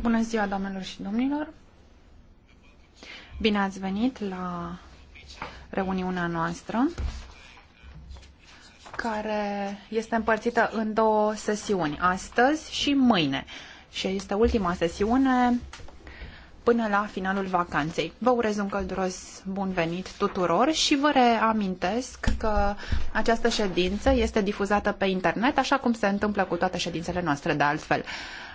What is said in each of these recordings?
Bună ziua, doamnelor și domnilor. Bine ați venit la reuniunea noastră, care este împărțită în două sesiuni, astăzi și mâine. Și este ultima sesiune până la finalul vacanței. Vă urez un călduros bun venit tuturor și vă reamintesc că această ședință este difuzată pe internet, așa cum se întâmplă cu toate ședințele noastre de altfel.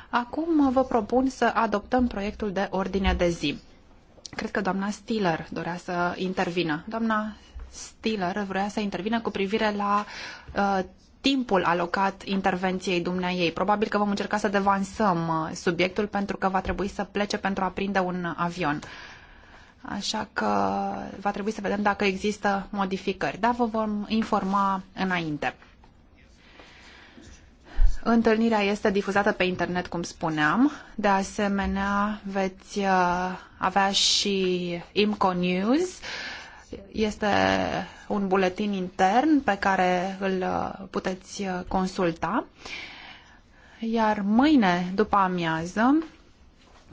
Acum vă propun să adoptăm proiectul de ordine de zi. Cred că doamna Stiller dorea să intervină. Doamna Stiller vrea să intervină cu privire la uh, timpul alocat intervenției dumneaei. Probabil că vom încerca să devansăm uh, subiectul pentru că va trebui să plece pentru a prinde un avion. Așa că va trebui să vedem dacă există modificări, dar vă vom informa înainte. Întâlnirea este difuzată pe internet, cum spuneam. De asemenea, veți uh, avea și IMCO News. Este un buletin intern pe care îl uh, puteți uh, consulta. Iar mâine, după amiază,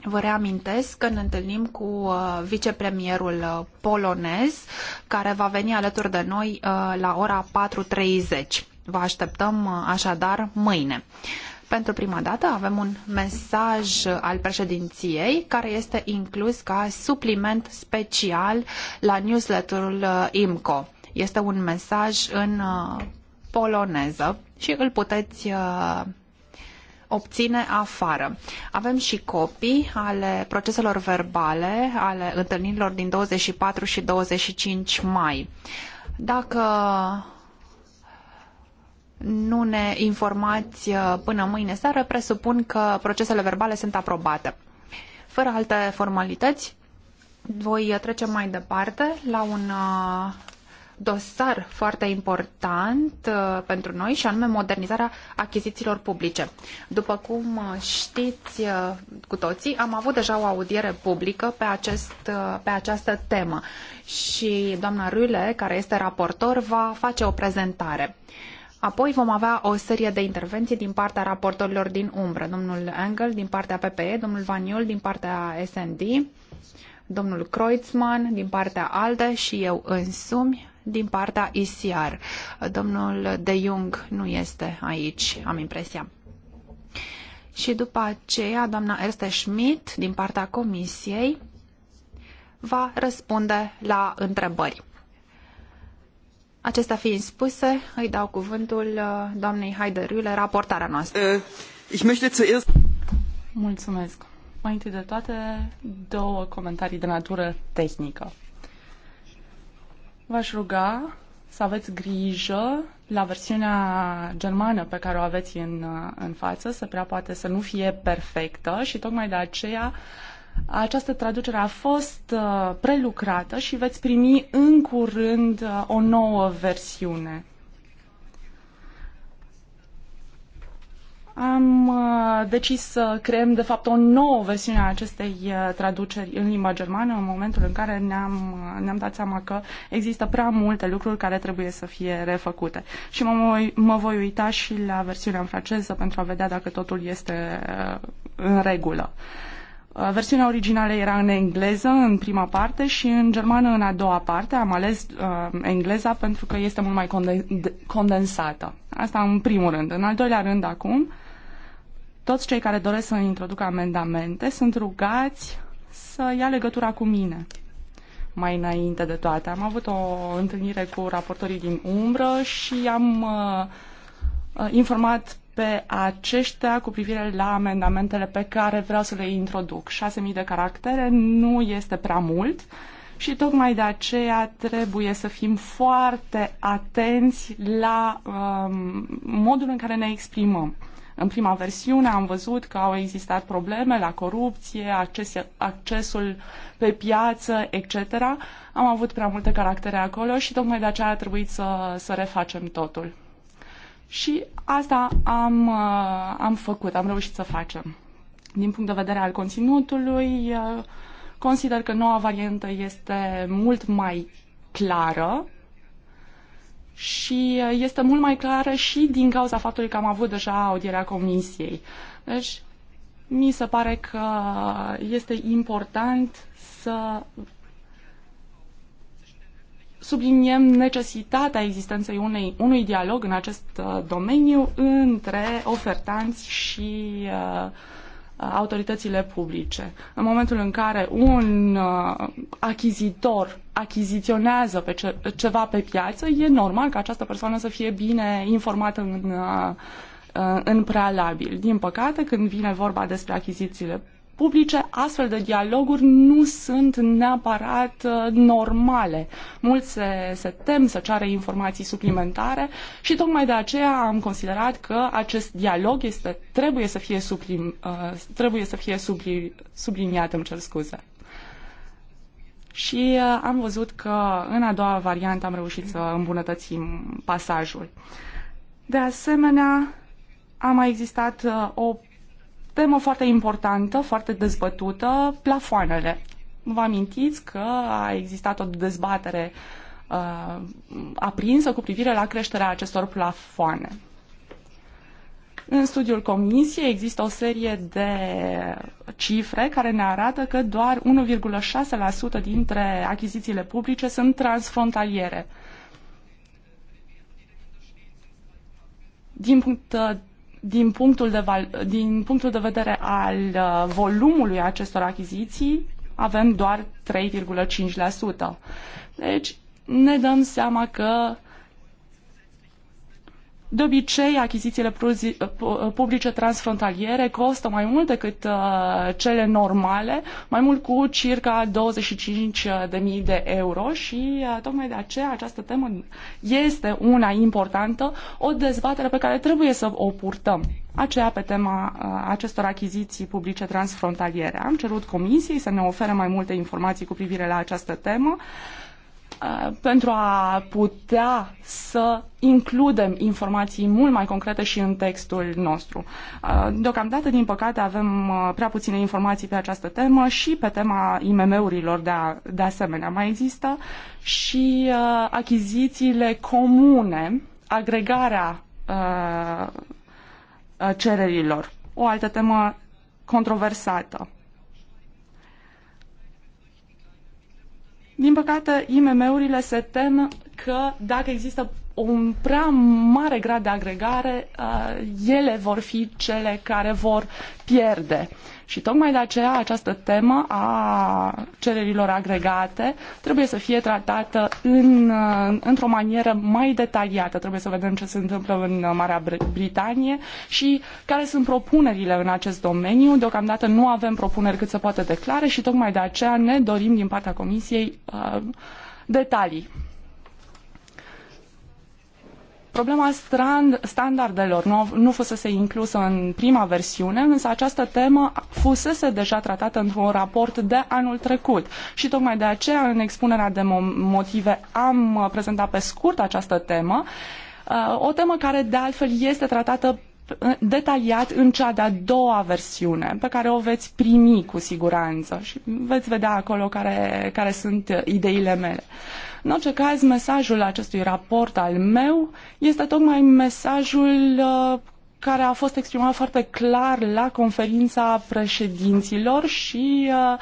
Vă reamintesc că ne întâlnim cu uh, vicepremierul polonez, care va veni alături de noi la ora 4.30. Vă așteptăm așadar mâine. Pentru prima dată avem un mesaj al președinției care este inclus ca supliment special la newsletterul IMCO. Este un mesaj în uh, poloneză și îl puteți uh, obține afară. Avem și copii ale proceselor verbale, ale întâlnirilor din 24 și 25 mai. Dacă nu ne informați uh, până mâine seară, presupun că procesele verbale sunt aprobate. Fără alte formalități, voi trece mai departe la un dosar foarte important uh, pentru noi și anume modernizarea achizițiilor publice. După cum uh, știți uh, cu toții, am avut deja o audiere publică pe, acest, pe această temă și doamna Rüle, care este raportor, va face o prezentare. Apoi vom avea o serie de intervenții din partea raportorilor din umbră, domnul Engel din partea PPE, domnul Vaniul din partea SND, domnul Kreutzmann din partea ALDE și eu însumi din partea ICR. Domnul De Jung nu este aici, am impresia. Și după aceea, doamna Erste Schmidt, din partea Comisiei, va răspunde la întrebări. Acestea fiind spuse, îi dau cuvântul uh, doamnei haider Rühle, raportarea noastră. Uh, ich möchte zuerst... Mulțumesc. Mai întâi de toate, două comentarii de natură tehnică. V-aș ruga să aveți grijă la versiunea germană pe care o aveți în, în față, să prea poate să nu fie perfectă și tocmai de aceea această traducere a fost uh, prelucrată și veți primi în curând uh, o nouă versiune. am uh, decis să creăm, de fapt, o nouă versiune a acestei uh, traduceri în limba germană în momentul în care ne-am, uh, ne-am dat seama că există prea multe lucruri care trebuie să fie refăcute. Și mă, mă, mă voi uita și la versiunea în franceză pentru a vedea dacă totul este în regulă. Versiunea originală era în engleză în prima parte și în germană în a doua parte. Am ales uh, engleza pentru că este mult mai conden- condensată. Asta în primul rând. În al doilea rând acum, uh, toți cei care doresc să introducă amendamente sunt rugați să ia legătura cu mine. Mai înainte de toate, am avut o întâlnire cu raportorii din umbră și am uh, informat pe aceștia cu privire la amendamentele pe care vreau să le introduc. 6.000 de caractere nu este prea mult și tocmai de aceea trebuie să fim foarte atenți la uh, modul în care ne exprimăm. În prima versiune am văzut că au existat probleme la corupție, acces, accesul pe piață, etc. Am avut prea multe caractere acolo și tocmai de aceea a trebuit să, să refacem totul. Și asta am, uh, am făcut, am reușit să facem. Din punct de vedere al conținutului, uh, consider că noua variantă este mult mai clară, și uh, este mult mai clară și din cauza faptului că am avut deja audierea comisiei. Deci, mi se pare că este important să subliniem necesitatea existenței unei, unui dialog în acest uh, domeniu între ofertanți și uh, autoritățile publice. În momentul în care un uh, achizitor achiziționează pe ce, ceva pe piață, e normal ca această persoană să fie bine informată în, uh, uh, în prealabil. Din păcate, când vine vorba despre achizițiile publice, astfel de dialoguri nu sunt neapărat uh, normale. Mulți se, se tem să ceară informații suplimentare și tocmai de aceea am considerat că acest dialog este, trebuie să fie, suplim, uh, trebuie să fie subli, subliniat, îmi cer scuze. Și uh, am văzut că în a doua variantă am reușit să îmbunătățim pasajul. De asemenea, a mai existat o temă foarte importantă, foarte dezbătută, plafoanele. Vă amintiți că a existat o dezbatere uh, aprinsă cu privire la creșterea acestor plafoane. În studiul comisiei există o serie de cifre care ne arată că doar 1,6% dintre achizițiile publice sunt transfrontaliere. Din punct uh, din punctul de, val- din punctul de vedere al uh, volumului acestor achiziții, avem doar 3,5%. Deci ne dăm seama că de obicei, achizițiile publice transfrontaliere costă mai mult decât uh, cele normale, mai mult cu circa 25.000 de euro și uh, tocmai de aceea această temă este una importantă, o dezbatere pe care trebuie să o purtăm aceea pe tema uh, acestor achiziții publice transfrontaliere. Am cerut comisiei să ne ofere mai multe informații cu privire la această temă pentru a putea să includem informații mult mai concrete și în textul nostru. Uh, deocamdată, din păcate, avem uh, prea puține informații pe această temă și pe tema IMM-urilor de, a, de asemenea. Mai există și uh, achizițiile comune, agregarea cererilor. O altă temă controversată. Din păcate, IMM-urile se tem că dacă există un prea mare grad de agregare, uh, ele vor fi cele care vor pierde. Și tocmai de aceea această temă a cererilor agregate trebuie să fie tratată în, uh, într-o manieră mai detaliată. Trebuie să vedem ce se întâmplă în uh, Marea Britanie și care sunt propunerile în acest domeniu. Deocamdată nu avem propuneri cât se poate declare și tocmai de aceea ne dorim din partea Comisiei uh, detalii problema strand, standardelor nu, nu fusese inclusă în prima versiune, însă această temă fusese deja tratată într-un raport de anul trecut și tocmai de aceea în expunerea de motive am uh, prezentat pe scurt această temă uh, o temă care de altfel este tratată detaliat în cea de-a doua versiune, pe care o veți primi cu siguranță și veți vedea acolo care, care sunt ideile mele. În orice caz, mesajul acestui raport al meu este tocmai mesajul uh, care a fost exprimat foarte clar la conferința președinților și uh,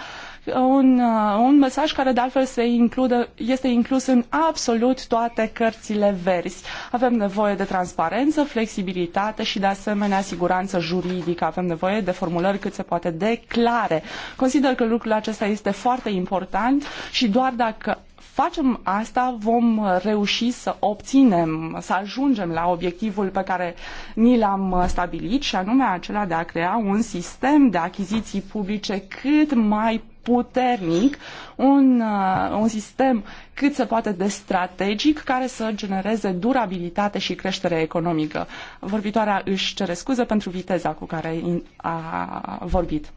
un, uh, un mesaj care de altfel se include, este inclus în absolut toate cărțile verzi. Avem nevoie de transparență, flexibilitate și de asemenea siguranță juridică. Avem nevoie de formulări cât se poate de clare. Consider că lucrul acesta este foarte important și doar dacă facem asta, vom reuși să obținem, să ajungem la obiectivul pe care ni l-am stabilit și anume acela de a crea un sistem de achiziții publice cât mai puternic, un, uh, un sistem cât se poate de strategic care să genereze durabilitate și creștere economică. Vorbitoarea își cere scuze pentru viteza cu care a vorbit.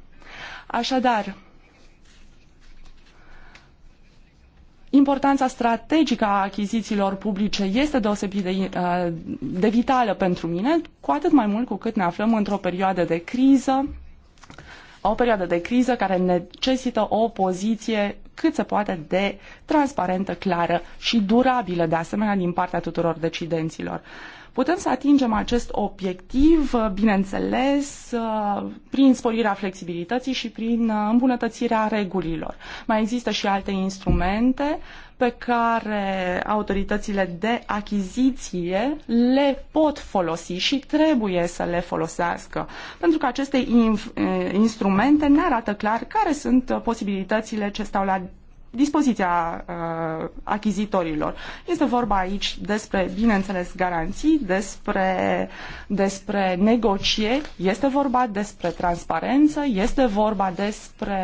Așadar, importanța strategică a achizițiilor publice este deosebit de, uh, de vitală pentru mine, cu atât mai mult cu cât ne aflăm într-o perioadă de criză o perioadă de criză care necesită o poziție cât se poate de transparentă, clară și durabilă, de asemenea, din partea tuturor decidenților. Putem să atingem acest obiectiv, uh, bineînțeles, uh, prin sporirea flexibilității și prin uh, îmbunătățirea regulilor. Mai există și alte instrumente pe care autoritățile de achiziție le pot folosi și trebuie să le folosească, pentru că aceste instrumente ne arată clar care sunt posibilitățile ce stau la dispoziția uh, achizitorilor. Este vorba aici despre, bineînțeles, garanții, despre, despre negocieri, este vorba despre transparență, este vorba despre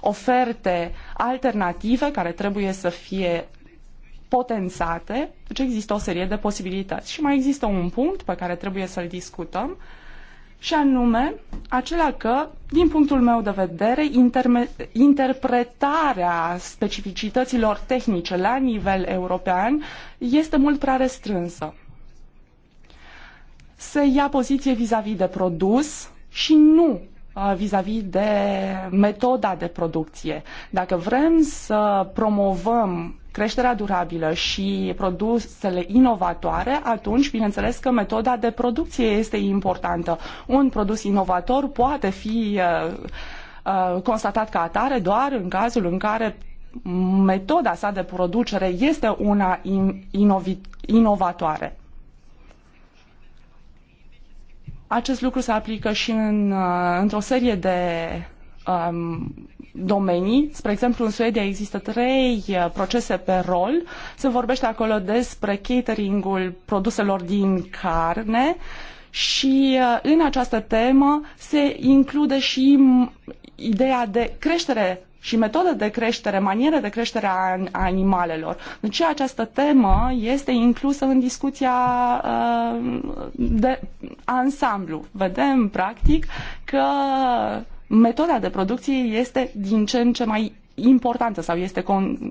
oferte alternative care trebuie să fie potențate, deci există o serie de posibilități. Și mai există un punct pe care trebuie să-l discutăm, uh, și anume acela că, din punctul meu de vedere, interpretarea specificităților tehnice la nivel european este mult prea restrânsă. Se ia poziție vis-a-vis -vis de produs și nu uh, vis-a-vis -vis de metoda de producție. Dacă vrem să promovăm creșterea durabilă și produsele inovatoare, atunci, bineînțeles că metoda de producție este importantă. Un produs inovator poate fi uh, uh, constatat ca atare doar în cazul în care metoda sa de producere este una inovatoare. Acest lucru se aplică și în, uh, într-o serie de um, domenii. Spre exemplu, în Suedia există trei uh, procese pe rol. Se vorbește acolo despre cateringul produselor din carne și uh, în această temă se include și ideea de creștere și metodă de creștere, manieră de creștere a animalelor. Deci această temă este inclusă în discuția uh, de ansamblu. Vedem, practic, că metoda de producție este din ce în ce mai importantă sau este, con,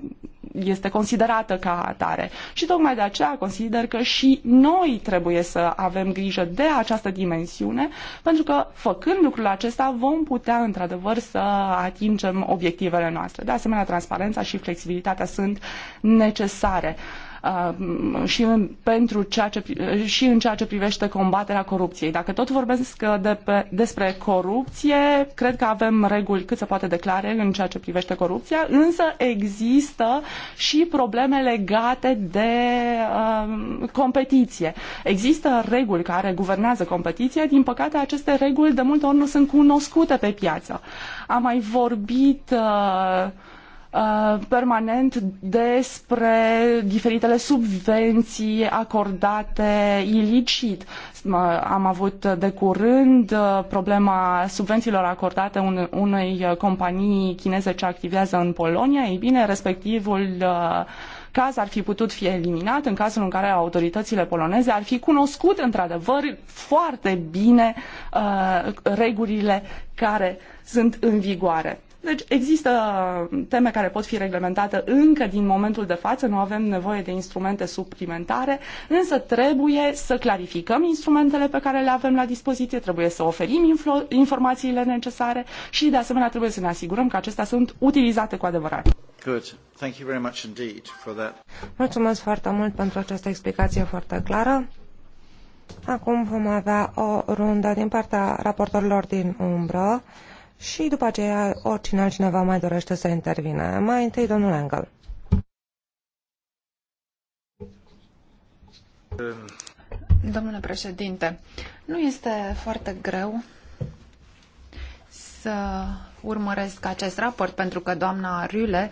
este considerată ca atare. Și tocmai de aceea consider că și noi trebuie să avem grijă de această dimensiune, pentru că făcând lucrul acesta vom putea într-adevăr să atingem obiectivele noastre. De asemenea, transparența și flexibilitatea sunt necesare. Uh, Uh, și pentru ceea ce, uh, și în ceea ce privește combaterea corupției. Dacă tot vorbesc uh, de pe, despre corupție, cred că avem reguli cât se poate declare în ceea ce privește corupția, însă există și probleme legate de uh, competiție. Există reguli care guvernează competiția, din păcate aceste reguli de multe ori nu sunt cunoscute pe piață. Am mai vorbit uh, Uh, permanent despre diferitele subvenții acordate ilicit. Am avut de curând uh, problema subvențiilor acordate unei companii chineze ce activează în Polonia. Ei bine, respectivul uh, caz ar fi putut fi eliminat în cazul în care autoritățile poloneze ar fi cunoscut într-adevăr foarte bine regulile care sunt în vigoare. Deci există teme care pot fi reglementate încă din momentul de față, nu avem nevoie de instrumente suplimentare, însă trebuie să clarificăm instrumentele pe care le avem la dispoziție, trebuie să oferim informațiile necesare și de asemenea trebuie să ne asigurăm că acestea sunt utilizate cu adevărat. Good. Thank you very much indeed for that. Mulțumesc foarte mult pentru această explicație foarte clară. Acum vom avea o rundă din partea raportorilor din umbră și după aceea oricine altcineva mai dorește să intervine. Mai întâi, domnul Engel. Domnule președinte, nu este foarte greu să urmăresc acest raport pentru că doamna Rüle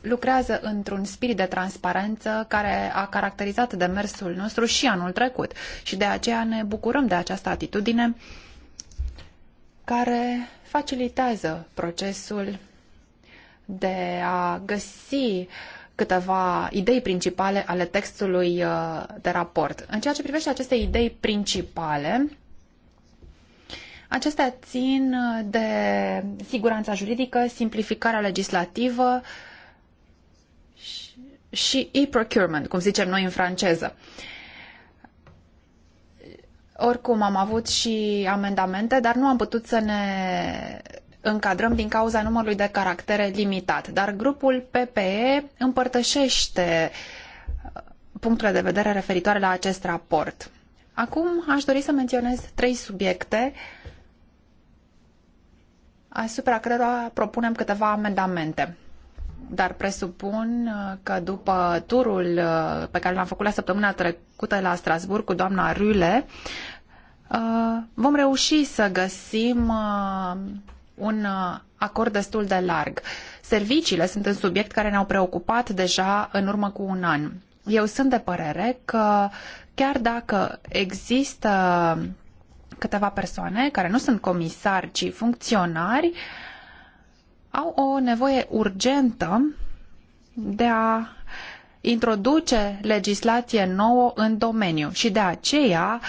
lucrează într-un spirit de transparență care a caracterizat demersul nostru și anul trecut și de aceea ne bucurăm de această atitudine care facilitează procesul de a găsi câteva idei principale ale textului uh, de raport. În ceea ce privește aceste idei principale, acestea țin de siguranța juridică, simplificarea legislativă și e-procurement, cum zicem noi în franceză. Uh, oricum, am avut și amendamente, dar nu am putut să ne încadrăm din cauza numărului de caractere limitat. Dar grupul PPE împărtășește uh, punctele de vedere referitoare la acest raport. Acum aș dori să menționez trei subiecte asupra cărora propunem câteva amendamente dar presupun uh, că după turul uh, pe care l-am făcut la săptămâna trecută la Strasbourg cu doamna Rüle, uh, vom reuși să găsim un acord destul de larg. Serviciile sunt un subiect care ne-au preocupat deja în urmă cu un an. Eu sunt de părere că chiar dacă există câteva persoane care nu sunt comisari, ci funcționari, uh, au o nevoie urgentă de a introduce legislație nouă în domeniu și de aceea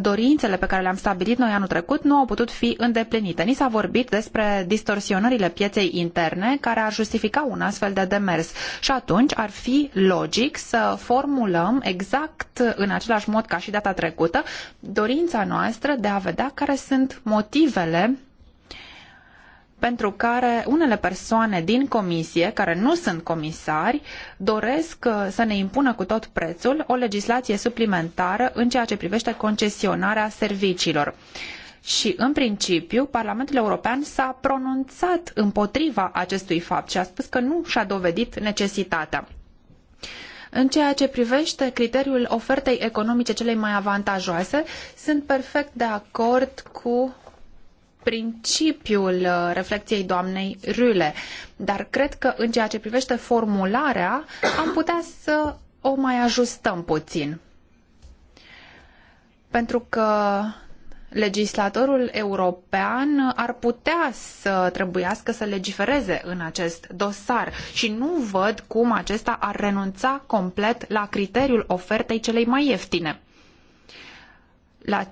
dorințele pe care le-am stabilit noi anul trecut nu au putut fi îndeplinite. Ni s-a vorbit despre distorsionările pieței interne care ar justifica un astfel de demers și atunci ar fi logic să formulăm exact în același mod ca și data trecută dorința noastră de a vedea care sunt motivele pentru care unele persoane din comisie, care nu sunt comisari, doresc uh, să ne impună cu tot prețul o legislație suplimentară în ceea ce privește concesionarea serviciilor. Și, în principiu, Parlamentul European s-a pronunțat împotriva acestui fapt și a spus că nu și-a dovedit necesitatea. În ceea ce privește criteriul ofertei economice cele mai avantajoase, sunt perfect de acord cu principiul uh, reflecției doamnei Rüle, dar cred că în ceea ce privește formularea am putea să o mai ajustăm puțin. Pentru că legislatorul european ar putea să trebuiască să legifereze în acest dosar și nu văd cum acesta ar renunța complet la criteriul ofertei celei mai ieftine. La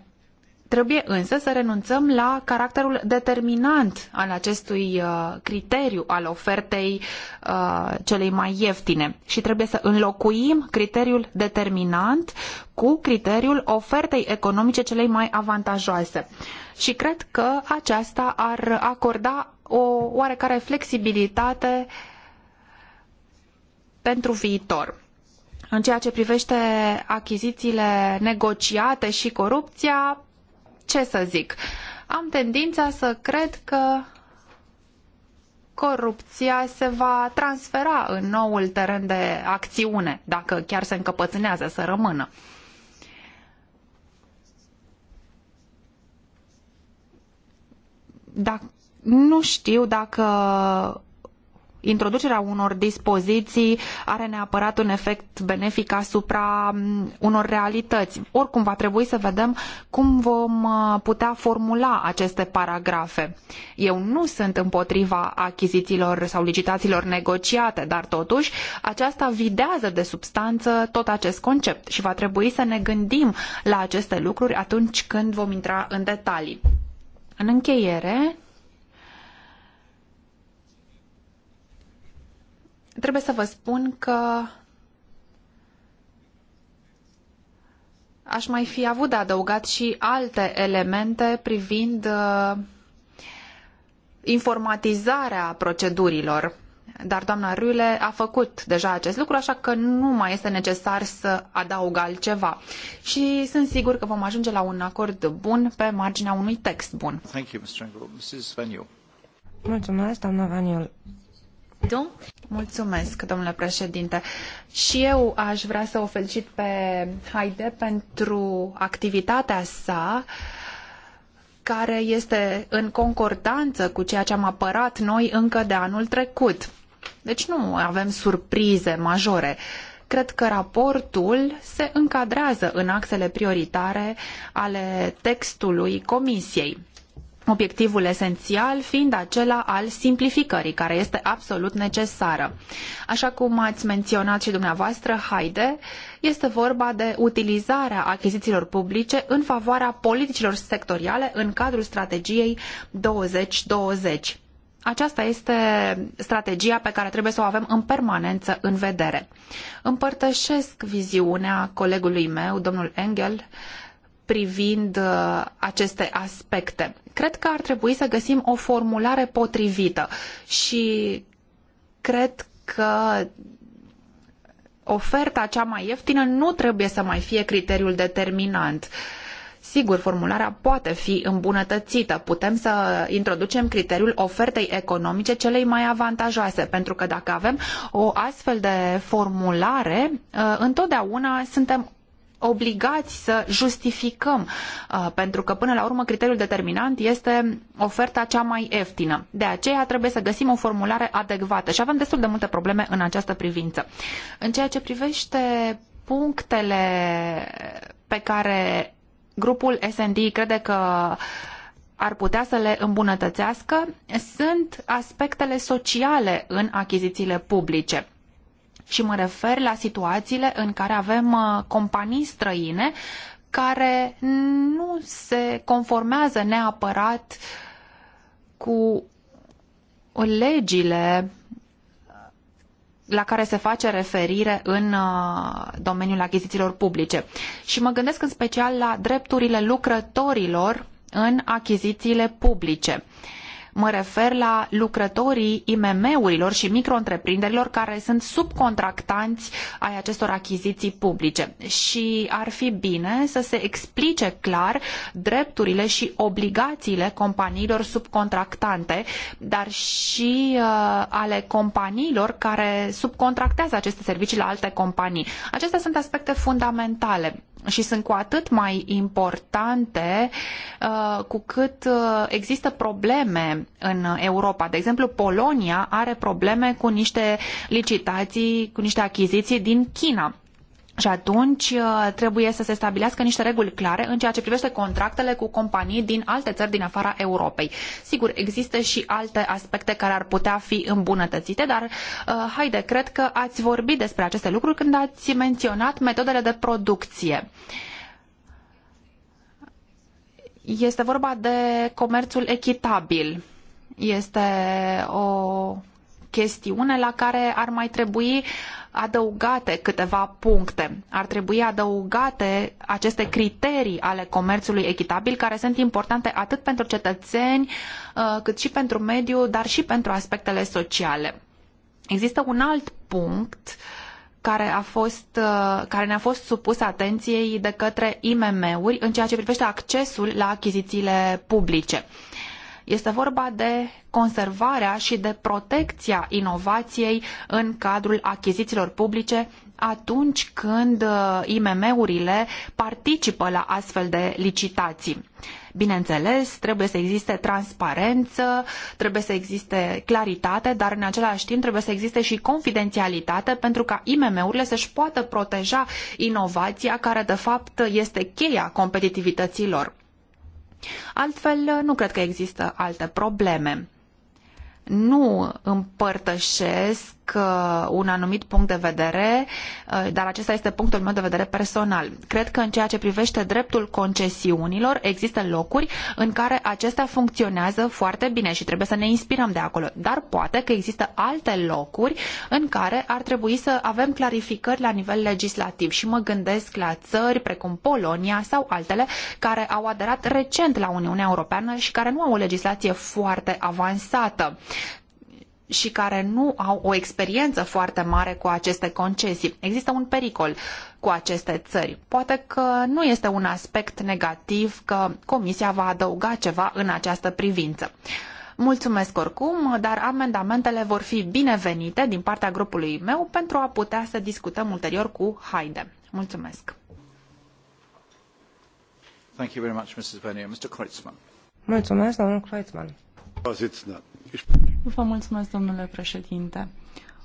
Trebuie însă să renunțăm la caracterul determinant al acestui uh, criteriu al ofertei uh, celei mai ieftine și trebuie să înlocuim criteriul determinant cu criteriul ofertei economice celei mai avantajoase. Și cred că aceasta ar acorda o oarecare flexibilitate pentru viitor în ceea ce privește achizițiile negociate și corupția, ce să zic, am tendința să cred că corupția se va transfera în noul teren de acțiune, dacă chiar se încăpățânează să rămână. Dacă, nu știu dacă introducerea unor dispoziții are neapărat un efect benefic asupra mm, unor realități. Oricum va trebui să vedem cum vom uh, putea formula aceste paragrafe. Eu nu sunt împotriva achizițiilor sau licitațiilor negociate, dar totuși aceasta videază de substanță tot acest concept și va trebui să ne gândim la aceste lucruri atunci când vom intra în detalii. În încheiere, trebuie să vă spun că aș mai fi avut de adăugat și alte elemente privind uh, informatizarea procedurilor. Dar doamna Rule a făcut deja acest lucru, așa că nu mai este necesar să adaug altceva. Și sunt sigur că vom ajunge la un acord bun pe marginea unui text bun. Mulțumesc, doamna Vaniol. Mulțumesc, domnule președinte. Și eu aș vrea să o felicit pe Haide pentru activitatea sa care este în concordanță cu ceea ce am apărat noi încă de anul trecut. Deci nu avem surprize majore. Cred că raportul se încadrează în axele prioritare ale textului Comisiei obiectivul esențial fiind acela al simplificării, care este absolut necesară. Așa cum ați menționat și dumneavoastră, Haide, este vorba de utilizarea achizițiilor publice în favoarea politicilor sectoriale în cadrul strategiei 2020. Aceasta este strategia pe care trebuie să o avem în permanență în vedere. Împărtășesc viziunea colegului meu, domnul Engel, uh, privind uh, aceste aspecte. Cred că ar trebui să găsim o formulare potrivită și cred că oferta cea mai ieftină nu trebuie să mai fie criteriul determinant. Sigur, formularea poate fi îmbunătățită. Putem să introducem criteriul ofertei economice celei mai avantajoase, pentru că dacă avem o astfel de formulare, uh, întotdeauna suntem obligați să justificăm, uh, pentru că până la urmă criteriul determinant este oferta cea mai ieftină. De aceea trebuie să găsim o formulare adecvată și avem destul de multe probleme în această privință. În ceea ce privește punctele pe care grupul S&D crede că ar putea să le îmbunătățească sunt aspectele sociale în achizițiile publice. Și mă refer la situațiile în care avem uh, companii străine care nu se conformează neapărat cu legile la care se face referire în uh, domeniul achizițiilor publice. Și mă gândesc în special la drepturile lucrătorilor în achizițiile publice. Mă refer la lucrătorii IMM-urilor și micro-întreprinderilor care sunt subcontractanți ai acestor achiziții publice. Și ar fi bine să se explice clar drepturile și obligațiile companiilor subcontractante, dar și uh, ale companiilor care subcontractează aceste servicii la alte companii. Acestea sunt aspecte fundamentale și sunt cu atât mai importante uh, cu cât uh, există probleme în Europa. De exemplu, Polonia are probleme cu niște licitații, cu niște achiziții din China și atunci uh, trebuie să se stabilească niște reguli clare în ceea ce privește contractele cu companii din alte țări din afara Europei. Sigur, există și alte aspecte care ar putea fi îmbunătățite, dar uh, haide, cred că ați vorbit despre aceste lucruri când ați menționat metodele de producție. Este vorba de comerțul echitabil. Este o chestiune la care ar mai trebui adăugate câteva puncte. Ar trebui adăugate aceste criterii ale comerțului echitabil care sunt importante atât pentru cetățeni uh, cât și pentru mediu, dar și pentru aspectele sociale. Există un alt punct care, a fost, uh, care ne-a fost supus atenției de către IMM-uri în ceea ce privește accesul la achizițiile publice. Este vorba de conservarea și de protecția inovației în cadrul achizițiilor publice atunci când uh, IMM-urile participă la astfel de licitații. Bineînțeles, trebuie să existe transparență, trebuie să existe claritate, dar în același timp trebuie să existe și confidențialitate pentru ca IMM-urile să-și poată proteja inovația care de fapt este cheia competitivităților. lor. Altfel, nu cred că există alte probleme. Nu împărtășesc Uh, un anumit punct de vedere, uh, dar acesta este punctul meu de vedere personal. Cred că în ceea ce privește dreptul concesiunilor, există locuri în care acestea funcționează foarte bine și trebuie să ne inspirăm de acolo. Dar poate că există alte locuri în care ar trebui să avem clarificări la nivel legislativ și mă gândesc la țări precum Polonia sau altele care au aderat recent la Uniunea Europeană și care nu au o legislație foarte avansată și care nu au o experiență foarte mare cu aceste concesii. Există un pericol cu aceste țări. Poate că nu este un aspect negativ că Comisia va adăuga ceva în această privință. Mulțumesc oricum, dar amendamentele vor fi binevenite din partea grupului meu pentru a putea să discutăm ulterior cu Haide. Mulțumesc! Thank you very much, Mrs. Mr. Kreutzmann. Mulțumesc, domnul Kreutzmann. Vă mulțumesc, domnule președinte.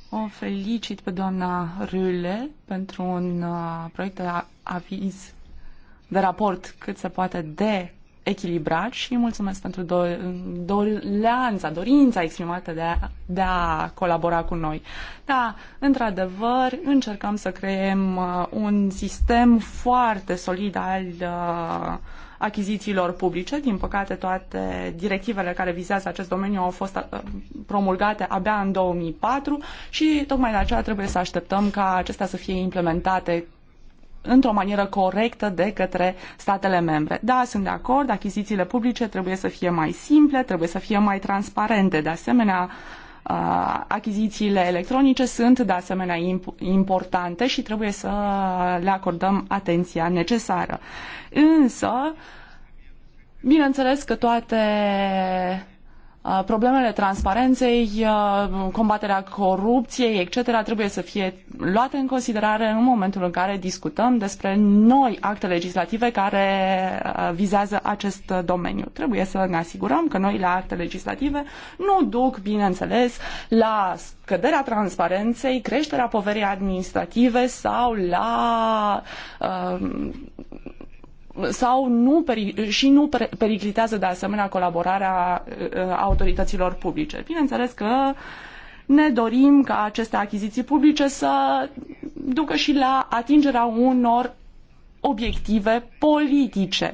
O felicit pe doamna Râle pentru un uh, proiect de aviz de raport cât se poate de echilibrat și mulțumesc pentru do- doleanța, dorința exprimată de a, de a colabora cu noi. Da, într-adevăr, încercăm să creăm uh, un sistem foarte solid al uh, achizițiilor publice. Din păcate, toate directivele care vizează acest domeniu au fost uh, promulgate abia în 2004 și tocmai de aceea trebuie să așteptăm ca acestea să fie implementate într-o manieră corectă de către statele membre. Da, sunt de acord, achizițiile publice trebuie să fie mai simple, trebuie să fie mai transparente. De asemenea, achizițiile electronice sunt de asemenea importante și trebuie să le acordăm atenția necesară. Însă, bineînțeles că toate Uh, problemele transparenței, uh, combaterea corupției, etc., trebuie să fie luate în considerare în momentul în care discutăm despre noi acte legislative care uh, vizează acest domeniu. Trebuie să ne asigurăm că noile acte legislative nu duc, bineînțeles, la scăderea transparenței, creșterea poverii administrative sau la uh, sau nu, și nu periclitează de asemenea colaborarea ă, ă, autorităților publice. Bineînțeles că ne dorim ca aceste achiziții publice să ducă și la atingerea unor obiective politice,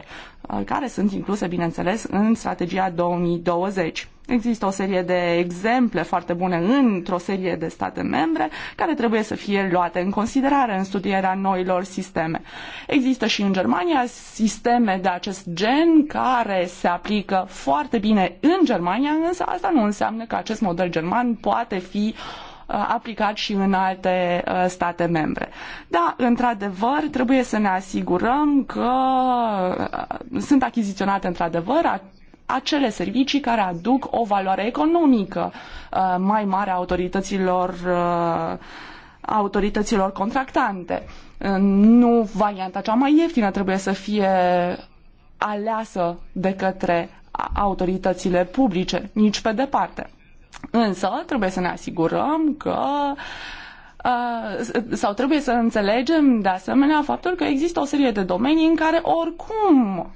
ă, care sunt incluse, bineînțeles, în strategia 2020. Există o serie de exemple foarte bune într-o serie de state membre care trebuie să fie luate în considerare în studierea noilor sisteme. Există și în Germania sisteme de acest gen care se aplică foarte bine în Germania, însă asta nu înseamnă că acest model german poate fi uh, aplicat și în alte uh, state membre. Da, într-adevăr, trebuie să ne asigurăm că uh, sunt achiziționate într-adevăr acele servicii care aduc o valoare economică uh, mai mare a autorităților uh, autorităților contractante. Uh, nu varianta cea mai ieftină trebuie să fie aleasă de către autoritățile publice, nici pe departe. Însă trebuie să ne asigurăm că sau trebuie să înțelegem de asemenea faptul că există o serie de domenii în care oricum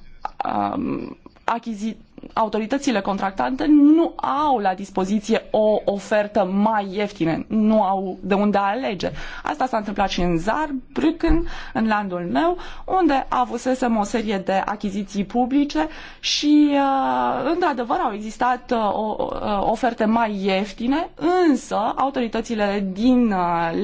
achiziții autoritățile contractante nu au la dispoziție o ofertă mai ieftină, nu au de unde alege. Asta s-a întâmplat și în Brücken, în landul meu, unde avusesem o serie de achiziții publice și, uh, într-adevăr, au existat uh, uh, oferte mai ieftine, însă autoritățile din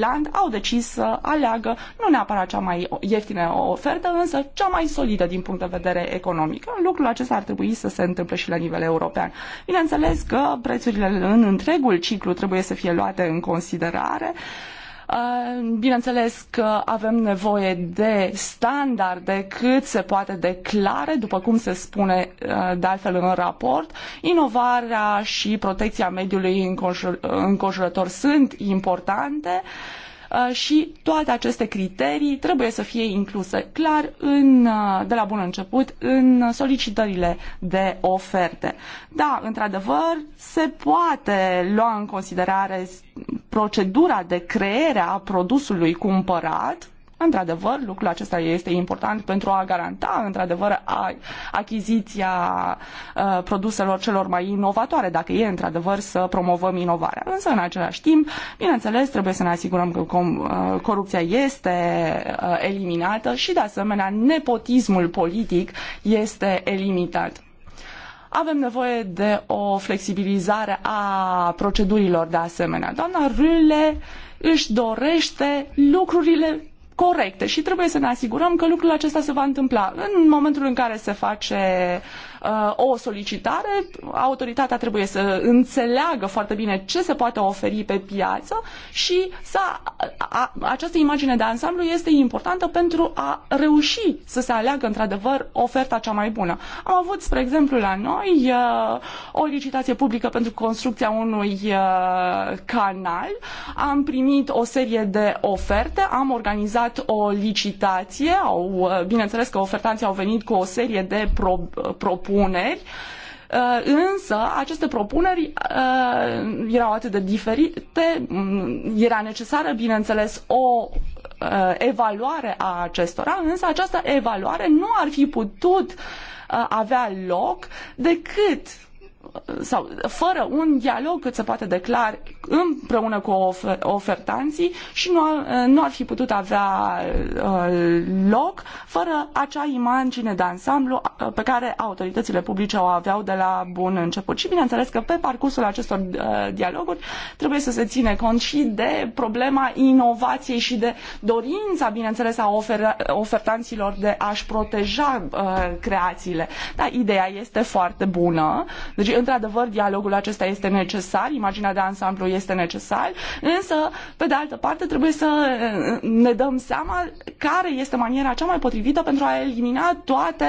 land au decis să aleagă nu neapărat cea mai ieftină ofertă, însă cea mai solidă din punct de vedere economic. Lucrul acesta ar trebui să se întâmple întâmplă și la nivel european. Bineînțeles că prețurile în întregul ciclu trebuie să fie luate în considerare. Uh, bineînțeles că avem nevoie de standarde cât se poate de clare, după cum se spune uh, de altfel în raport. Inovarea și protecția mediului înconjurător sunt importante. Uh, și toate aceste criterii trebuie să fie incluse clar în, uh, de la bun început în solicitările de oferte. Da, într-adevăr, se poate lua în considerare procedura de creare a produsului cumpărat, Într-adevăr, lucrul acesta este important pentru a garanta, într-adevăr, achiziția uh, produselor celor mai inovatoare, dacă e, într-adevăr, să promovăm inovarea. Însă, în același timp, bineînțeles, trebuie să ne asigurăm că uh, corupția este uh, eliminată și, de asemenea, nepotismul politic este eliminat avem nevoie de o flexibilizare a procedurilor de asemenea. Doamna Râle își dorește lucrurile corecte și trebuie să ne asigurăm că lucrul acesta se va întâmpla. În momentul în care se face uh, Uh, o solicitare, autoritatea trebuie să înțeleagă foarte bine ce se poate oferi pe piață și să, a, această imagine de ansamblu este importantă pentru a reuși să se aleagă într-adevăr oferta cea mai bună. Am avut, spre exemplu, la noi uh, o licitație publică pentru construcția unui uh, canal. Am primit o serie de oferte, am organizat o licitație, au, bineînțeles că ofertanții au venit cu o serie de pro, propuneri propuneri, uh, însă aceste propuneri uh, erau atât de diferite, mm, era necesară, bineînțeles, o uh, evaluare a acestora, însă această evaluare nu ar fi putut avea loc decât sau fără un dialog cât se poate de clar împreună cu ofer- ofertanții și nu, nu ar fi putut avea uh, loc fără acea imagine de ansamblu uh, pe care autoritățile publice o aveau de la bun început. Și bineînțeles că pe parcursul acestor uh, dialoguri trebuie să se ține cont și de problema inovației și de dorința, bineînțeles, a ofer- ofertanților de a-și proteja uh, creațiile. Dar ideea este foarte bună. Deci într-adevăr, dialogul acesta este necesar, imaginea de ansamblu este necesar, însă, pe de altă parte, trebuie să uh, ne dăm seama care este maniera cea mai potrivită pentru a elimina toate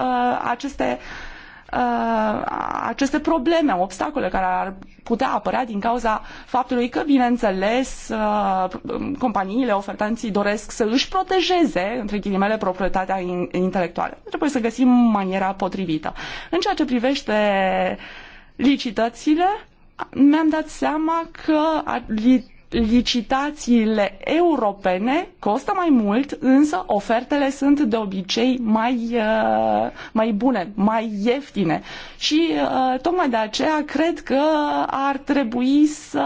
uh, aceste uh, Uh, aceste probleme, obstacole care ar putea apărea din cauza faptului că, bineînțeles, uh, companiile, ofertanții doresc să își protejeze, între ghilimele, proprietatea intelectuală. Trebuie să găsim maniera potrivită. În ceea ce privește licitațiile, mi-am dat seama că licitațiile europene costă mai mult, însă ofertele sunt de obicei mai, uh, mai bune, mai ieftine. Și uh, tocmai de aceea cred că ar trebui să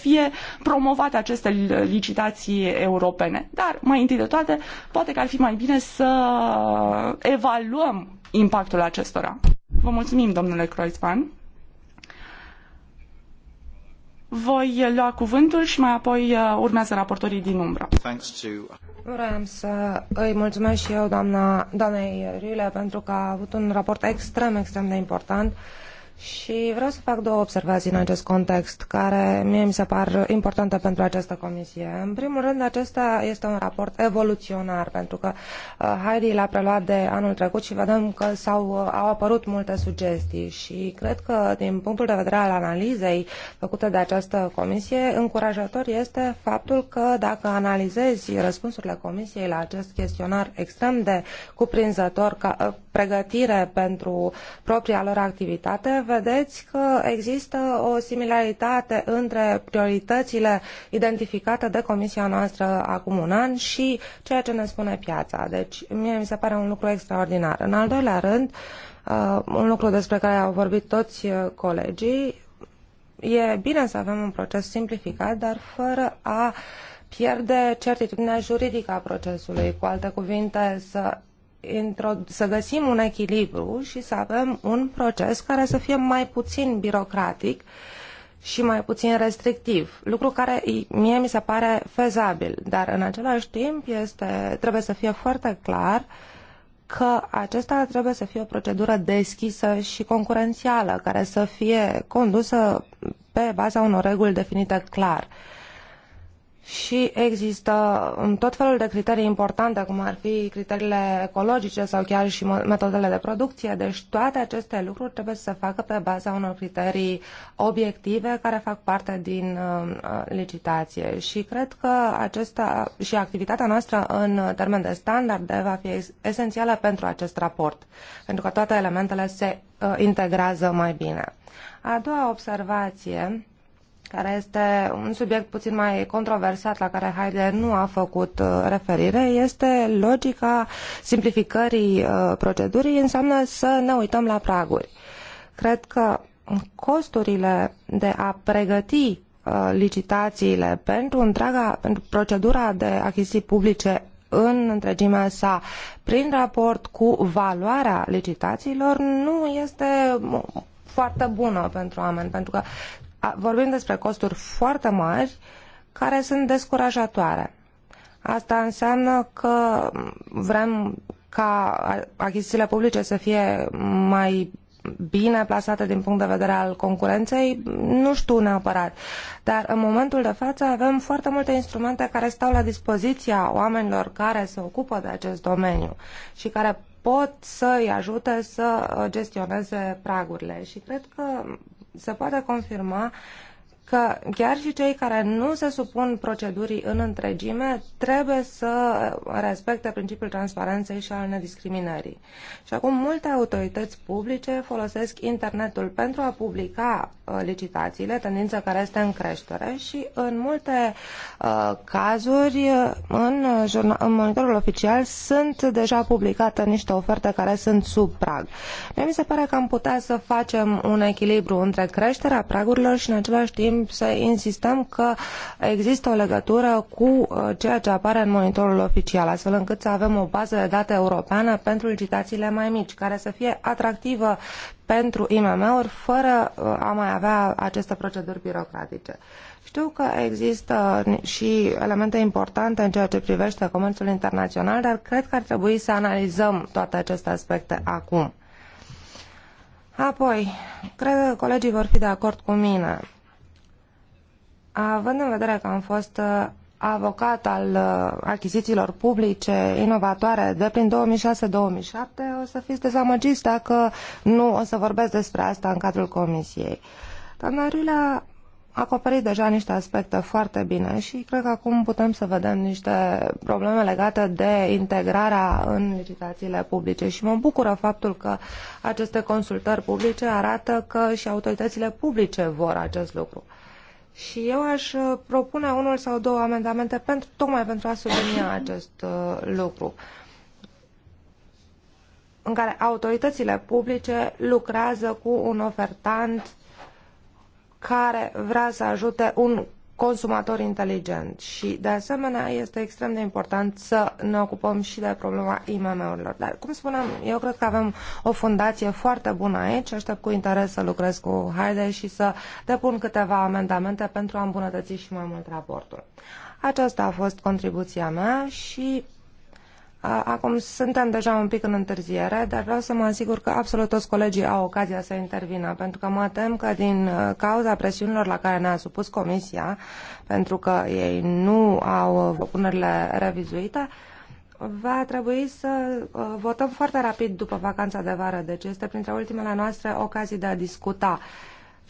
fie promovate aceste licitații europene. Dar, mai întâi de toate, poate că ar fi mai bine să evaluăm impactul acestora. Vă mulțumim, domnule Kreuzmann voi lua cuvântul și mai apoi uh, urmează raportorii din umbră. Vreau să îi mulțumesc și eu doamna, doamnei Riule pentru că a avut un raport extrem, extrem de important și vreau să fac două observații în acest context, care mie mi se par importante pentru această comisie. În primul rând, acesta este un raport evoluționar, pentru că uh, Heidi l-a preluat de anul trecut și vedem că s-au, uh, au apărut multe sugestii și cred că, din punctul de vedere al analizei făcute de această comisie, încurajator este faptul că dacă analizezi răspunsurile comisiei la acest chestionar extrem de cuprinzător ca uh, pregătire pentru propria lor activitate, vedeți că există o similaritate între prioritățile identificate de comisia noastră acum un an și ceea ce ne spune piața. Deci, mie mi se pare un lucru extraordinar. În al doilea rând, uh, un lucru despre care au vorbit toți uh, colegii, e bine să avem un proces simplificat, dar fără a pierde certitudinea juridică a procesului. Cu alte cuvinte, să să găsim un echilibru și să avem un proces care să fie mai puțin birocratic și mai puțin restrictiv, lucru care mie mi se pare fezabil, dar în același timp este, trebuie să fie foarte clar că acesta trebuie să fie o procedură deschisă și concurențială, care să fie condusă pe baza unor reguli definite clar. Uh, și există tot felul de criterii importante, cum ar fi criteriile ecologice sau chiar și metodele de producție. Deci toate aceste lucruri trebuie să se facă pe baza unor criterii obiective care fac parte din uh, uh, licitație. Și cred că acesta și activitatea noastră în termen de standarde va fi esențială pentru acest raport, pentru că toate elementele se uh, integrează mai bine. A doua observație care este un subiect puțin mai controversat la care Heidegger nu a făcut uh, referire, este logica simplificării uh, procedurii, înseamnă să ne uităm la praguri. Cred că costurile de a pregăti uh, licitațiile pentru întreaga, pentru procedura de achiziții publice în întregimea sa prin raport cu valoarea licitațiilor nu este foarte bună pentru oameni, pentru că vorbim despre costuri foarte mari care sunt descurajatoare. Asta înseamnă că vrem ca achizițiile publice să fie mai bine plasate din punct de vedere al concurenței, nu știu neapărat. Dar în momentul de față avem foarte multe instrumente care stau la dispoziția oamenilor care se ocupă de acest domeniu și care pot să i ajute să uh, gestioneze pragurile. Și cred că se poate confirma că chiar și cei care nu se supun procedurii în întregime trebuie să respecte principiul transparenței și al nediscriminării. Și acum multe autorități publice folosesc internetul pentru a publica uh, licitațiile, tendință care este în creștere și în multe uh, cazuri uh, în, uh, jurna- în monitorul oficial sunt deja publicate niște oferte care sunt sub prag. Mie mi se pare că am putea să facem un echilibru între creșterea pragurilor și în același timp să insistăm că există o legătură cu uh, ceea ce apare în monitorul oficial, astfel încât să avem o bază de date europeană pentru licitațiile mai mici, care să fie atractivă pentru IMM-uri fără uh, a mai avea aceste proceduri birocratice. Știu că există și elemente importante în ceea ce privește comerțul internațional, dar cred că ar trebui să analizăm toate aceste aspecte acum. Apoi, cred că colegii vor fi de acord cu mine. Având în vedere că am fost uh, avocat al uh, achizițiilor publice inovatoare de prin 2006-2007, o să fiți dezamăgiți dacă nu o să vorbesc despre asta în cadrul comisiei. Doamna Rulea a acoperit deja niște aspecte foarte bine și cred că acum putem să vedem niște probleme legate de integrarea în licitațiile publice și mă bucură faptul că aceste consultări publice arată că și autoritățile publice vor acest lucru. Și eu aș uh, propune unul sau două amendamente pentru, tocmai pentru a sublinia acest uh, lucru în care autoritățile publice lucrează cu un ofertant care vrea să ajute un consumator inteligent și, de asemenea, este extrem de important să ne ocupăm și de problema IMM-urilor. Dar, cum spuneam, eu cred că avem o fundație foarte bună aici, aștept cu interes să lucrez cu Haide și să depun câteva amendamente pentru a îmbunătăți și mai mult raportul. Aceasta a fost contribuția mea și Acum suntem deja un pic în întârziere, dar vreau să mă asigur că absolut toți colegii au ocazia să intervină, pentru că mă tem că din uh, cauza presiunilor la care ne-a supus Comisia, pentru că ei nu au uh, propunerile revizuite, va trebui să uh, votăm foarte rapid după vacanța de vară, deci este printre ultimele noastre ocazii de a discuta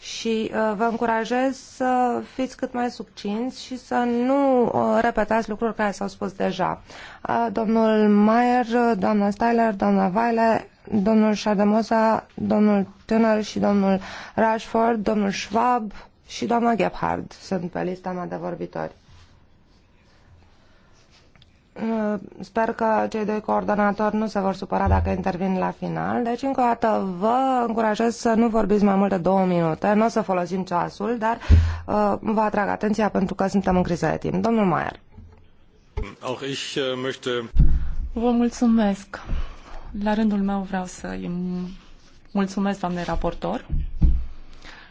și uh, vă încurajez să fiți cât mai succinți și să nu uh, repetați lucruri care s-au spus deja. Uh, domnul Mayer, doamna Styler, doamna Weile, domnul Șademosa, domnul Tânăr și domnul Rashford, domnul Schwab și doamna Gebhard sunt pe lista mea de vorbitori. Uh, sper că cei doi coordonatori nu se vor supăra dacă intervin la final. Deci, încă o dată, vă încurajez să nu vorbiți mai mult de două minute. Nu o să folosim ceasul, dar uh, vă atrag atenția pentru că suntem în criză de timp. Domnul Maier. Uh, vă mulțumesc. La rândul meu vreau să-i mulțumesc, doamne raportor,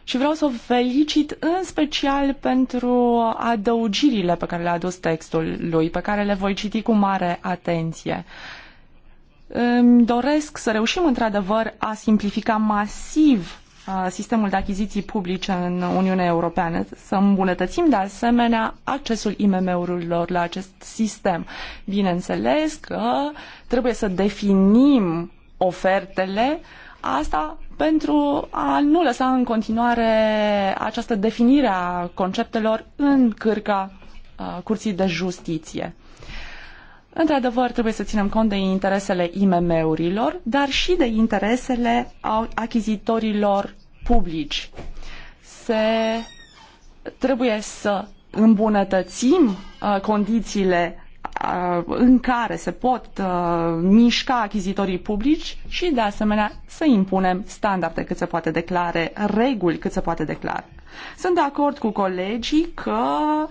și vreau să o felicit în special pentru adăugirile pe care le-a adus textul lui, pe care le voi citi cu mare atenție. Îmi doresc să reușim într-adevăr a simplifica masiv sistemul de achiziții publice în Uniunea Europeană, să îmbunătățim de asemenea accesul IMM-urilor la acest sistem. Bineînțeles că trebuie să definim ofertele, asta pentru a nu lăsa în continuare această definire a conceptelor în cârca uh, Curții de Justiție. Într-adevăr, trebuie să ținem cont de interesele IMM-urilor, dar și de interesele achizitorilor publici. Se trebuie să îmbunătățim uh, condițiile Uh, în care se pot uh, mișca achizitorii publici și, de asemenea, să impunem standarde cât se poate declare, reguli cât se poate declare. Sunt de acord cu colegii că uh,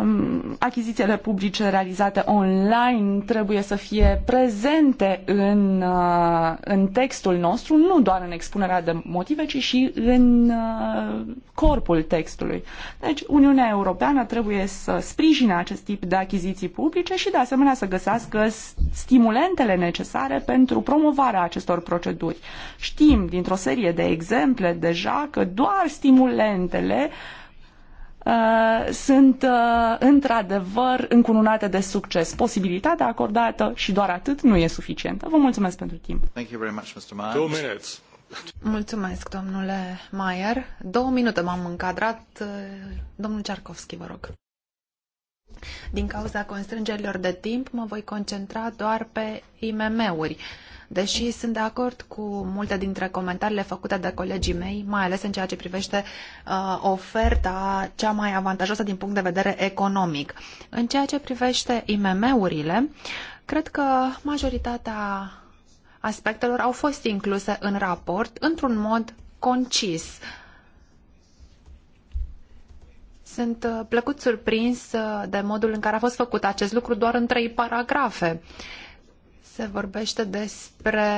Um, achizițiile publice realizate online trebuie să fie prezente în, uh, în textul nostru, nu doar în expunerea de motive, ci și în uh, corpul textului. Deci Uniunea Europeană trebuie să sprijine acest tip de achiziții publice și de asemenea să găsească stimulentele necesare pentru promovarea acestor proceduri. Știm dintr-o serie de exemple deja că doar stimulentele uh, Uh, sunt uh, într-adevăr încununate de succes. Posibilitatea acordată și doar atât nu e suficientă. Vă mulțumesc pentru timp. Mulțumesc, mulțumesc domnule Mayer. Două minute m-am încadrat. Uh, domnul Cearkovski, vă rog. Din cauza constrângerilor de timp, mă voi concentra doar pe IMM-uri deși sunt de acord cu multe dintre comentariile făcute de colegii mei, mai ales în ceea ce privește uh, oferta cea mai avantajoasă din punct de vedere economic. În ceea ce privește IMM-urile, cred că majoritatea aspectelor au fost incluse în raport într-un mod concis. Sunt uh, plăcut surprins uh, de modul în care a fost făcut acest lucru doar în trei paragrafe. Uh, se vorbește despre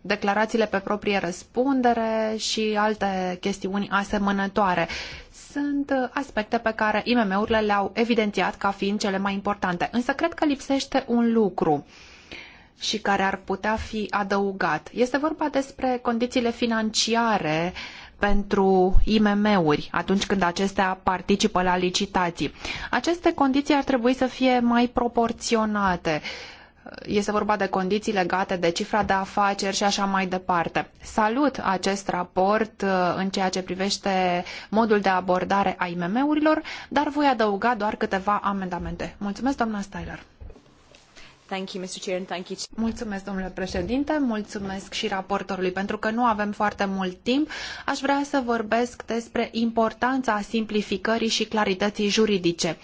declarațiile pe proprie răspundere și alte chestiuni asemănătoare. Sunt aspecte pe care IMM-urile le-au evidențiat ca fiind cele mai importante, însă cred că lipsește un lucru și care ar putea fi adăugat. Este vorba despre condițiile financiare pentru IMM-uri atunci când acestea participă la licitații. Aceste condiții ar trebui să fie mai proporționate este vorba de condiții legate de cifra de afaceri și așa mai departe. Salut acest raport uh, în ceea ce privește modul de abordare a IMM-urilor, dar voi adăuga doar câteva amendamente. Mulțumesc, doamna Styler. Mulțumesc, domnule președinte, mulțumesc și raportorului, pentru că nu avem foarte mult timp. Aș vrea să vorbesc despre importanța simplificării și clarității juridice.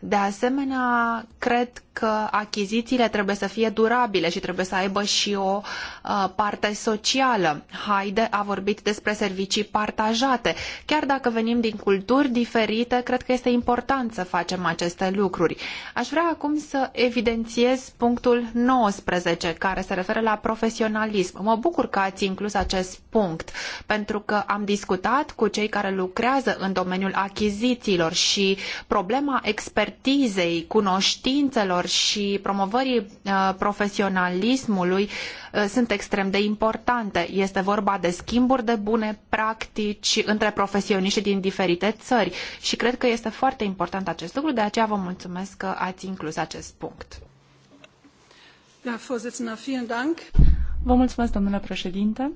De asemenea, cred că achizițiile trebuie să fie durabile și trebuie să aibă și o uh, parte socială. Haide a vorbit despre servicii partajate. Chiar dacă venim din culturi diferite, cred că este important să facem aceste lucruri. Aș vrea acum să evidențiez punctul 19, care se referă la profesionalism. Mă bucur că ați inclus acest punct, pentru că am discutat cu cei care lucrează în domeniul achizițiilor și problema expertizei expertizei, cunoștințelor și promovării uh, profesionalismului uh, sunt extrem de importante. Este vorba de schimburi de bune practici între profesioniști din diferite țări și cred că este foarte important acest lucru, de aceea vă mulțumesc că ați inclus acest punct. Vă mulțumesc, domnule președinte.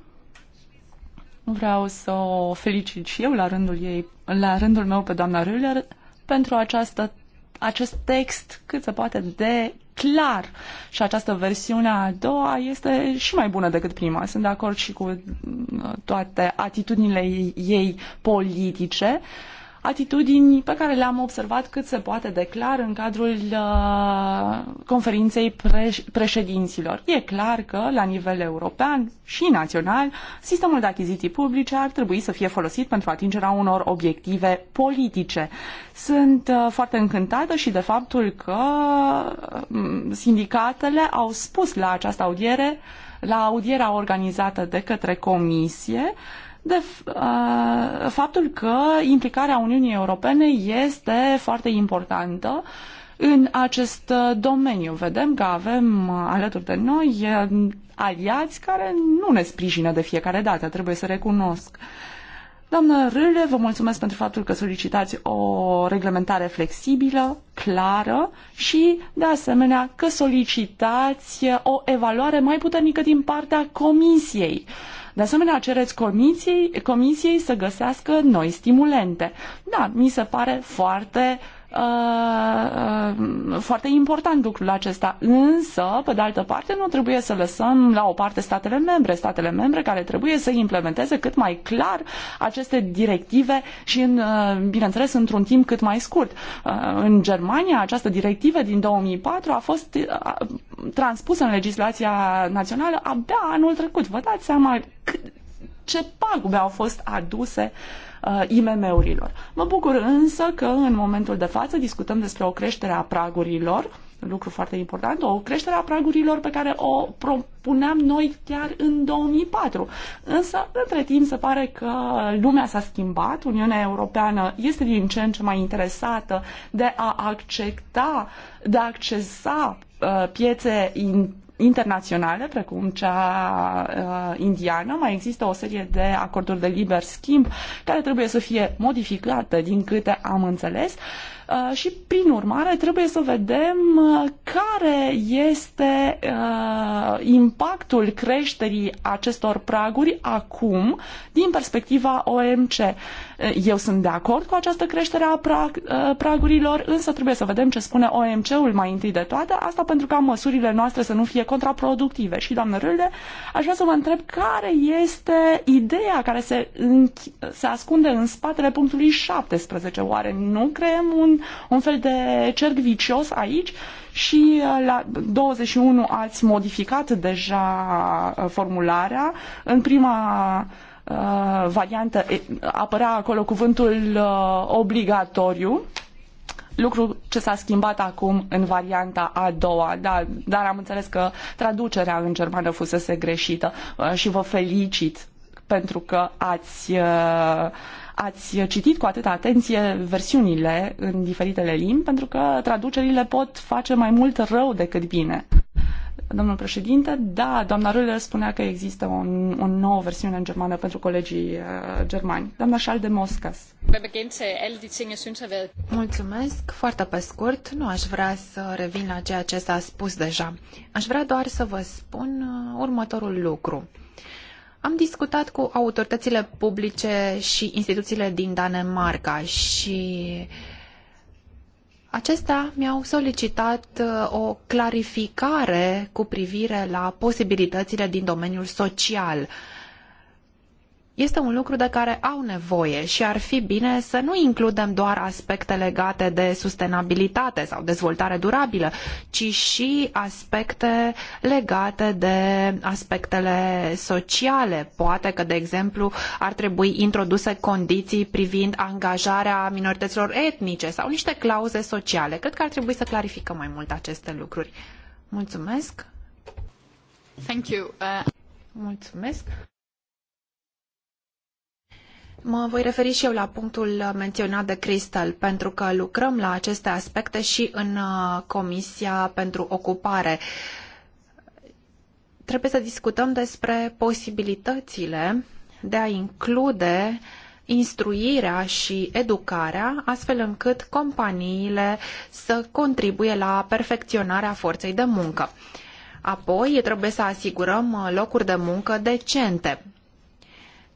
Vreau să o felicit și eu la rândul, ei, la rândul meu pe doamna Rüller pentru această acest text cât se poate de clar și această versiune a doua este și mai bună decât prima. Sunt de acord și cu uh, toate atitudinile ei politice. Uh, atitudini pe care le-am observat cât se poate de clar în cadrul uh, conferinței preș- președinților. E clar că, la nivel european și național, sistemul de achiziții publice ar trebui să fie folosit pentru atingerea unor obiective politice. Sunt uh, foarte încântată și de faptul că mm, sindicatele au spus la această audiere la audierea organizată de către comisie uh, de uh, faptul că implicarea Uniunii Europene este foarte importantă în acest uh, domeniu. Vedem că avem uh, alături de noi uh, aliați care nu ne sprijină de fiecare dată, trebuie să recunosc. Doamnă Râle, vă mulțumesc pentru faptul că solicitați o reglementare flexibilă, clară și, de asemenea, că solicitați o evaluare mai puternică din partea Comisiei. Uh, de asemenea, cereți comisiei, comisiei să găsească noi stimulente. Da, mi se pare foarte Uh, uh, foarte important lucrul acesta. Însă, pe de altă parte, nu trebuie să lăsăm la o parte statele membre, statele membre care trebuie să implementeze cât mai clar aceste directive și, în, uh, bineînțeles, într-un timp cât mai scurt. În Germania, această directivă din 2004 a fost transpusă în legislația națională abia anul trecut. Vă dați seama cât, ce pagube au fost aduse uh, uh, IMM-urilor. Mă bucur însă că în momentul de față discutăm despre o creștere a pragurilor, lucru foarte important, o creștere a pragurilor pe care o propuneam noi chiar în 2004. Însă, între timp, se pare că lumea s-a schimbat, Uniunea Europeană este din ce în ce mai interesată de a accepta, de a accesa uh, piețe interne internaționale, precum cea uh, indiană, mai există o serie de acorduri de liber schimb care trebuie să fie modificate din câte am înțeles. Uh, Uh, și, prin urmare, trebuie să vedem uh, care este uh, impactul creșterii acestor praguri acum din perspectiva OMC. Eu sunt de acord cu această creștere a prag- pragurilor, însă trebuie să vedem ce spune OMC-ul mai întâi de toate, asta pentru ca măsurile noastre să nu fie contraproductive. Și, doamnă Râlde, aș vrea să vă întreb care este ideea care se, se ascunde în spatele punctului 17. Oare nu creăm un un fel de cerc vicios aici și uh, la 21 ați modificat deja uh, formularea. În prima uh, variantă apărea acolo cuvântul obligatoriu lucru ce s-a schimbat acum în varianta a doua, da, dar am înțeles că traducerea în germană fusese greșită și vă felicit pentru că ați ați citit cu atâta atenție versiunile în diferitele limbi, pentru că traducerile pot face mai mult rău decât bine. Domnul președinte, da, doamna Râle spunea că există o, o nouă versiune în germană pentru colegii uh, germani. Doamna Schalde Moscas. Mulțumesc, foarte pe scurt, nu aș vrea să revin la ceea ce s-a spus deja. Aș vrea doar să vă spun uh, următorul lucru. Am discutat cu autoritățile publice și instituțiile din Danemarca și acestea mi-au solicitat uh, o clarificare cu privire la posibilitățile din domeniul social. Uh, este un lucru de care au nevoie și ar fi bine să nu includem doar aspecte legate de sustenabilitate sau dezvoltare durabilă, ci și aspecte legate de aspectele sociale. Poate că, de exemplu, ar trebui introduse condiții privind angajarea minorităților etnice sau niște clauze sociale. Cred că ar trebui să clarificăm mai mult aceste lucruri. Mulțumesc! Thank you. Uh... Mulțumesc! Mă voi referi și eu la punctul menționat de Crystal, pentru că lucrăm la aceste aspecte și în uh, Comisia pentru Ocupare. Trebuie să discutăm despre posibilitățile de a include instruirea și educarea, astfel încât companiile să contribuie la perfecționarea forței de muncă. Apoi, trebuie să asigurăm uh, locuri de muncă decente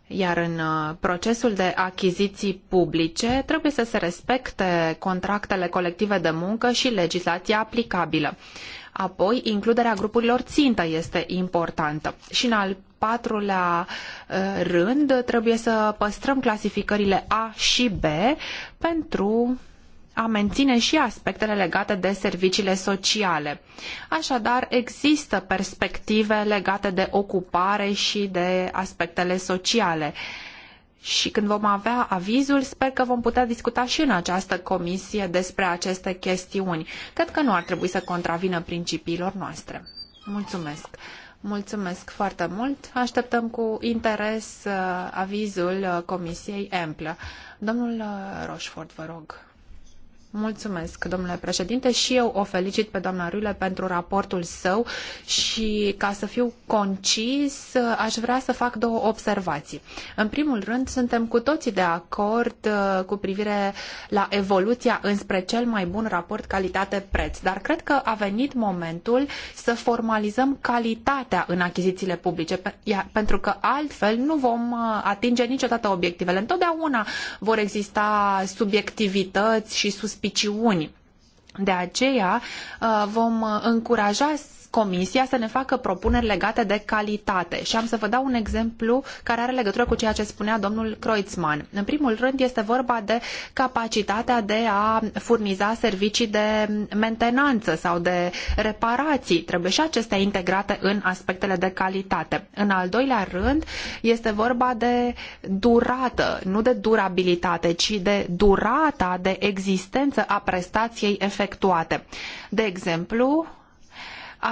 iar în uh, procesul de achiziții publice trebuie să se respecte contractele colective de muncă și legislația aplicabilă. Apoi, includerea grupurilor țintă este importantă. Și în al patrulea uh, rând, trebuie să păstrăm clasificările A și B pentru a menține și aspectele legate de serviciile sociale. Așadar, există perspective legate de ocupare și de aspectele sociale. Și când vom avea avizul, sper că vom putea discuta și în această comisie despre aceste chestiuni. Cred că nu ar trebui să contravină principiilor noastre. Mulțumesc! Mulțumesc foarte mult. Așteptăm cu interes uh, avizul uh, Comisiei Amplă. Domnul uh, Rochefort, vă rog. Mulțumesc, domnule președinte, și eu o felicit pe doamna Rule pentru raportul său și, ca să fiu concis, aș vrea să fac două observații. În primul rând, suntem cu toții de acord uh, cu privire la evoluția înspre cel mai bun raport calitate-preț, dar cred că a venit momentul să formalizăm calitatea în achizițiile publice, pentru că altfel nu vom uh, atinge niciodată obiectivele. Întotdeauna vor exista subiectivități și suspiciuni suspiciuni. De aceea uh, vom uh, încuraja Comisia să ne facă propuneri legate de calitate. Și am să vă dau un exemplu care are legătură cu ceea ce spunea domnul Kreutzmann. În primul rând este vorba de capacitatea de a furniza servicii de mentenanță sau de reparații. Trebuie și acestea integrate în aspectele de calitate. În al doilea rând este vorba de durată, nu de durabilitate, ci de durata de existență a prestației efectuate. De exemplu,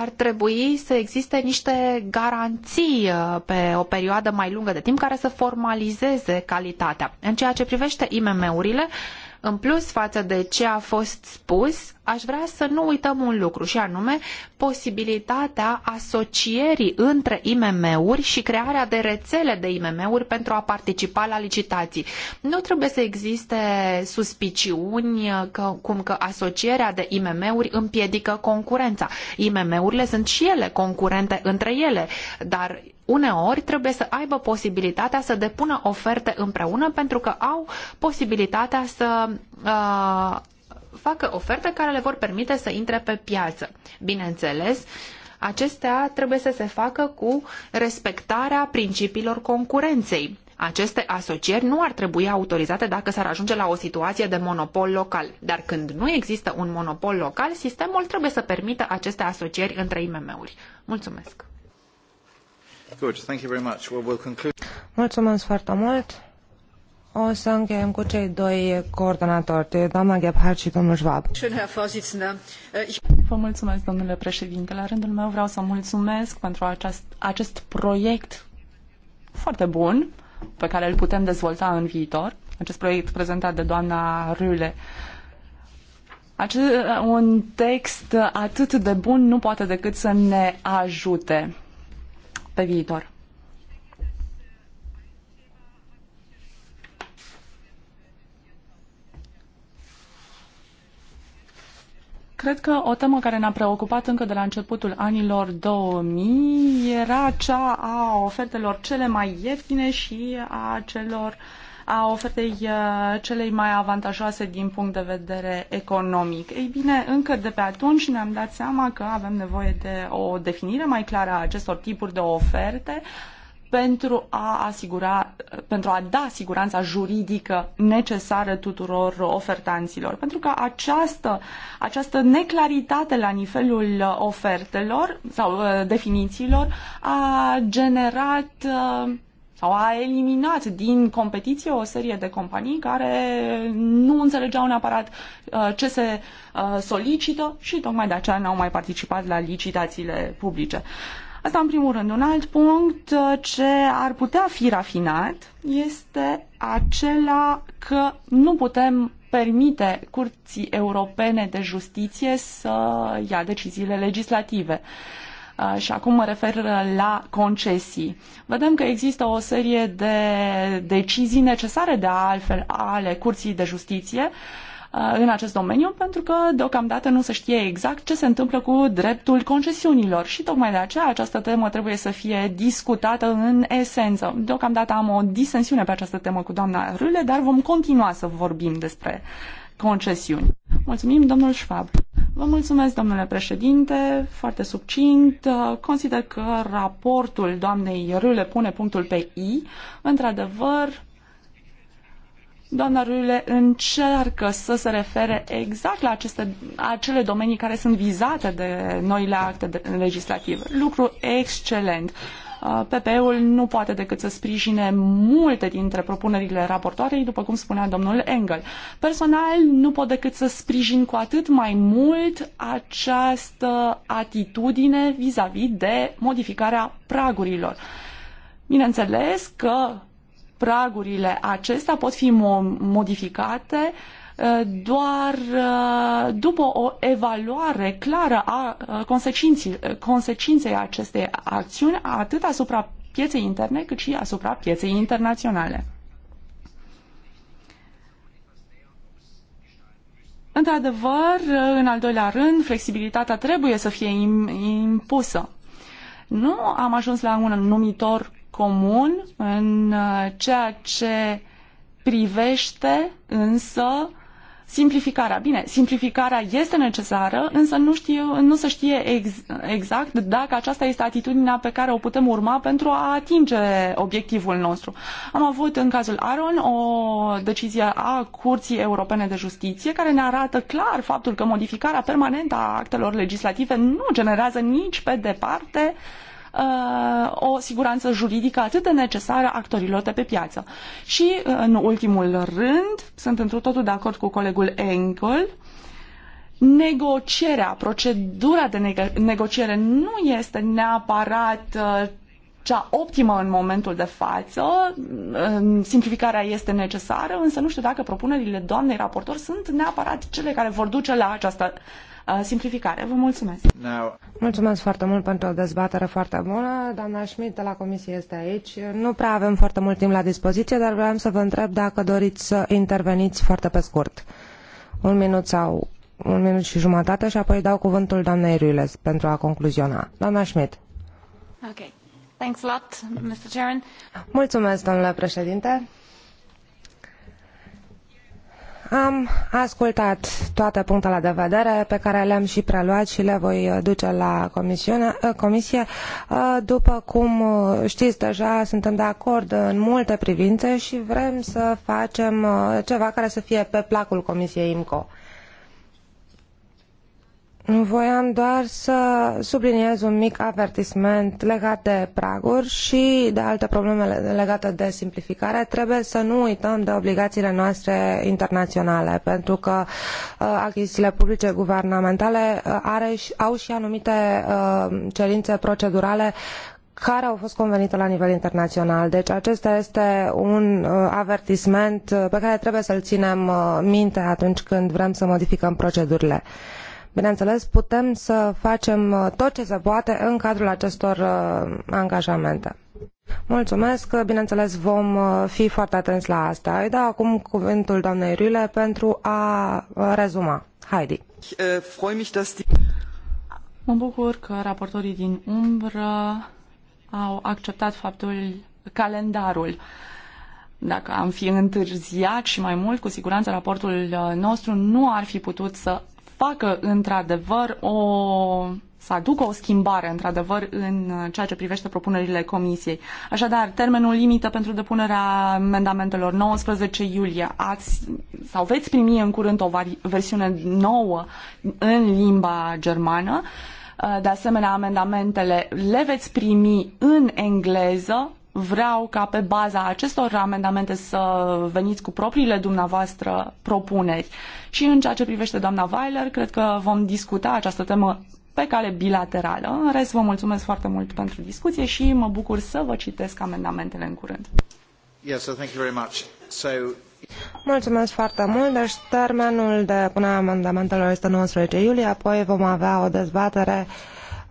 ar trebui să existe niște garanții uh, pe o perioadă mai lungă de timp care să formalizeze calitatea. În ceea ce privește IMM-urile, în plus față de ce a fost spus, aș vrea să nu uităm un lucru și anume posibilitatea asocierii între IMM-uri și crearea de rețele de IMM-uri pentru a participa la licitații. Nu trebuie să existe suspiciuni că, cum că asocierea de IMM-uri împiedică concurența. IMM-urile sunt și ele concurente între ele, dar uneori trebuie să aibă posibilitatea să depună oferte împreună pentru că au posibilitatea să uh, facă oferte care le vor permite să intre pe piață. Bineînțeles, acestea trebuie să se facă cu respectarea principiilor concurenței. Aceste asocieri nu ar trebui autorizate dacă s-ar ajunge la o situație de monopol local. Dar când nu există un monopol local, sistemul trebuie să permită aceste asocieri între IMM-uri. Mulțumesc! Good, thank you very much. Well, we'll conclude... Mulțumesc foarte mult. O să încheiem cu cei doi coordonatori, doamna Gebhardt și domnul Schwab. Vă mulțumesc, domnule președinte. La rândul meu vreau să mulțumesc pentru acest, acest proiect foarte bun pe care îl putem dezvolta în viitor, acest proiect prezentat de doamna Râle. Acest, un text atât de bun nu poate decât să ne ajute pe viitor. Cred că o temă care ne-a preocupat încă de la începutul anilor 2000 era cea a ofertelor cele mai ieftine și a celor uh, a ofertei uh, celei mai avantajoase din punct de vedere economic. Ei bine, încă de pe atunci ne-am dat seama că avem nevoie de o definire mai clară a acestor tipuri de oferte pentru a asigura, pentru a da siguranța juridică necesară tuturor ofertanților. Pentru că această, această neclaritate la nivelul ofertelor sau uh, definițiilor a generat uh, sau a eliminat din competiție o serie de companii care nu înțelegeau neapărat uh, ce se uh, solicită și tocmai de aceea n-au mai participat la licitațiile publice. Asta în primul rând. Un alt punct uh, ce ar putea fi rafinat este acela că nu putem permite Curții Europene de Justiție să ia deciziile legislative. Uh, Uh, și acum mă refer uh, la concesii. Vedem că există o serie de decizii necesare de altfel ale Curții de Justiție uh, în acest domeniu pentru că deocamdată nu se știe exact ce se întâmplă cu dreptul concesiunilor și tocmai de aceea această temă trebuie să fie discutată în esență. Deocamdată am o disensiune pe această temă cu doamna Râle, dar vom continua să vorbim despre concesiuni. Mulțumim, domnul Schwab. Vă mulțumesc, domnule președinte, foarte succint. Consider că raportul doamnei Râle pune punctul pe I. Într-adevăr, doamna Râle încearcă să se refere exact la aceste, acele domenii care sunt vizate de noile acte de, legislative. Lucru excelent. Uh, Uh, PPE-ul nu poate decât să sprijine multe dintre propunerile raportoarei, după cum spunea domnul Engel. Personal, nu pot decât să sprijin cu atât mai mult această atitudine vis-a-vis de modificarea pragurilor. Bineînțeles că pragurile acestea pot fi modificate uh, Eh, doar eh, după o evaluare clară a eh, consecinței acestei acțiuni, atât asupra pieței interne, cât și asupra pieței internaționale. Într-adevăr, în al doilea rând, flexibilitatea trebuie să fie impusă. Nu am ajuns la un numitor comun în ceea ce privește însă Simplificarea. Bine, simplificarea este necesară, însă nu, știu, nu se știe ex, exact dacă aceasta este atitudinea pe care o putem urma pentru a atinge obiectivul nostru. Am avut în cazul Aron o decizie a Curții Europene de Justiție care ne arată clar faptul că modificarea permanentă a actelor legislative nu generează nici pe departe uh, Uh, o siguranță juridică atât de necesară actorilor de pe piață. Și, uh, în ultimul rând, sunt într totul de acord cu colegul Engel, negocierea, procedura de nego- negociere nu este neapărat uh, cea optimă în momentul de față. Um, simplificarea este necesară, însă nu știu dacă propunerile doamnei raportor sunt neapărat cele care vor duce la această Uh, simplificare. Vă mulțumesc! Now. Mulțumesc foarte mult pentru o dezbatere foarte bună. Doamna Schmidt de la Comisie este aici. Nu prea avem foarte mult timp la dispoziție, dar vreau să vă întreb dacă doriți să interveniți foarte pe scurt. Un minut sau un minut și jumătate și apoi dau cuvântul doamnei Ruiles pentru a concluziona. Doamna Schmidt. Okay. Thanks a lot, Mr. Chairman. Mulțumesc, domnule președinte. Am ascultat toate punctele de vedere pe care le-am și preluat și le voi uh, duce la uh, comisie. Uh, după cum știți deja, suntem de acord în multe privințe și vrem să facem ceva care să fie pe placul comisiei IMCO. Voiam doar să subliniez un mic avertisment legat de praguri și de alte probleme legate de simplificare. Trebuie să nu uităm de obligațiile noastre internaționale, pentru că uh, achizițiile publice guvernamentale uh, are, au și anumite uh, cerințe procedurale care au fost convenite la nivel internațional. Deci acesta este un avertisment pe care trebuie să-l ținem minte atunci când vrem să modificăm procedurile. Uh, Bineînțeles, putem să facem uh, tot ce se poate în cadrul acestor uh, angajamente. Mulțumesc, uh, bineînțeles vom fi foarte atenți la asta. Îi dau acum cuvântul doamnei Rüle pentru a rezuma. Heidi. Mă bucur că raportorii din umbră au acceptat faptul, calendarul. Dacă am fi întârziat și mai mult, cu siguranță raportul nostru nu ar fi putut să facă într-adevăr o să aducă o schimbare, într-adevăr, în ceea ce privește propunerile Comisiei. Așadar, termenul limită pentru depunerea amendamentelor 19 iulie. Ați, sau veți primi în curând o versiune nouă în limba germană. De asemenea, amendamentele le veți primi în engleză vreau ca pe baza acestor amendamente să veniți cu propriile dumneavoastră propuneri. Și în ceea ce privește doamna Weiler, cred că vom discuta această temă pe cale bilaterală. În rest, vă mulțumesc foarte mult pentru discuție și mă bucur să vă citesc amendamentele în curând. so thank you very much. So... Mulțumesc foarte mult. Deci termenul de punere amendamentelor este 19 iulie, apoi vom avea o dezbatere uh,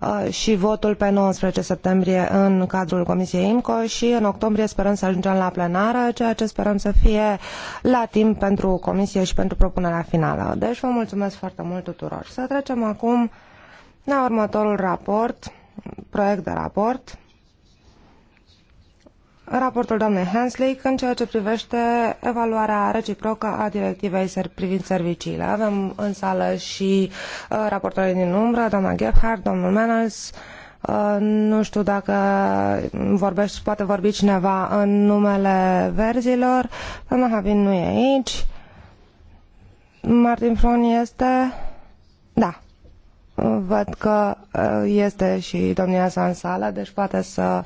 Uh, și votul pe 19 septembrie în cadrul Comisiei IMCO și în octombrie sperăm să ajungem la plenară, ceea ce sperăm să fie la timp pentru Comisie și pentru propunerea finală. Deci vă mulțumesc foarte mult tuturor. Să trecem acum la următorul raport, proiect de raport, raportul doamnei Hensley, în ceea ce privește evaluarea reciprocă a directivei privind serviciile. Avem în sală și uh, raportorii din umbră, doamna Gebhardt, domnul Menels, uh, nu știu dacă vorbești, poate vorbi cineva în numele verzilor. Doamna Havin nu e aici. Martin Fron este... Da. Văd că uh, este și domnia sa în sală, deci poate să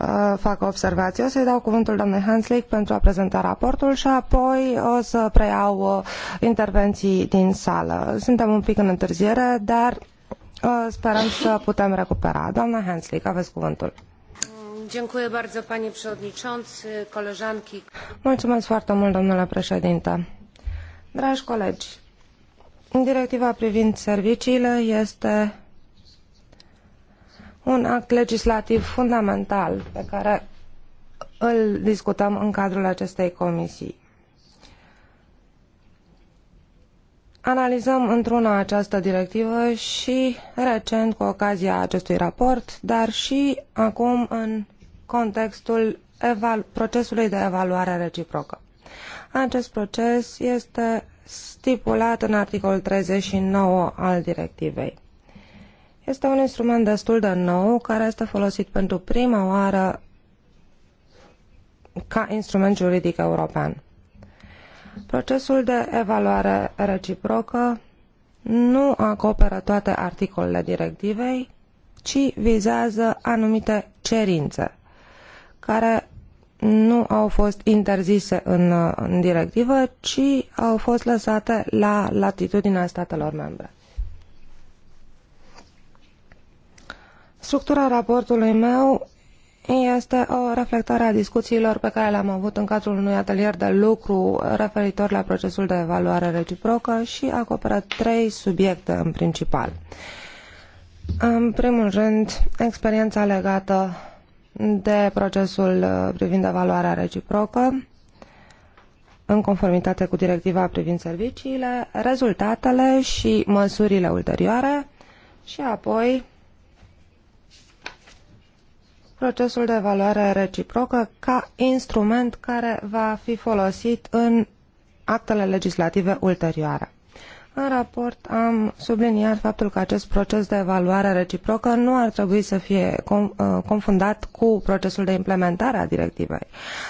Uh, fac facă observații. O să-i dau cuvântul doamnei Hanslick pentru a prezenta raportul și apoi o să preiau uh, intervenții din sală. Suntem un pic în întârziere, dar uh, sperăm să putem recupera. Doamna Hanslick, aveți cuvântul. Mulțumesc foarte mult, domnule președinte. Dragi colegi, directiva privind serviciile este un act legislativ fundamental pe care îl discutăm în cadrul acestei comisii. Analizăm într-una această directivă și recent cu ocazia acestui raport, dar și acum în contextul procesului de evaluare reciprocă. Acest proces este stipulat în articolul 39 al directivei. Este un instrument destul de nou care este folosit pentru prima oară ca instrument juridic european. Procesul de evaluare reciprocă nu acoperă toate articolele directivei, ci vizează anumite cerințe care nu au fost interzise în, în directivă, ci au fost lăsate la latitudinea statelor membre. Structura raportului meu este o reflectare a discuțiilor pe care le-am avut în cadrul unui atelier de lucru referitor la procesul de evaluare reciprocă și acoperă trei subiecte în principal. În primul rând, experiența legată de procesul uh, privind evaluarea reciprocă, în conformitate cu directiva privind serviciile, rezultatele și măsurile ulterioare și apoi procesul de evaluare reciprocă ca instrument care va fi folosit în actele legislative ulterioare. În raport am subliniat faptul că acest proces de evaluare reciprocă nu ar trebui să fie uh, confundat cu procesul de implementare a directivei.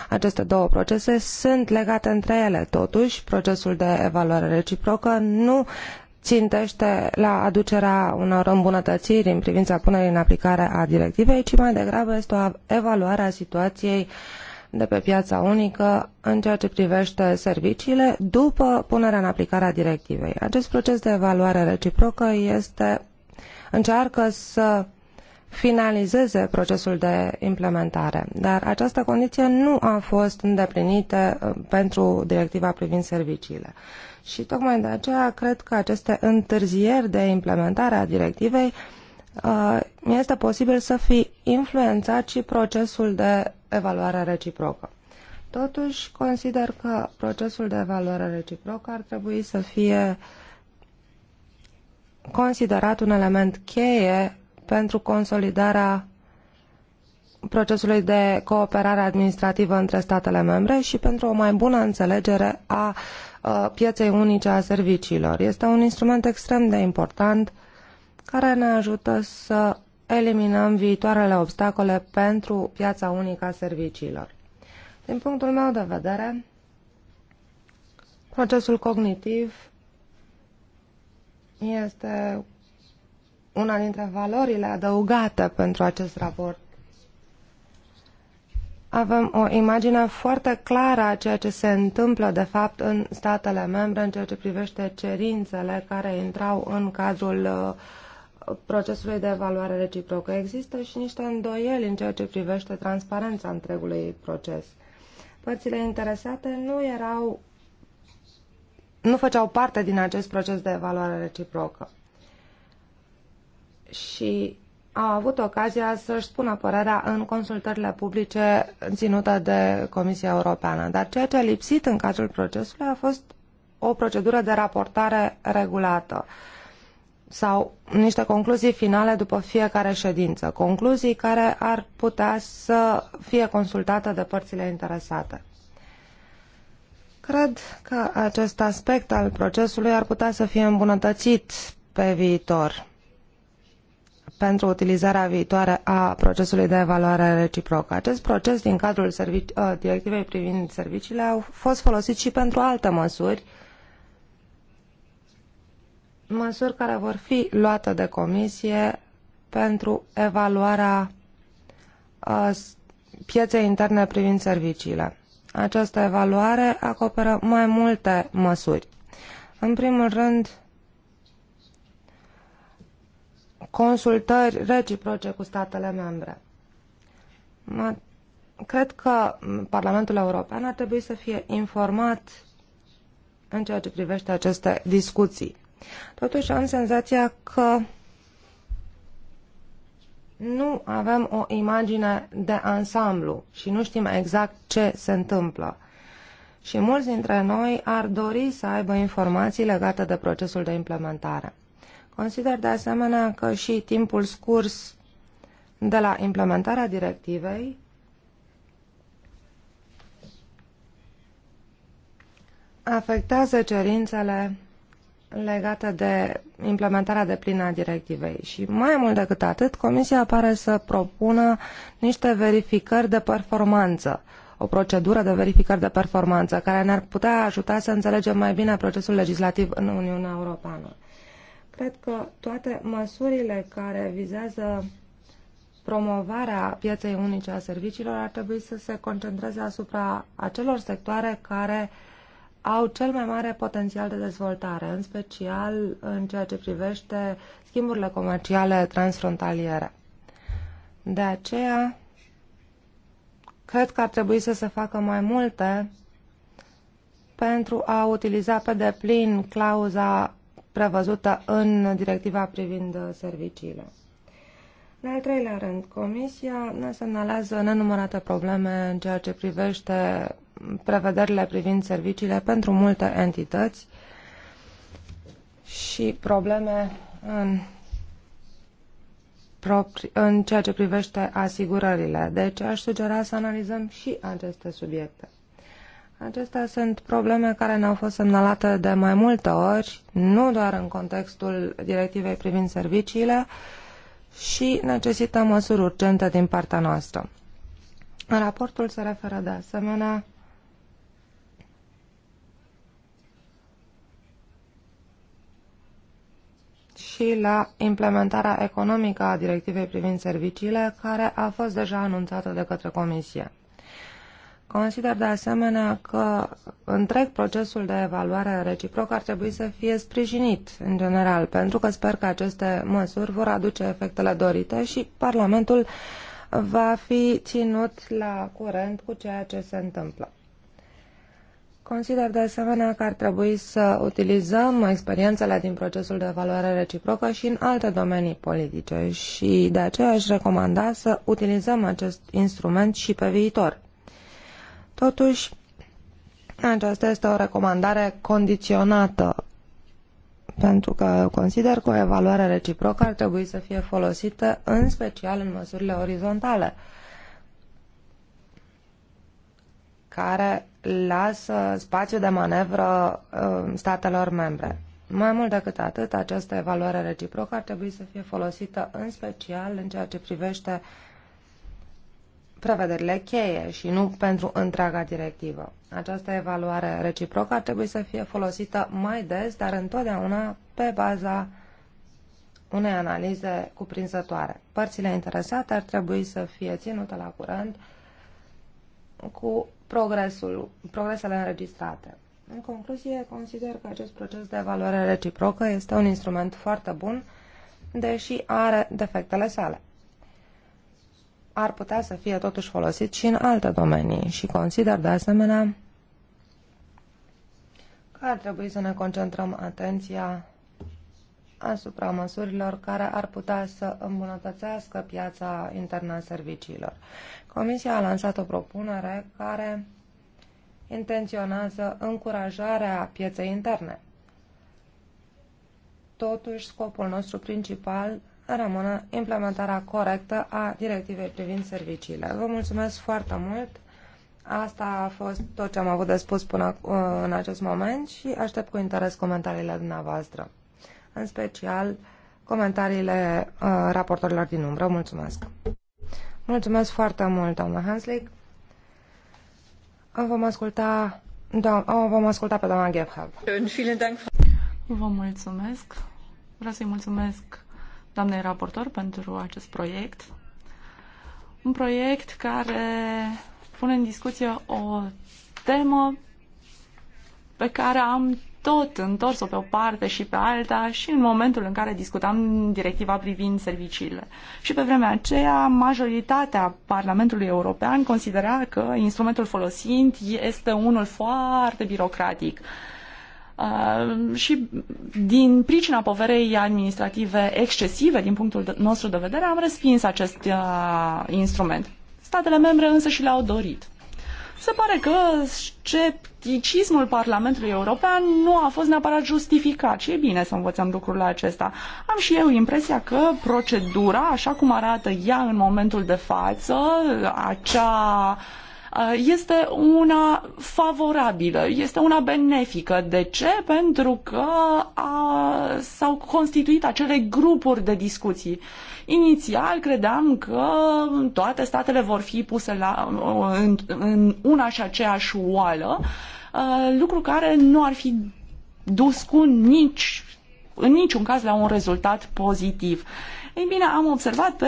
Aceste două procese sunt legate între ele. Totuși, procesul de evaluare reciprocă nu țintește la aducerea unor îmbunătățiri în privința punerii în aplicare a directivei, ci mai degrabă este o evaluare a situației de pe piața unică în ceea ce privește serviciile după punerea în aplicare a directivei. Acest proces de evaluare reciprocă este, încearcă să finalizeze procesul de implementare, dar această condiție nu a fost îndeplinită uh, pentru directiva privind serviciile. Și tocmai de aceea cred că aceste întârzieri de implementare a directivei uh, este posibil să fi influențat și procesul de evaluare reciprocă. Totuși, consider că procesul de evaluare reciprocă ar trebui să fie considerat un element cheie pentru consolidarea procesului de cooperare administrativă între statele membre și pentru o mai bună înțelegere a uh, pieței unice a serviciilor. Este un instrument extrem de important care ne ajută să eliminăm viitoarele obstacole pentru piața unică a serviciilor. Din punctul meu de vedere, procesul cognitiv este una dintre valorile adăugate pentru acest raport avem o imagine foarte clară a ceea ce se întâmplă de fapt în statele membre în ceea ce privește cerințele care intrau în cadrul uh, procesului de evaluare reciprocă. Există și niște îndoieli în ceea ce privește transparența întregului proces. Părțile interesate nu erau nu făceau parte din acest proces de evaluare reciprocă. Și au avut ocazia să-și spună părerea în consultările publice ținute de Comisia Europeană. Dar ceea ce a lipsit în cadrul procesului a fost o procedură de raportare regulată sau niște concluzii finale după fiecare ședință, concluzii care ar putea să fie consultate de părțile interesate. Cred că acest aspect al procesului ar putea să fie îmbunătățit pe viitor pentru utilizarea viitoare a procesului de evaluare reciprocă. Acest proces din cadrul uh, directivei privind serviciile a fost folosit și pentru alte măsuri, măsuri care vor fi luate de comisie pentru evaluarea uh, pieței interne privind serviciile. Această evaluare acoperă mai multe măsuri. În primul rând, consultări reciproce cu statele membre. Mă, cred că Parlamentul European ar trebui să fie informat în ceea ce privește aceste discuții. Totuși am senzația că nu avem o imagine de ansamblu și nu știm exact ce se întâmplă. Și mulți dintre noi ar dori să aibă informații legate de procesul de implementare. Consider de asemenea că și timpul scurs de la implementarea directivei afectează cerințele legate de implementarea de plină a directivei. Și mai mult decât atât, Comisia pare să propună niște verificări de performanță, o procedură de verificări de performanță, care ne-ar putea ajuta să înțelegem mai bine procesul legislativ în Uniunea Europeană cred că toate măsurile care vizează promovarea pieței unice a serviciilor ar trebui să se concentreze asupra acelor sectoare care au cel mai mare potențial de dezvoltare, în special în ceea ce privește schimburile comerciale transfrontaliere. De aceea, cred că ar trebui să se facă mai multe pentru a utiliza pe deplin clauza prevăzută în directiva privind uh, serviciile. În al treilea rând, Comisia ne semnalează nenumărate probleme în ceea ce privește prevederile privind serviciile pentru multe entități și probleme în, propri, în ceea ce privește asigurările. Deci aș sugera să analizăm și aceste subiecte. Acestea sunt probleme care ne-au fost semnalate de mai multe ori, nu doar în contextul directivei privind serviciile, și necesită măsuri urgente din partea noastră. Raportul se referă de asemenea și la implementarea economică a directivei privind serviciile, care a fost deja anunțată de către Comisie. Consider de asemenea că întreg procesul de evaluare reciproc ar trebui să fie sprijinit în general, pentru că sper că aceste măsuri vor aduce efectele dorite și Parlamentul va fi ținut la curent cu ceea ce se întâmplă. Consider de asemenea că ar trebui să utilizăm experiențele din procesul de evaluare reciprocă și în alte domenii politice și de aceea aș recomanda să utilizăm acest instrument și pe viitor. Totuși, aceasta este o recomandare condiționată pentru că consider că o evaluare reciprocă ar trebui să fie folosită în special în măsurile orizontale, care lasă spațiu de manevră uh, statelor membre. Mai mult decât atât, această evaluare reciprocă ar trebui să fie folosită în special în ceea ce privește prevederile cheie și nu pentru întreaga directivă. Această evaluare reciprocă ar trebui să fie folosită mai des, dar întotdeauna pe baza unei analize cuprinzătoare. Părțile interesate ar trebui să fie ținute la curent cu progresul, progresele înregistrate. În concluzie, consider că acest proces de evaluare reciprocă este un instrument foarte bun, deși are defectele sale ar putea să fie totuși folosit și în alte domenii și consider de asemenea că ar trebui să ne concentrăm atenția asupra măsurilor care ar putea să îmbunătățească piața internă a serviciilor. Comisia a lansat o propunere care intenționează încurajarea pieței interne. Totuși, scopul nostru principal rămână implementarea corectă a directivei privind serviciile. Vă mulțumesc foarte mult! Asta a fost tot ce am avut de spus până uh, în acest moment și aștept cu interes comentariile dumneavoastră, în special comentariile uh, raportorilor din umbră. Mulțumesc! Mulțumesc foarte mult, doamna Hanslick! Vom asculta, do- vom asculta pe doamna Gebhardt. Vă mulțumesc! Vreau să-i mulțumesc doamnei raportor pentru acest proiect. Un proiect care pune în discuție o temă pe care am tot întors-o pe o parte și pe alta și în momentul în care discutam directiva privind serviciile. Și pe vremea aceea, majoritatea Parlamentului European considera că instrumentul folosit este unul foarte birocratic. Uh, Uh, și din pricina poverei administrative excesive, din punctul nostru de vedere, am respins acest uh, instrument. Statele membre însă și le-au dorit. Se pare că scepticismul Parlamentului European nu a fost neapărat justificat și e bine să învățăm lucrul acesta. Am și eu impresia că procedura, așa cum arată ea în momentul de față, acea uh, Uh, este una favorabilă, este una benefică. De ce? Pentru că s-au constituit acele grupuri de discuții. Inițial credeam că toate statele vor fi puse la, în, în una și aceeași oală, uh, lucru care nu ar fi dus cu nici, în niciun caz la un rezultat pozitiv. Ei bine, am observat pe,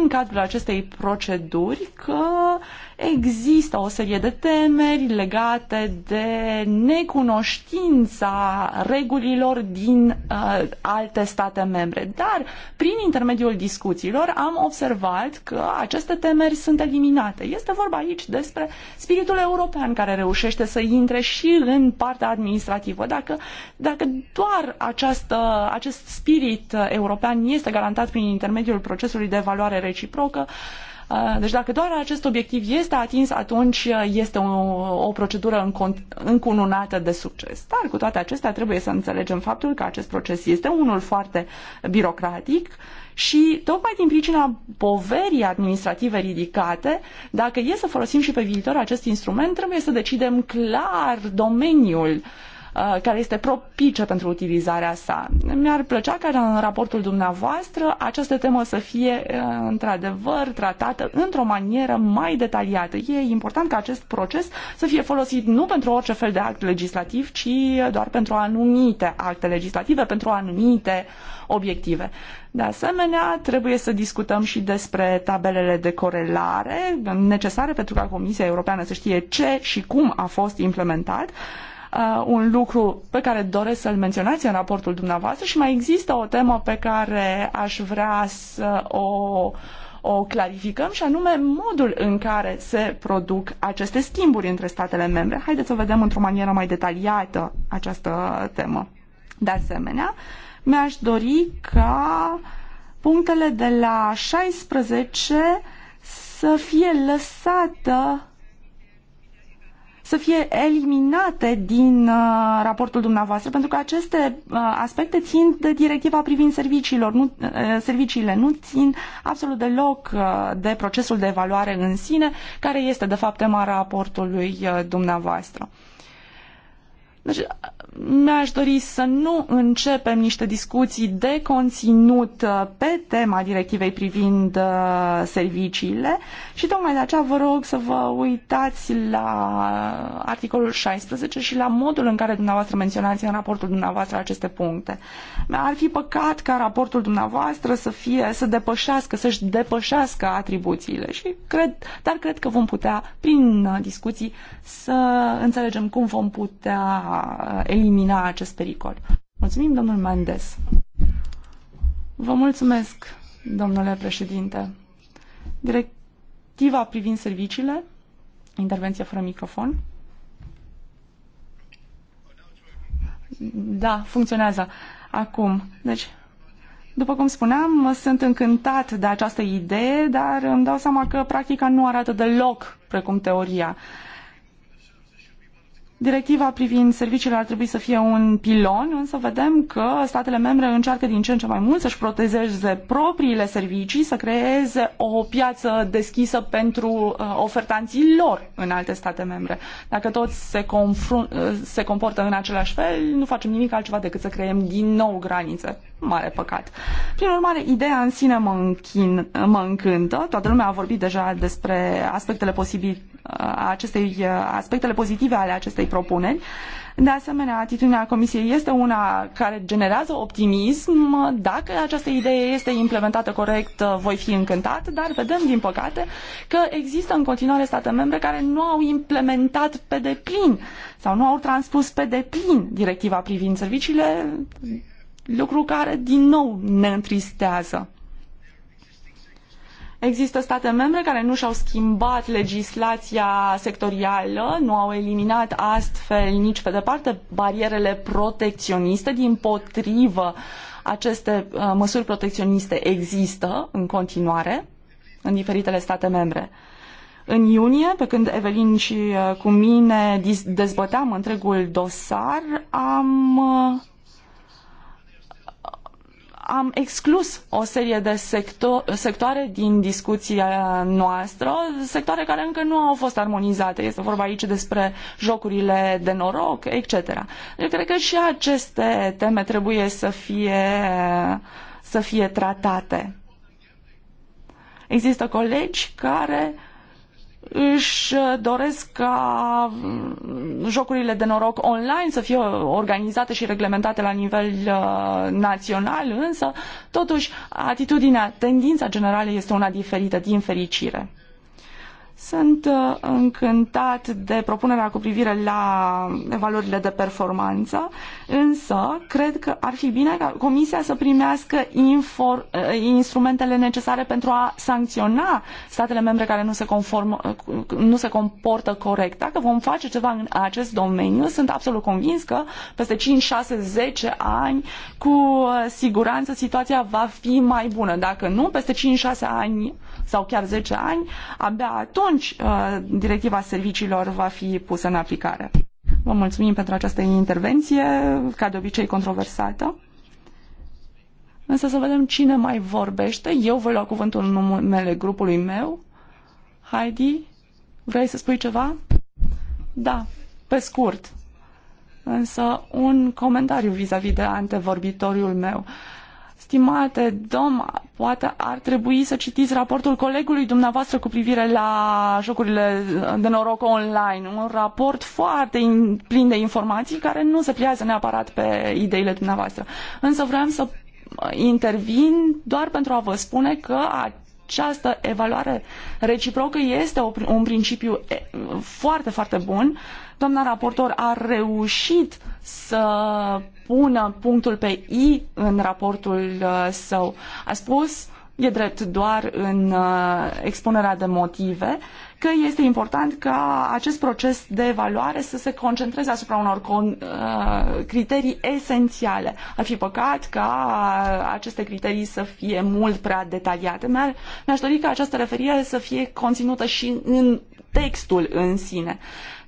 în cadrul acestei proceduri că uh, Există o serie de temeri legate de necunoștința regulilor din uh, alte state membre, dar prin intermediul discuțiilor am observat că aceste temeri sunt eliminate. Este vorba aici despre spiritul european care reușește să intre și în partea administrativă. Dacă, dacă doar această, acest spirit european este garantat prin intermediul procesului de evaluare reciprocă, uh, deci dacă doar acest obiectiv este atins, atunci este o, o procedură încununată de succes. Dar cu toate acestea trebuie să înțelegem faptul că acest proces este unul foarte birocratic și tocmai din pricina poverii administrative ridicate, dacă e să folosim și pe viitor acest instrument, trebuie să decidem clar domeniul uh, Uh, care este propice pentru utilizarea sa. Mi-ar plăcea ca în raportul dumneavoastră această temă să fie uh, într-adevăr tratată într-o manieră mai detaliată. E important ca acest proces să fie folosit nu pentru orice fel de act legislativ, ci doar pentru anumite acte legislative, pentru anumite obiective. De asemenea, trebuie să discutăm și despre tabelele de corelare necesare pentru ca Comisia Europeană să știe ce și cum a fost implementat uh, un lucru pe care doresc să-l menționați în raportul dumneavoastră și mai există o temă pe care aș vrea să o o clarificăm și anume modul în care se produc aceste schimburi între statele membre. Haideți să vedem într-o manieră mai detaliată această temă. De asemenea, mi-aș dori ca punctele de la 16 să fie lăsată să fie eliminate din uh, raportul dumneavoastră, pentru că aceste uh, aspecte țin de directiva privind serviciilor, nu, uh, serviciile, nu țin absolut deloc uh, de procesul de evaluare în sine, care este de fapt tema raportului uh, dumneavoastră. Uh, deci, mi-aș dori să nu începem niște discuții de conținut uh, pe tema directivei privind uh, serviciile și tocmai de aceea vă rog să vă uitați la uh, articolul 16 și la modul în care dumneavoastră menționați în raportul dumneavoastră aceste puncte. Ar fi păcat ca raportul dumneavoastră să fie, să depășească, să-și depășească atribuțiile și cred, dar cred că vom putea, prin discuții, să înțelegem cum vom putea elimina acest pericol. Mulțumim, domnul Mendes. Vă mulțumesc, domnule președinte. Directiva privind serviciile, intervenție fără microfon. Da, funcționează. Acum, deci, după cum spuneam, sunt încântat de această idee, dar îmi dau seama că practica nu arată deloc precum teoria. Uh, Directiva privind serviciile ar trebui să fie un pilon, însă vedem că statele membre încearcă din ce în ce mai mult să-și protejeze propriile servicii, să creeze o piață deschisă pentru uh, ofertanții lor în alte state membre. Dacă toți se, uh, se comportă în același fel, nu facem nimic altceva decât să creăm din nou granițe. Mare păcat. Prin urmare, ideea în sine mă, închin, mă încântă. Toată lumea a vorbit deja despre aspectele, posibil, uh, acestei, uh, aspectele pozitive ale acestei propuneri. De asemenea, atitudinea Comisiei este una care generează optimism. Dacă această idee este implementată corect, uh, voi fi încântat, dar vedem, din păcate, că există în continuare state membre care nu au implementat pe deplin sau nu au transpus pe deplin directiva privind serviciile lucru care din nou ne întristează. Există state membre care nu și-au schimbat legislația sectorială, nu au eliminat astfel nici pe departe barierele protecționiste, din potrivă aceste uh, măsuri protecționiste există în continuare în diferitele state membre. În iunie, pe când Evelin și uh, cu mine dezbăteam întregul dosar, am uh, am exclus o serie de secto sectoare din discuția noastră, sectoare care încă nu au fost armonizate. Este vorba aici despre jocurile de noroc, etc. Eu cred că și aceste teme trebuie să fie, să fie tratate. Există colegi care își uh, doresc ca mm, jocurile de noroc online să fie organizate și reglementate la nivel uh, național, însă, totuși, atitudinea, tendința generală este una diferită, din fericire. Sunt uh, încântat de propunerea cu privire la evaluările de performanță, însă cred că ar fi bine ca Comisia să primească uh, instrumentele necesare pentru a sancționa statele membre care nu se, conform, uh, nu se comportă corect. Dacă vom face ceva în acest domeniu, sunt absolut convins că peste 5, 6, 10 ani, cu siguranță situația va fi mai bună. Dacă nu, peste 5, 6 ani sau chiar 10 ani, abia atunci atunci uh, directiva serviciilor va fi pusă în aplicare. Vă mulțumim pentru această intervenție, ca de obicei controversată. Însă să vedem cine mai vorbește. Eu voi lua cuvântul în numele grupului meu. Heidi, vrei să spui ceva? Da, pe scurt. Însă un comentariu vis-a-vis -vis de antevorbitorul meu. Uh, Stimate dom, poate ar trebui să citiți raportul colegului dumneavoastră cu privire la jocurile de noroc online. Un raport foarte in, plin de informații care nu se pliază neapărat pe ideile dumneavoastră. Însă vreau să intervin doar pentru a vă spune că această evaluare reciprocă este un principiu foarte, foarte bun uh, Doamna raportor a reușit să pună punctul pe I în raportul uh, său. A spus, e drept doar în uh, expunerea de motive, că este important ca acest proces de evaluare să se concentreze asupra unor con, uh, criterii esențiale. Ar fi păcat ca aceste criterii să fie mult prea detaliate. Mi-ar, mi-aș dori ca această referire să fie conținută și în textul în sine.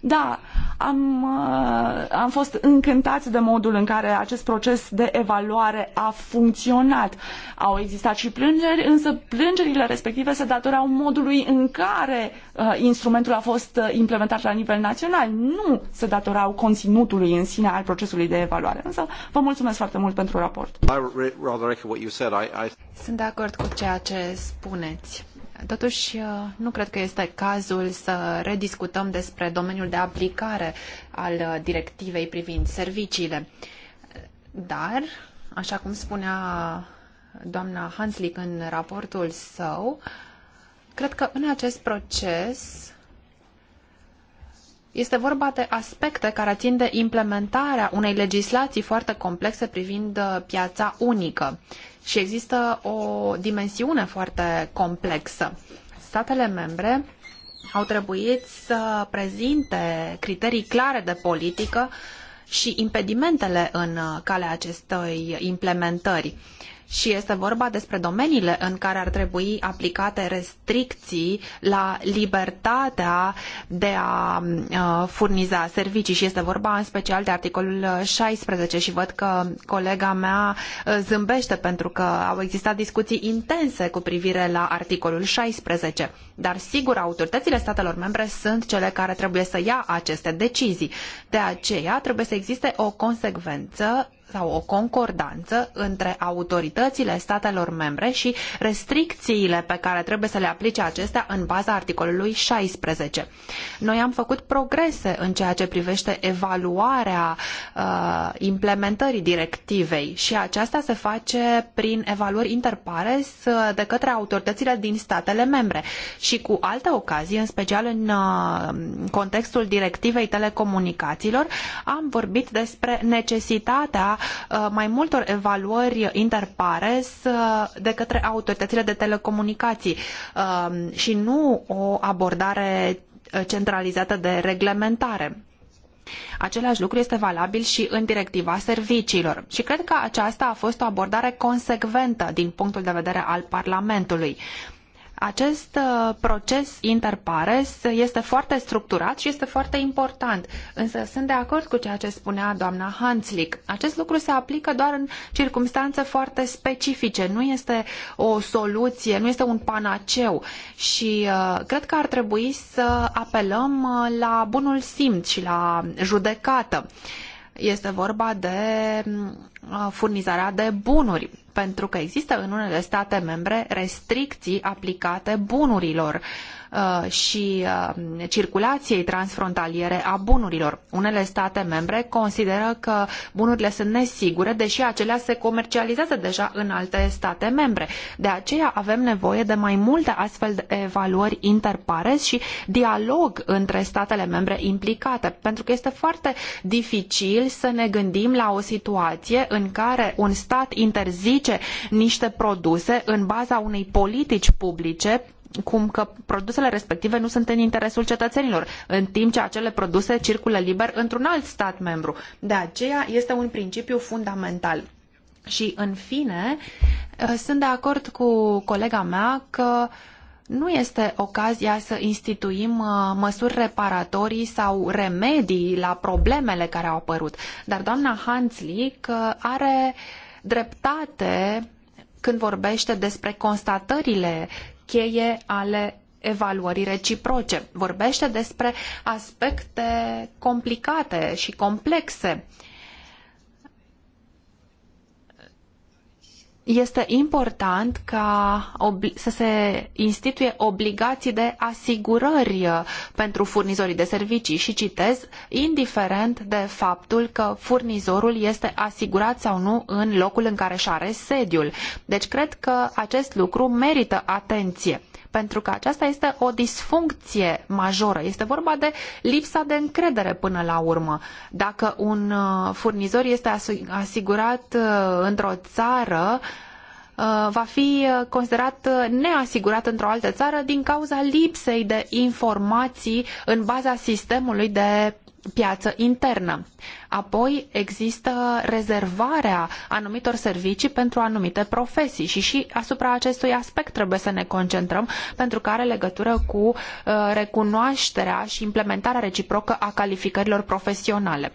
Da, am, uh, am fost încântați de modul în care acest proces de evaluare a funcționat. Au existat și plângeri, însă plângerile respective se datoreau modului în care uh, instrumentul a fost uh, implementat la nivel național. Nu se datorau conținutului în sine al procesului de evaluare. Însă vă mulțumesc foarte mult pentru raport. Sunt de acord cu ceea ce spuneți. Totuși, uh, nu cred că este cazul să rediscutăm despre domeniul de aplicare al uh, directivei privind serviciile. Dar, așa cum spunea doamna Hanslick în raportul său, cred că în acest proces este vorba de aspecte care țin de implementarea unei legislații foarte complexe privind uh, piața unică și există o dimensiune foarte complexă. Statele membre au trebuit să prezinte criterii clare de politică și impedimentele în calea acestei implementări și este vorba despre domeniile în care ar trebui aplicate restricții la libertatea de a uh, furniza servicii și este vorba în special de articolul 16 și văd că colega mea uh, zâmbește pentru că au existat discuții intense cu privire la articolul 16. Dar sigur, autoritățile statelor membre sunt cele care trebuie să ia aceste decizii. De aceea trebuie să existe o consecvență sau o concordanță între autoritățile statelor membre și restricțiile pe care trebuie să le aplice acestea în baza articolului 16. Noi am făcut progrese în ceea ce privește evaluarea uh, implementării directivei și aceasta se face prin evaluări interpares uh, de către autoritățile din statele membre și cu alte ocazii, în special în uh, contextul directivei telecomunicațiilor, am vorbit despre necesitatea Uh, mai multor evaluări interpares uh, de către autoritățile de telecomunicații uh, și nu o abordare centralizată de reglementare. Același lucru este valabil și în directiva serviciilor și cred că aceasta a fost o abordare consecventă din punctul de vedere al Parlamentului. Acest uh, proces interpares este foarte structurat și este foarte important, însă sunt de acord cu ceea ce spunea doamna Hanslick. Acest lucru se aplică doar în circunstanțe foarte specifice, nu este o soluție, nu este un panaceu și uh, cred că ar trebui să apelăm uh, la bunul simț și la judecată. Este vorba de mm, Uh, furnizarea de bunuri, pentru că există în unele state membre restricții aplicate bunurilor uh, și uh, circulației transfrontaliere a bunurilor. Unele state membre consideră că bunurile sunt nesigure, deși acelea se comercializează deja în alte state membre. De aceea avem nevoie de mai multe astfel de evaluări interpares și dialog între statele membre implicate, pentru că este foarte dificil să ne gândim la o situație în care un stat interzice niște produse în baza unei politici publice cum că produsele respective nu sunt în interesul cetățenilor, în timp ce acele produse circulă liber într-un alt stat membru. De aceea este un principiu fundamental. Și în fine, sunt de acord cu colega mea că uh, nu este ocazia să instituim uh, măsuri reparatorii sau remedii la problemele care au apărut. Dar doamna Hanslick uh, are dreptate când vorbește despre constatările cheie ale evaluării reciproce. Vorbește despre aspecte complicate și complexe uh, este important ca să se instituie obligații de asigurări uh, pentru furnizorii de servicii și citez, indiferent de faptul că furnizorul este asigurat sau nu în locul în care își are sediul. Deci cred că acest lucru merită atenție pentru că aceasta este o disfuncție majoră. Este vorba de lipsa de încredere până la urmă. Dacă un uh, furnizor este asigurat uh, într-o țară, uh, va fi considerat neasigurat într-o altă țară din cauza lipsei de informații în baza sistemului de piață internă. Apoi există rezervarea anumitor servicii pentru anumite profesii și și asupra acestui aspect trebuie să ne concentrăm pentru că are legătură cu uh, recunoașterea și implementarea reciprocă a calificărilor profesionale.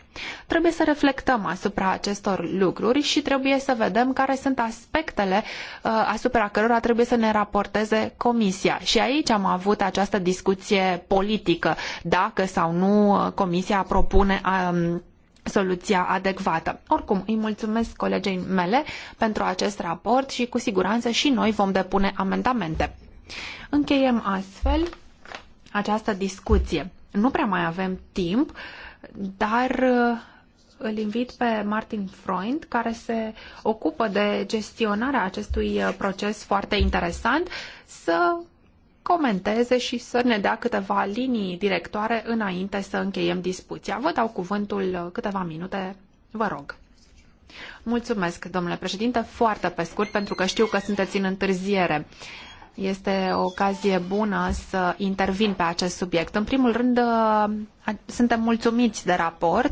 Trebuie să reflectăm asupra acestor lucruri și trebuie să vedem care sunt aspectele uh, asupra cărora trebuie să ne raporteze Comisia. Și aici am avut această discuție politică, dacă sau nu uh, Comisia propune um, soluția adecvată. Oricum, îi mulțumesc colegei mele pentru acest raport și cu siguranță și noi vom depune amendamente. Încheiem astfel această discuție. Nu prea mai avem timp, dar uh, îl invit pe Martin Freund, care se ocupă de gestionarea acestui uh, proces foarte interesant, să comenteze și să ne dea câteva linii directoare înainte să încheiem discuția. Vă dau cuvântul uh, câteva minute, vă rog. Mulțumesc, domnule președinte, foarte pe scurt, pentru că știu că sunteți în întârziere. Este o ocazie bună să intervin pe acest subiect. În primul rând, uh, suntem mulțumiți de raport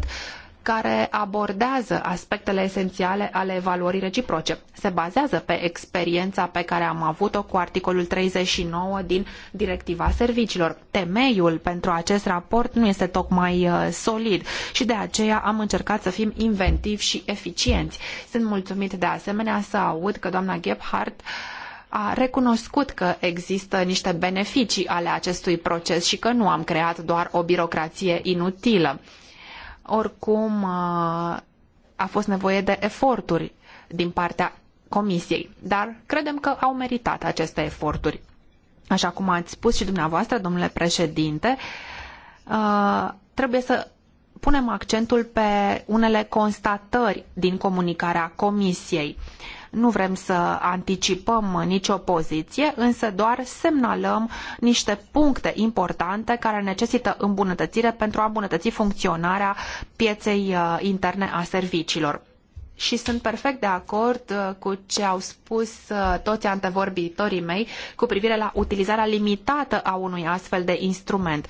care abordează aspectele esențiale ale evaluării reciproce. Se bazează pe experiența pe care am avut-o cu articolul 39 din Directiva Serviciilor. Temeiul pentru acest raport nu este tocmai uh, solid și de aceea am încercat să fim inventivi și eficienți. Sunt mulțumit de asemenea să aud că doamna Gebhardt a recunoscut că există niște beneficii ale acestui proces și că nu am creat doar o birocrație inutilă. Oricum, uh, a fost nevoie de eforturi din partea Comisiei, dar credem că au meritat aceste eforturi. Așa cum ați spus și dumneavoastră, domnule președinte, uh, trebuie să punem accentul pe unele constatări din comunicarea Comisiei. Nu vrem să anticipăm nicio poziție, însă doar semnalăm niște puncte importante care necesită îmbunătățire pentru a îmbunătăți funcționarea pieței uh, interne a serviciilor și sunt perfect de acord uh, cu ce au spus uh, toți antevorbitorii mei cu privire la utilizarea limitată a unui astfel de instrument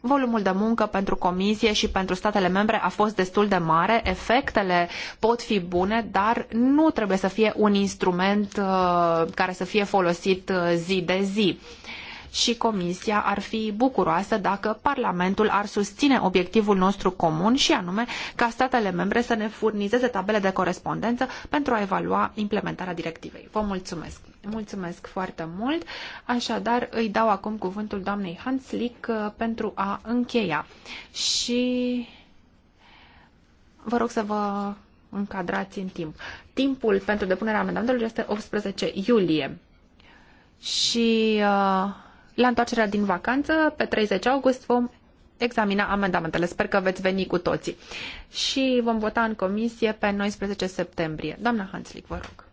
volumul de muncă pentru comisie și pentru statele membre a fost destul de mare, efectele pot fi bune, dar nu trebuie să fie un instrument uh, care să fie folosit uh, zi de zi. Uh, și Comisia ar fi bucuroasă dacă Parlamentul ar susține obiectivul nostru comun și anume ca statele membre să ne furnizeze tabele de corespondență pentru a evalua implementarea directivei. Vă mulțumesc! Mulțumesc foarte mult! Așadar, îi dau acum cuvântul doamnei Hanslick uh, pentru a încheia. Și vă rog să vă încadrați în timp. Timpul pentru depunerea amendamentelor este 18 iulie. Și uh, la întoarcerea din vacanță, pe 30 august, vom examina amendamentele. Sper că veți veni cu toții. Și vom vota în comisie pe 19 septembrie. Doamna Hanslik, vă rog.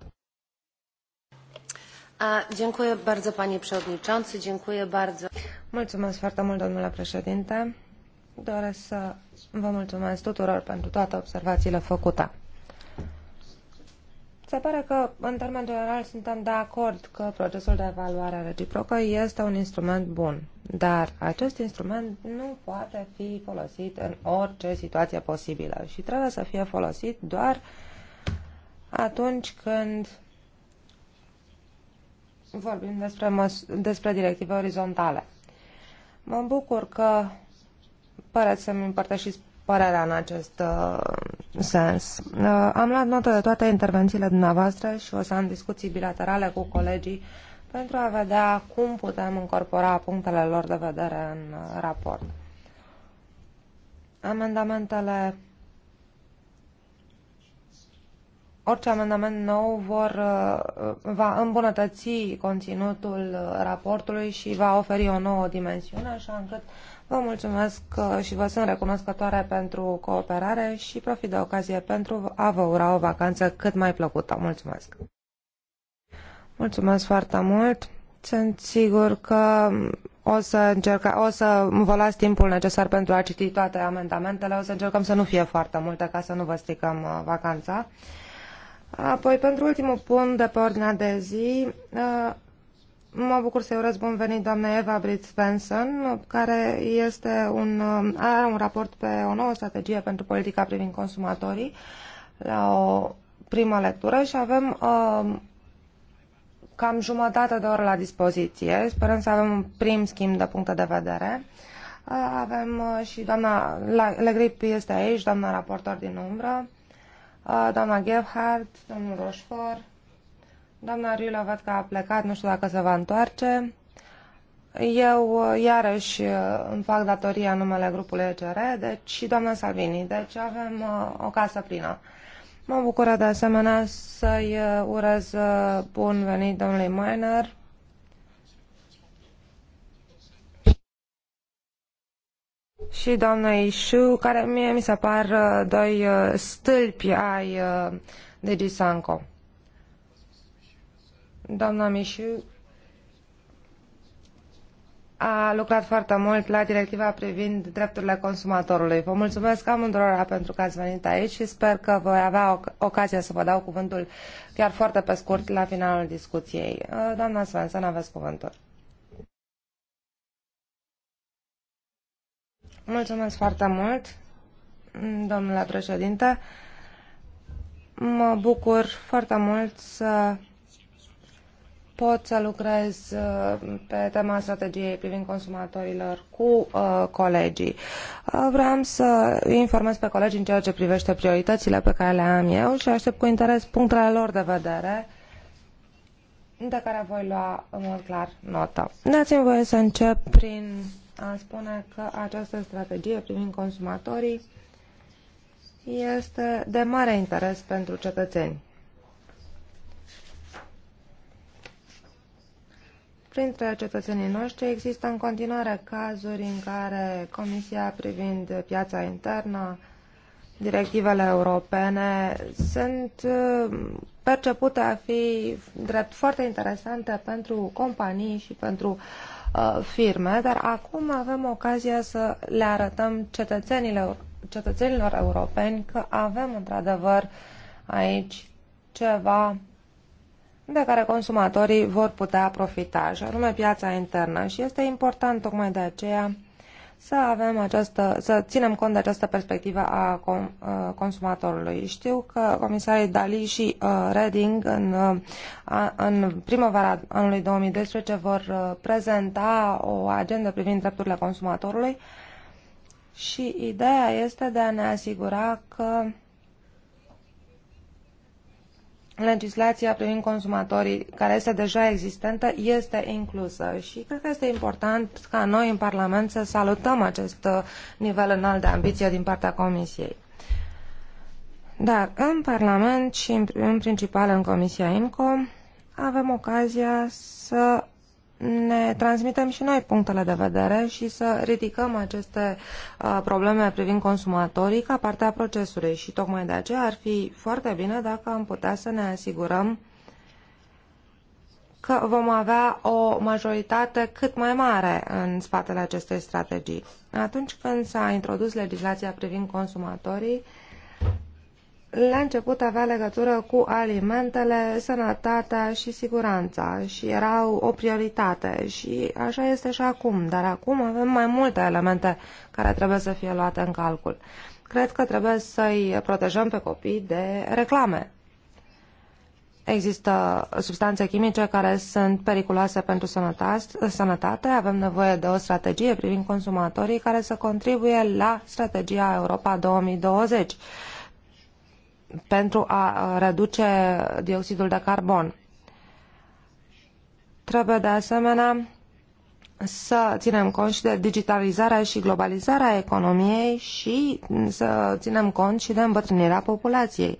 Dziękuję bardzo, panie przewodniczący. Dziękuję bardzo. Mulțumesc foarte mult, domnule președinte. Doresc să vă mulțumesc tuturor pentru toate observațiile făcute. Se pare că, în termen general, suntem de acord că procesul de evaluare reciprocă este un instrument bun, dar acest instrument nu poate fi folosit în orice situație posibilă și trebuie să fie folosit doar atunci când vorbim despre, despre directive orizontale. Mă bucur că păreți să-mi împărtășiți părerea în acest uh, sens. Uh, am luat notă de toate intervențiile dumneavoastră și o să am discuții bilaterale cu colegii pentru a vedea cum putem incorpora punctele lor de vedere în uh, raport. Amendamentele orice amendament nou vor, uh, va îmbunătăți conținutul uh, raportului și va oferi o nouă dimensiune, așa încât Vă mulțumesc uh, și vă sunt recunoscătoare pentru cooperare și profit de ocazie pentru a vă ura o vacanță cât mai plăcută. Mulțumesc! Mulțumesc foarte mult! Sunt sigur că o să, încerca, o să vă las timpul necesar pentru a citi toate amendamentele. O să încercăm să nu fie foarte multe ca să nu vă stricăm uh, vacanța. Apoi, pentru ultimul punct de pe ordinea de zi, uh, Mă bucur să-i urez bun venit doamna Eva Britt Svensson, care este un, are un raport pe o nouă strategie pentru politica privind consumatorii la o primă lectură și avem uh, cam jumătate de oră la dispoziție. Sperăm să avem un prim schimb de puncte de vedere. Uh, avem uh, și doamna Legrip este aici, doamna raportor din umbră, uh, doamna Gebhardt, domnul Roșfor. Doamna Riula văd că a plecat, nu știu dacă se va întoarce. Eu uh, iarăși uh, îmi fac datoria numele grupului ECR, deci și doamna Salvini, deci avem uh, o casă plină. Mă bucură de asemenea să-i urez bun venit domnului Miner. și doamnei Shu, care mie mi se par doi stâlpi ai Digi Sanco. Doamna Mișu a lucrat foarte mult la directiva privind drepturile consumatorului. Vă mulțumesc amândurora pentru că ați venit aici și sper că voi avea ocazia să vă dau cuvântul chiar foarte pe scurt la finalul discuției. Uh, doamna Svensson, aveți cuvântul. Mulțumesc foarte mult, domnule președinte. Mă bucur foarte mult să pot să lucrez uh, pe tema strategiei privind consumatorilor cu uh, colegii. Uh, vreau să informez pe colegi în ceea ce privește prioritățile pe care le am eu și aștept cu interes punctele lor de vedere de care voi lua în mod clar nota. Dați-mi voie să încep prin a spune că această strategie privind consumatorii este de mare interes pentru cetățeni. Printre cetățenii noștri există în continuare cazuri în care Comisia privind piața internă, directivele europene sunt uh, percepute a fi drept foarte interesante pentru companii și pentru uh, firme, dar acum avem ocazia să le arătăm cetățenilor, cetățenilor europeni că avem într-adevăr aici ceva de care consumatorii vor putea profita, și anume piața internă. Și este important tocmai de aceea să avem această, să ținem cont de această perspectivă a consumatorului. Știu că comisarii Dali și uh, Reding în, uh, în primăvara anului 2012 vor uh, prezenta o agendă privind drepturile consumatorului și ideea este de a ne asigura că legislația privind consumatorii, care este deja existentă, este inclusă și cred că este important ca noi în Parlament să salutăm acest uh, nivel înalt de ambiție din partea Comisiei. Dar în Parlament și în, în principal în Comisia INCO avem ocazia să ne transmitem și noi punctele de vedere și să ridicăm aceste uh, probleme privind consumatorii ca parte a procesului și tocmai de aceea ar fi foarte bine dacă am putea să ne asigurăm că vom avea o majoritate cât mai mare în spatele acestei strategii. Atunci când s-a introdus legislația privind consumatorii, la început avea legătură cu alimentele, sănătatea și siguranța și erau o prioritate și așa este și acum, dar acum avem mai multe elemente care trebuie să fie luate în calcul. Cred că trebuie să-i protejăm pe copii de reclame. Există substanțe chimice care sunt periculoase pentru sănătate. Avem nevoie de o strategie privind consumatorii care să contribuie la strategia Europa 2020 pentru a reduce dioxidul de carbon. Trebuie de asemenea să ținem cont și de digitalizarea și globalizarea economiei și să ținem cont și de îmbătrânirea populației.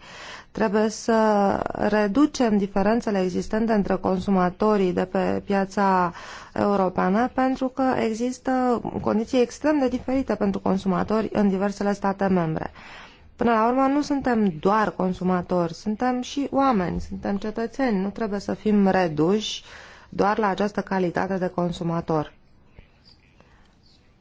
Trebuie să reducem diferențele existente între consumatorii de pe piața europeană pentru că există condiții extrem de diferite pentru consumatori în diversele state membre. Uh, Până la urmă, nu suntem doar consumatori, suntem și oameni, suntem cetățeni, nu trebuie să fim reduși doar la această calitate de consumator.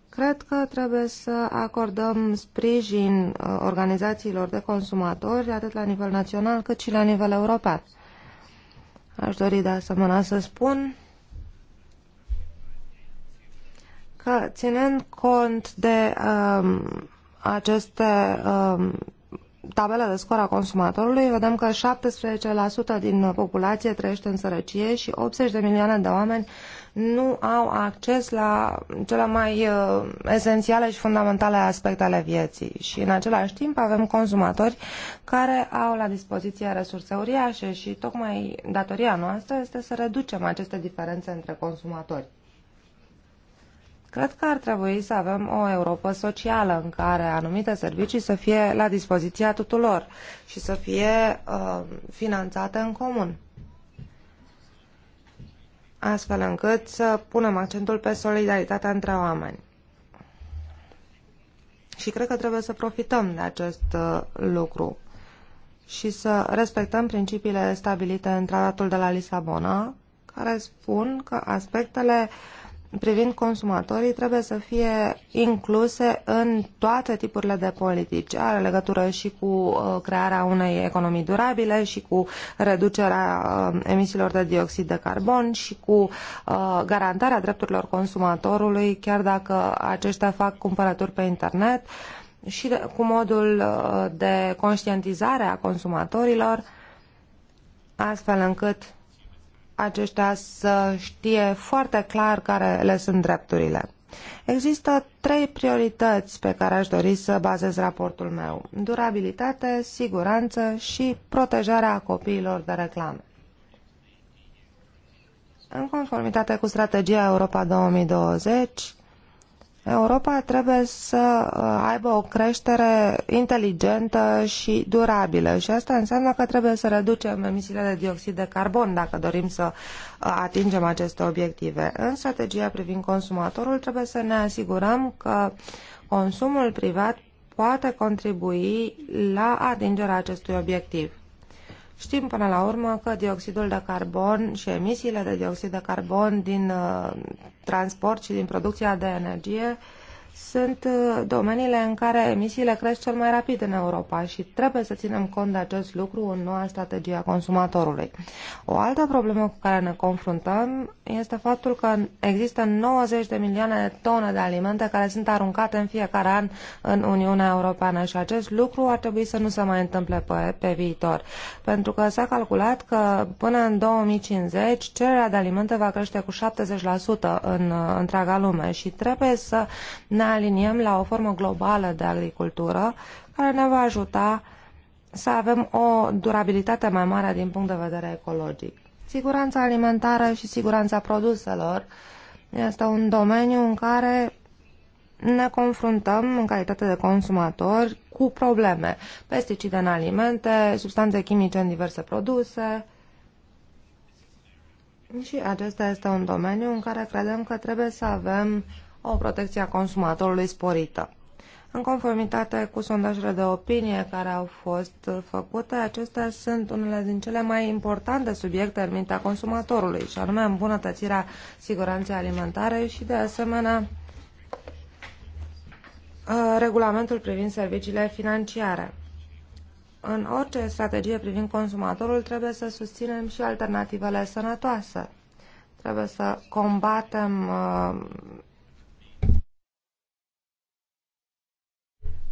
Cred că trebuie să acordăm sprijin uh, organizațiilor de consumatori, atât la nivel național cât și la nivel european. Aș dori de asemenea să spun că, ținând cont de um, aceste um, tabele de scor a consumatorului, vedem că 17% din populație trăiește în sărăcie și 80 de milioane de oameni nu au acces la cele mai uh, esențiale și fundamentale aspecte ale vieții. Și în același timp avem consumatori care au la dispoziție resurse uriașe și tocmai datoria noastră este să reducem aceste diferențe între consumatori. Cred că ar trebui să avem o Europa socială în care anumite servicii să fie la dispoziția tuturor și să fie uh, finanțate în comun. Astfel încât să punem accentul pe solidaritatea între oameni. Și cred că trebuie să profităm de acest uh, lucru și să respectăm principiile stabilite în tratatul de la Lisabona, care spun că aspectele uh, privind consumatorii trebuie să fie incluse în toate tipurile de politici. Are legătură și cu uh, crearea unei economii durabile și cu reducerea uh, emisiilor de dioxid de carbon și cu uh, garantarea drepturilor consumatorului, chiar dacă aceștia fac cumpărături pe internet și cu modul de conștientizare a consumatorilor, astfel încât aceștia să știe foarte clar care le sunt drepturile. Există trei priorități pe care aș dori să bazez raportul meu. Durabilitate, siguranță și protejarea copiilor de reclame. În conformitate cu strategia Europa 2020, Europa trebuie să uh, aibă o creștere inteligentă și durabilă și asta înseamnă că trebuie să reducem emisiile de dioxid de carbon dacă dorim să uh, atingem aceste obiective. În strategia privind consumatorul trebuie să ne asigurăm că consumul privat poate contribui la atingerea acestui obiectiv. Știm până la urmă că dioxidul de carbon și emisiile de dioxid de carbon din uh, transport și din producția de energie uh, sunt uh, domeniile în care emisiile cresc cel mai rapid în Europa și trebuie să ținem cont de acest lucru în noua strategie a consumatorului. O altă problemă cu care ne confruntăm este faptul că există 90 de milioane de tone de alimente care sunt aruncate în fiecare an în Uniunea Europeană și acest lucru ar trebui să nu se mai întâmple pe, pe viitor. Pentru că s-a calculat că până în 2050 cererea de alimente va crește cu 70% în uh, întreaga lume și trebuie să ne aliniem la o formă globală de agricultură care ne va ajuta să avem o durabilitate mai mare din punct de vedere ecologic. Siguranța alimentară și siguranța produselor este un domeniu în care ne confruntăm în calitate de consumatori cu probleme. Pesticide în alimente, substanțe chimice în diverse produse. Și acesta este un domeniu în care credem că trebuie să avem uh, o protecție a consumatorului sporită. În conformitate cu sondajele de opinie care au fost făcute, acestea sunt unele din cele mai importante subiecte în mintea consumatorului, și anume îmbunătățirea siguranței alimentare și, de asemenea, uh, regulamentul privind serviciile financiare. În orice strategie privind consumatorul trebuie să susținem și alternativele sănătoase. Trebuie să combatem uh,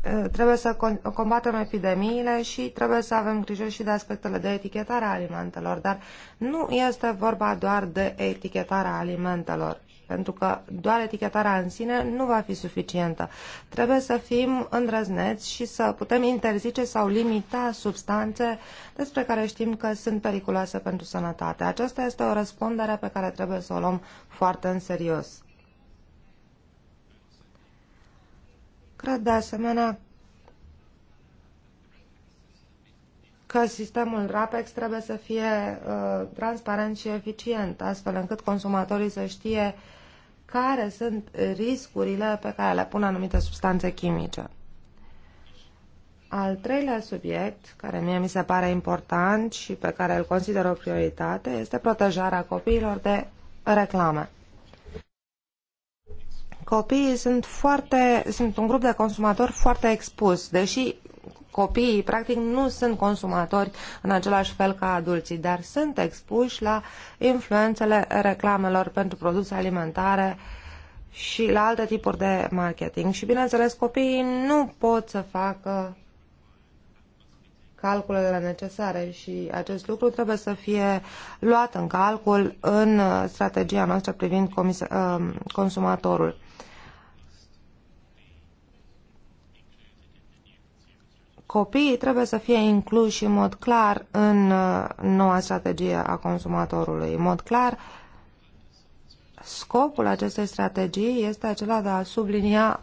Eh, trebuie să combatem epidemiile și trebuie să avem grijă și de aspectele de etichetare a alimentelor, dar nu este vorba doar de etichetarea alimentelor, pentru că doar etichetarea în sine nu va fi suficientă. Trebuie să fim îndrăzneți și să putem interzice sau limita substanțe despre care știm că sunt periculoase pentru sănătate. Aceasta este o răspundere pe care trebuie să o luăm foarte în serios. Cred de asemenea că sistemul RAPEX trebuie să fie uh, transparent și eficient, astfel încât consumatorii să știe care sunt riscurile pe care le pun anumite substanțe chimice. Al treilea subiect, care mie mi se pare important și pe care îl consider o prioritate, este protejarea copiilor de reclame copiii sunt, foarte, sunt un grup de consumatori foarte expus, deși copiii practic nu sunt consumatori în același fel ca adulții, dar sunt expuși la influențele reclamelor pentru produse alimentare și la alte tipuri de marketing. Și bineînțeles, copiii nu pot să facă calculele necesare și acest lucru trebuie să fie luat în calcul în strategia noastră privind ă, consumatorul. Copiii trebuie să fie incluși în mod clar în uh, noua strategie a consumatorului. În mod clar, scopul acestei strategii este acela de a sublinia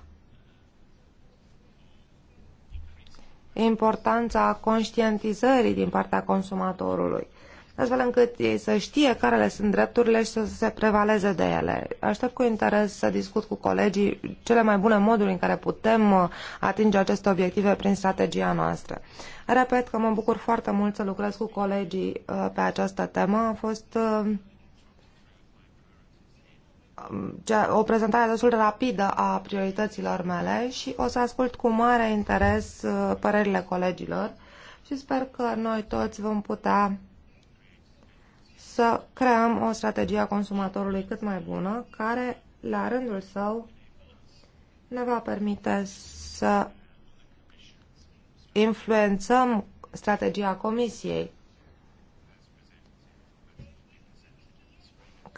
importanța conștientizării din partea consumatorului astfel încât ei să știe care le sunt drepturile și să se prevaleze de ele. Aștept cu interes să discut cu colegii cele mai bune moduri în care putem uh, atinge aceste obiective prin strategia noastră. Repet că mă bucur foarte mult să lucrez cu colegii uh, pe această temă. A fost uh, o prezentare destul de rapidă a priorităților mele și o să ascult cu mare interes părerile colegilor și sper că noi toți vom putea să creăm o strategie a consumatorului cât mai bună, care, la rândul său, ne va permite să influențăm strategia Comisiei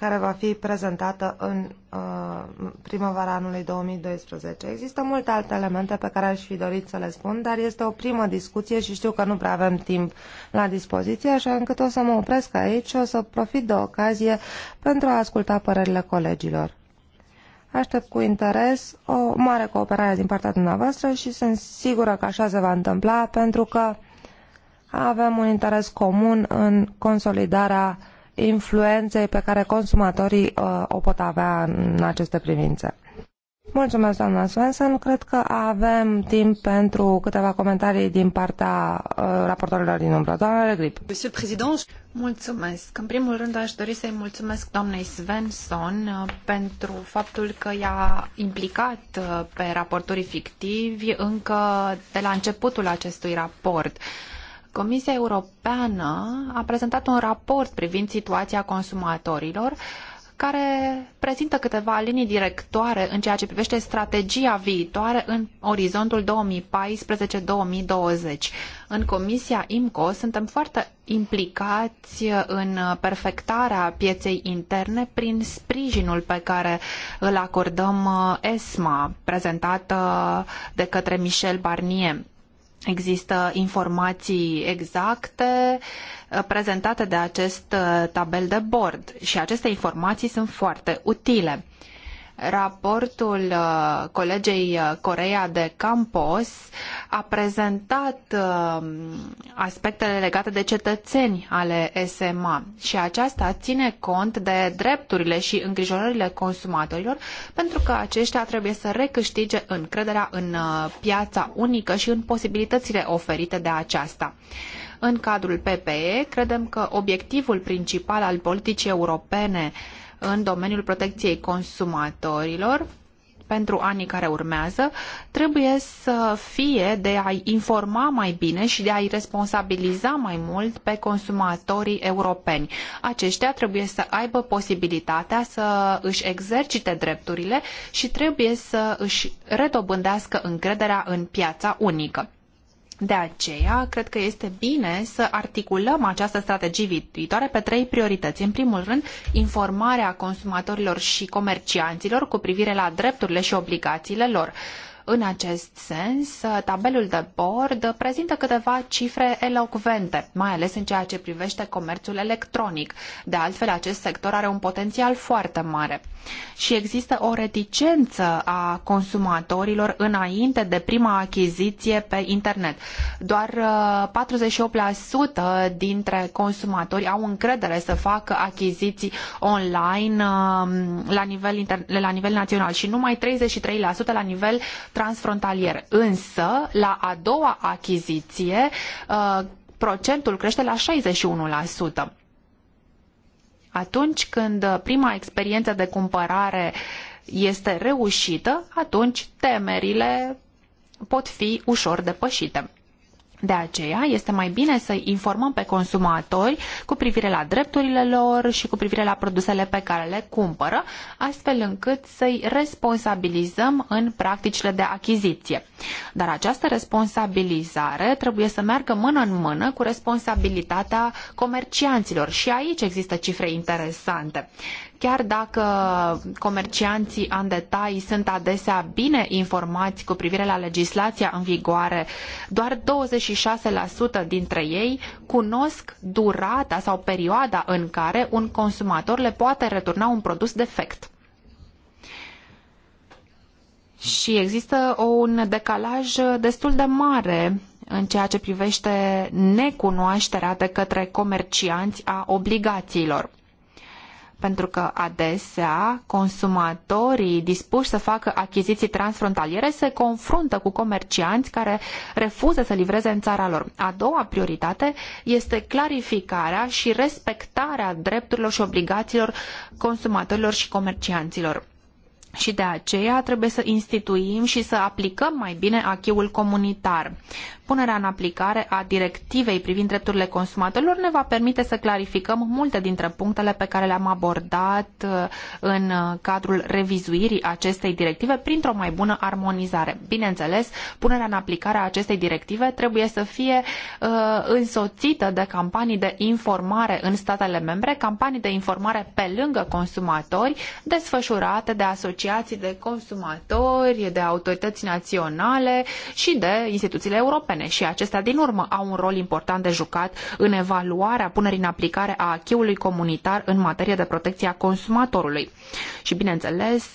care va fi prezentată în uh, primăvara anului 2012. Există multe alte elemente pe care aș fi dorit să le spun, dar este o primă discuție și știu că nu prea avem timp la dispoziție, așa încât o să mă opresc aici și o să profit de ocazie pentru a asculta părerile colegilor. Aștept cu interes o mare cooperare din partea dumneavoastră și sunt sigură că așa se va întâmpla pentru că avem un interes comun în consolidarea influenței pe care consumatorii uh, o pot avea în aceste privințe. Mulțumesc, doamna Svensson. Cred că avem timp pentru câteva comentarii din partea uh, raportorilor din umbră. Doamna Regrip. Mulțumesc. În primul rând aș dori să-i mulțumesc doamnei Svensson uh, pentru faptul că i-a implicat uh, pe raportorii fictivi încă de la începutul acestui raport. Uh, Comisia Europeană a prezentat un raport privind situația consumatorilor care prezintă câteva linii directoare în ceea ce privește strategia viitoare în orizontul 2014-2020. În Comisia IMCO suntem foarte implicați în perfectarea pieței interne prin sprijinul pe care îl acordăm uh, ESMA, prezentată de către Michel Barnier. Există informații exacte uh, prezentate de acest uh, tabel de bord și aceste informații sunt foarte utile. Raportul uh, colegei uh, Corea de Campos a prezentat uh, aspectele legate de cetățeni ale SMA și aceasta ține cont de drepturile și îngrijorările consumatorilor pentru că aceștia trebuie să recâștige încrederea în piața unică și în posibilitățile oferite de aceasta. În cadrul PPE, credem că obiectivul principal al politicii europene în domeniul protecției consumatorilor pentru anii care urmează, trebuie să fie de a-i informa mai bine și de a-i responsabiliza mai mult pe consumatorii europeni. Aceștia trebuie să aibă posibilitatea să își exercite drepturile și trebuie să își redobândească încrederea în piața unică. De aceea, cred că este bine să articulăm această strategie viitoare pe trei priorități. În primul rând, informarea consumatorilor și comercianților cu privire la drepturile și obligațiile lor. În acest sens, tabelul de bord prezintă câteva cifre elocvente, mai ales în ceea ce privește comerțul electronic. De altfel, acest sector are un potențial foarte mare. Și există o reticență a consumatorilor înainte de prima achiziție pe internet. Doar 48% uh, dintre consumatori au încredere să facă achiziții online um, la nivel, inter- la nivel național și numai 33% la nivel transfrontalier. Însă, la a doua achiziție, uh, procentul crește la 61%. Atunci când prima experiență de cumpărare este reușită, atunci temerile pot fi ușor depășite. De aceea este mai bine să informăm pe consumatori cu privire la drepturile lor și cu privire la produsele pe care le cumpără, astfel încât să-i responsabilizăm în practicile de achiziție. Dar această responsabilizare trebuie să meargă mână în mână cu responsabilitatea comercianților și aici există cifre interesante. Chiar dacă comercianții în detalii sunt adesea bine informați cu privire la legislația în vigoare, doar 26% dintre ei cunosc durata sau perioada în care un consumator le poate returna un produs defect. Și există un decalaj destul de mare în ceea ce privește necunoașterea de către comercianți a obligațiilor pentru că adesea consumatorii dispuși să facă achiziții transfrontaliere se confruntă cu comercianți care refuză să livreze în țara lor. A doua prioritate este clarificarea și respectarea drepturilor și obligațiilor consumatorilor și comercianților și de aceea trebuie să instituim și să aplicăm mai bine achiul comunitar. Punerea în aplicare a directivei privind drepturile consumatorilor ne va permite să clarificăm multe dintre punctele pe care le-am abordat uh, în uh, cadrul revizuirii acestei directive printr-o mai bună armonizare. Bineînțeles, punerea în aplicare a acestei directive trebuie să fie uh, însoțită de campanii de informare în statele membre, campanii de informare pe lângă consumatori, desfășurate de asociații asociații de consumatori, de autorități naționale și de instituțiile europene. Și acestea, din urmă, au un rol important de jucat în evaluarea punerii în aplicare a acheului comunitar în materie de protecție a consumatorului. Și, bineînțeles,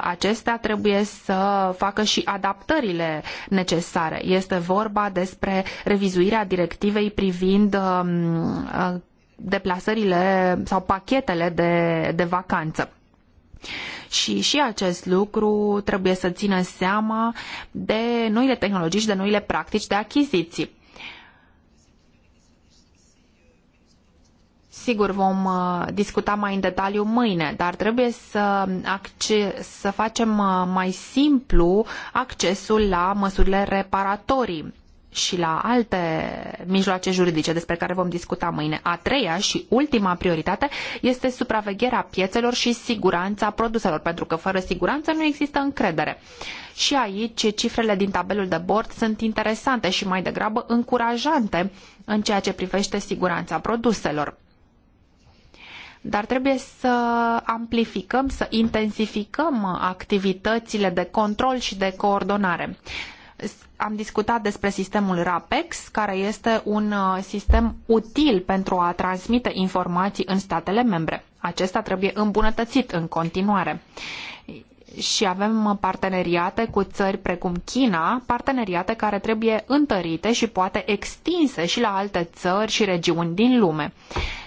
acestea trebuie să facă și adaptările necesare. Este vorba despre revizuirea directivei privind um, uh, deplasările sau pachetele de, de vacanță. Și și acest lucru trebuie să țină seama de noile tehnologii și de noile practici de achiziții. Sigur, vom uh, discuta mai în detaliu mâine, dar trebuie să, acces, să facem uh, mai simplu accesul la măsurile reparatorii și la alte mijloace juridice despre care vom discuta mâine. A treia și ultima prioritate este supravegherea piețelor și siguranța produselor, pentru că fără siguranță nu există încredere. Și aici cifrele din tabelul de bord sunt interesante și mai degrabă încurajante în ceea ce privește siguranța produselor dar trebuie să amplificăm, să intensificăm activitățile de control și de coordonare am discutat despre sistemul RAPEX, care este un uh, sistem util pentru a transmite informații în statele membre. Acesta trebuie îmbunătățit în continuare. Și avem parteneriate cu țări precum China, parteneriate care trebuie întărite și poate extinse și la alte țări și regiuni din lume.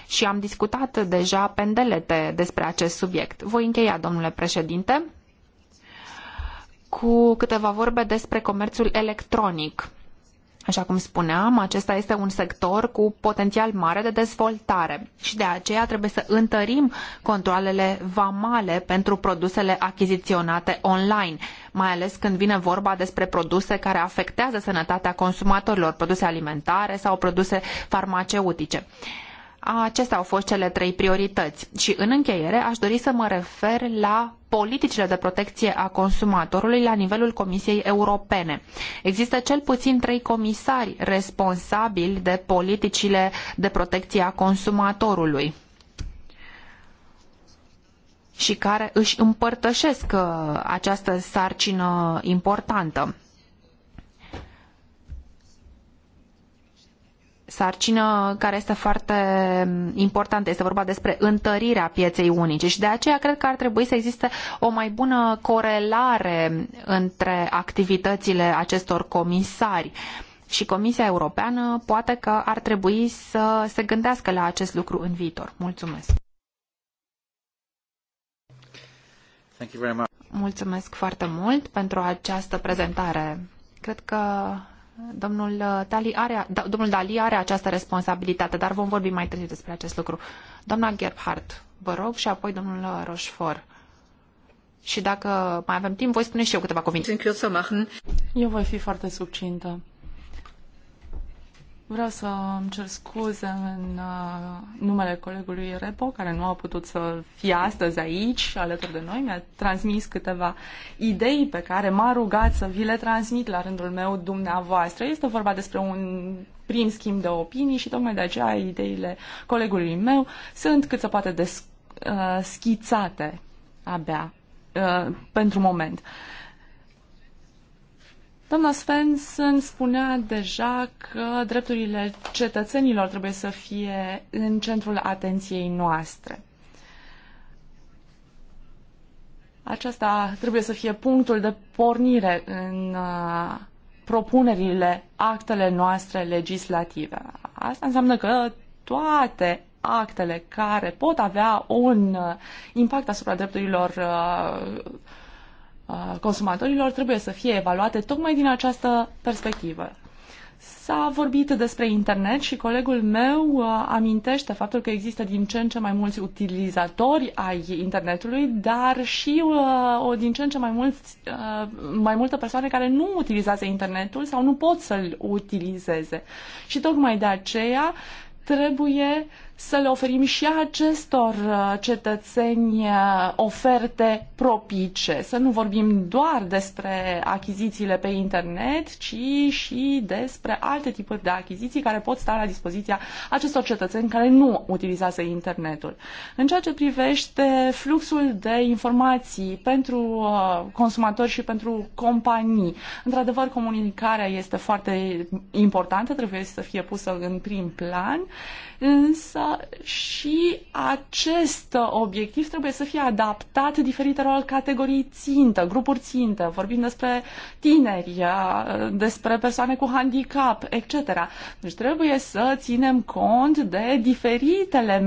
Și am discutat deja pendelete despre acest subiect. Voi încheia, domnule președinte cu câteva vorbe despre comerțul electronic. Așa cum spuneam, acesta este un sector cu potențial mare de dezvoltare și de aceea trebuie să întărim controlele vamale pentru produsele achiziționate online, mai ales când vine vorba despre produse care afectează sănătatea consumatorilor, produse alimentare sau produse farmaceutice. Acestea au fost cele trei priorități. Și în încheiere aș dori să mă refer la politicile de protecție a consumatorului la nivelul Comisiei Europene. Există cel puțin trei comisari responsabili de politicile de protecție a consumatorului și care își împărtășesc uh, această sarcină importantă. sarcină care este foarte importantă. Este vorba despre întărirea pieței unice și de aceea cred că ar trebui să existe o mai bună corelare între activitățile acestor comisari. Și Comisia Europeană poate că ar trebui să se gândească la acest lucru în viitor. Mulțumesc! Mulțumesc foarte mult pentru această prezentare. Cred că Domnul, uh, Dali are, da, domnul Dali are această responsabilitate, dar vom vorbi mai târziu despre acest lucru. Doamna Gerhardt, vă rog, și apoi domnul uh, Rochefort. Și dacă mai avem timp, voi spune și eu câteva cuvinte. Eu voi fi foarte subcintă. Vreau să îmi cer scuze în uh, numele colegului Repo, care nu a putut să fie astăzi aici alături de noi. Mi-a transmis câteva idei pe care m-a rugat să vi le transmit la rândul meu dumneavoastră. Este vorba despre un prim schimb de opinii și tocmai de aceea ideile colegului meu sunt cât se poate de uh, schițate abia uh, pentru moment. Uh, Doamna Svensson spunea deja că drepturile cetățenilor trebuie să fie în centrul atenției noastre. Aceasta trebuie să fie punctul de pornire în uh, propunerile, actele noastre legislative. Asta înseamnă că toate actele care pot avea un uh, impact asupra drepturilor uh, consumatorilor trebuie să fie evaluate tocmai din această perspectivă. S-a vorbit despre internet și colegul meu amintește faptul că există din ce în ce mai mulți utilizatori ai internetului, dar și o din ce în ce mai, mulți, mai multe persoane care nu utilizează internetul sau nu pot să-l utilizeze. Și tocmai de aceea trebuie să le oferim și acestor uh, cetățeni uh, oferte propice. Să nu vorbim doar despre achizițiile pe internet, ci și despre alte tipuri de achiziții care pot sta la dispoziția acestor cetățeni care nu utilizează internetul. În ceea ce privește fluxul de informații pentru uh, consumatori și pentru companii, într-adevăr comunicarea este foarte importantă, trebuie să fie pusă în prim plan însă și acest obiectiv trebuie să fie adaptat diferitelor categorii țintă, grupuri țintă. Vorbim despre tineri, despre persoane cu handicap, etc. Deci trebuie să ținem cont de diferitele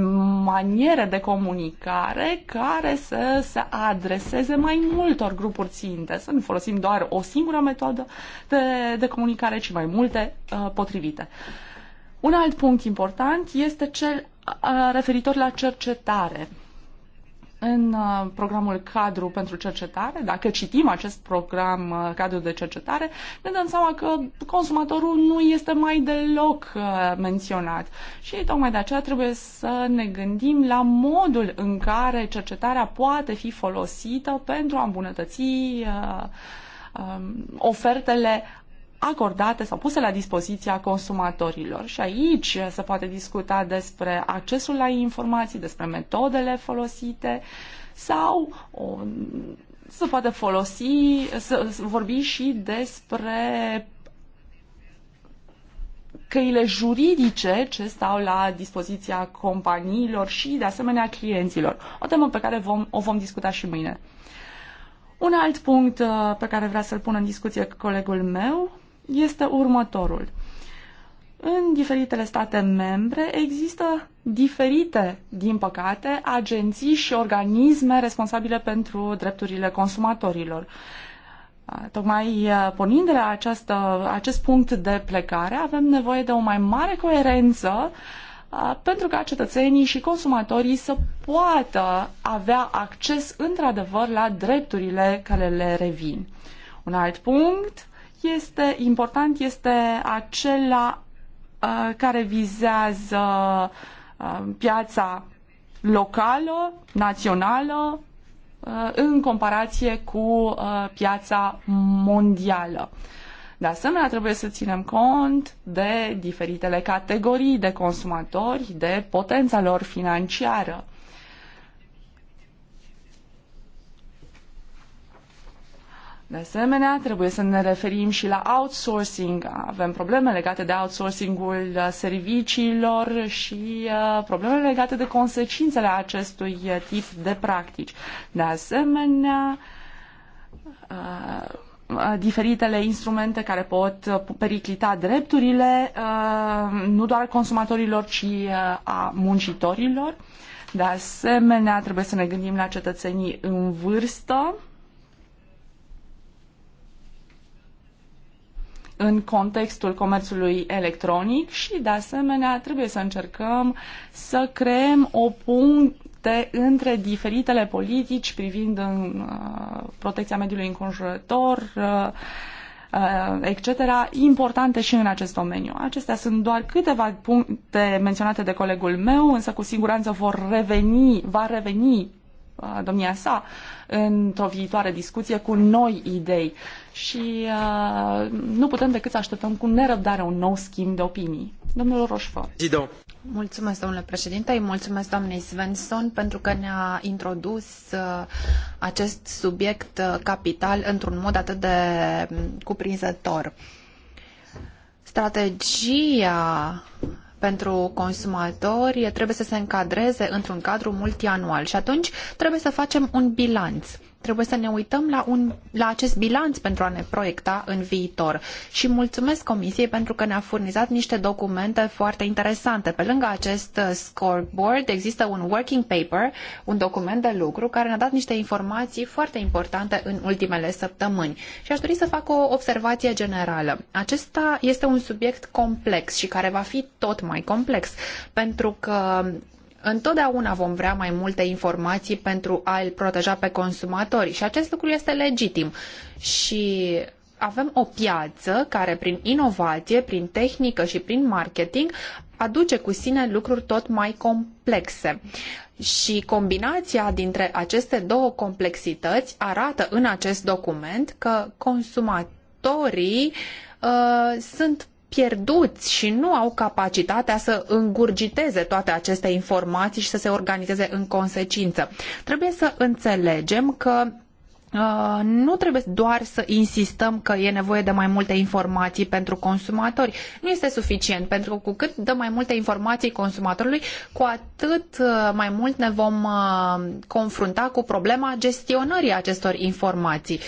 maniere de comunicare care să se adreseze mai multor grupuri ținte. Să nu folosim doar o singură metodă de, de comunicare, ci mai multe uh, potrivite. Un alt punct important este cel referitor la cercetare. În programul cadru pentru cercetare, dacă citim acest program cadru de cercetare, ne dăm seama că consumatorul nu este mai deloc menționat. Și tocmai de aceea trebuie să ne gândim la modul în care cercetarea poate fi folosită pentru a îmbunătăți ofertele acordate sau puse la dispoziția consumatorilor. Și aici se poate discuta despre accesul la informații, despre metodele folosite sau o, se poate folosi, să, să vorbi și despre căile juridice ce stau la dispoziția companiilor și, de asemenea, clienților. O temă pe care vom, o vom discuta și mâine. Un alt punct uh, pe care vrea să-l pun în discuție colegul meu este următorul. În diferitele state membre există diferite, din păcate, agenții și organisme responsabile pentru drepturile consumatorilor. Tocmai pornind de la această, acest punct de plecare, avem nevoie de o mai mare coerență pentru ca cetățenii și consumatorii să poată avea acces într-adevăr la drepturile care le revin. Un alt punct este important este acela uh, care vizează uh, piața locală, națională, uh, în comparație cu piața mondială. De asemenea, trebuie să ținem cont de diferitele categorii de consumatori, de potența lor financiară. De asemenea, trebuie să ne referim și la outsourcing. Avem probleme legate de outsourcingul uh, serviciilor și uh, probleme legate de consecințele acestui uh, tip de practici. De asemenea, diferitele instrumente care pot periclita drepturile nu doar consumatorilor, ci a muncitorilor. De asemenea, trebuie să ne gândim la cetățenii în vârstă în contextul comerțului electronic și, de asemenea, trebuie să încercăm să creăm o puncte între diferitele politici privind în, uh, protecția mediului înconjurător, uh, uh, etc., importante și în acest domeniu. Acestea sunt doar câteva puncte menționate de colegul meu, însă cu siguranță vor reveni, va reveni uh, domnia sa într-o viitoare discuție cu noi idei și uh, nu putem decât să așteptăm cu nerăbdare un nou schimb de opinii. Domnul Roșfort. Mulțumesc, domnule președinte, îi mulțumesc doamnei Svensson pentru că ne-a introdus uh, acest subiect uh, capital într-un mod atât de mm, cuprinzător. Strategia pentru consumatori trebuie să se încadreze într-un cadru multianual și atunci trebuie să facem un bilanț trebuie să ne uităm la, un, la acest bilanț pentru a ne proiecta în viitor. Și mulțumesc Comisiei pentru că ne-a furnizat niște documente foarte interesante. Pe lângă acest scoreboard există un working paper, un document de lucru care ne-a dat niște informații foarte importante în ultimele săptămâni. Și aș dori să fac o observație generală. Acesta este un subiect complex și care va fi tot mai complex, pentru că Întotdeauna vom vrea mai multe informații pentru a-l proteja pe consumatori și acest lucru este legitim. Și avem o piață care prin inovație, prin tehnică și prin marketing aduce cu sine lucruri tot mai complexe. Și combinația dintre aceste două complexități arată în acest document că consumatorii uh, sunt pierduți și nu au capacitatea să îngurgiteze toate aceste informații și să se organizeze în consecință. Trebuie să înțelegem că Uh, nu trebuie doar să insistăm că e nevoie de mai multe informații pentru consumatori. Nu este suficient, pentru că cu cât dăm mai multe informații consumatorului, cu atât uh, mai mult ne vom uh, confrunta cu problema gestionării acestor informații.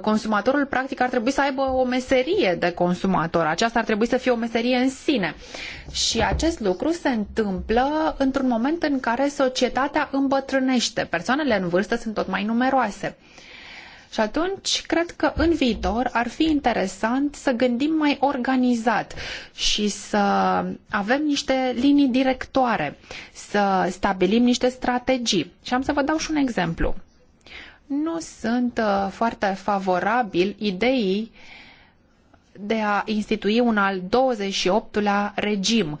Consumatorul, practic, ar trebui să aibă o meserie de consumator. Aceasta ar trebui să fie o meserie în sine. Și acest lucru se întâmplă într-un moment în care societatea îmbătrânește. Persoanele în vârstă sunt tot mai numeroase. Și atunci, cred că în viitor ar fi interesant să gândim mai organizat și să avem niște linii directoare, să stabilim niște strategii. Și am să vă dau și un exemplu. Nu sunt uh, foarte favorabil ideii de a institui un al 28-lea regim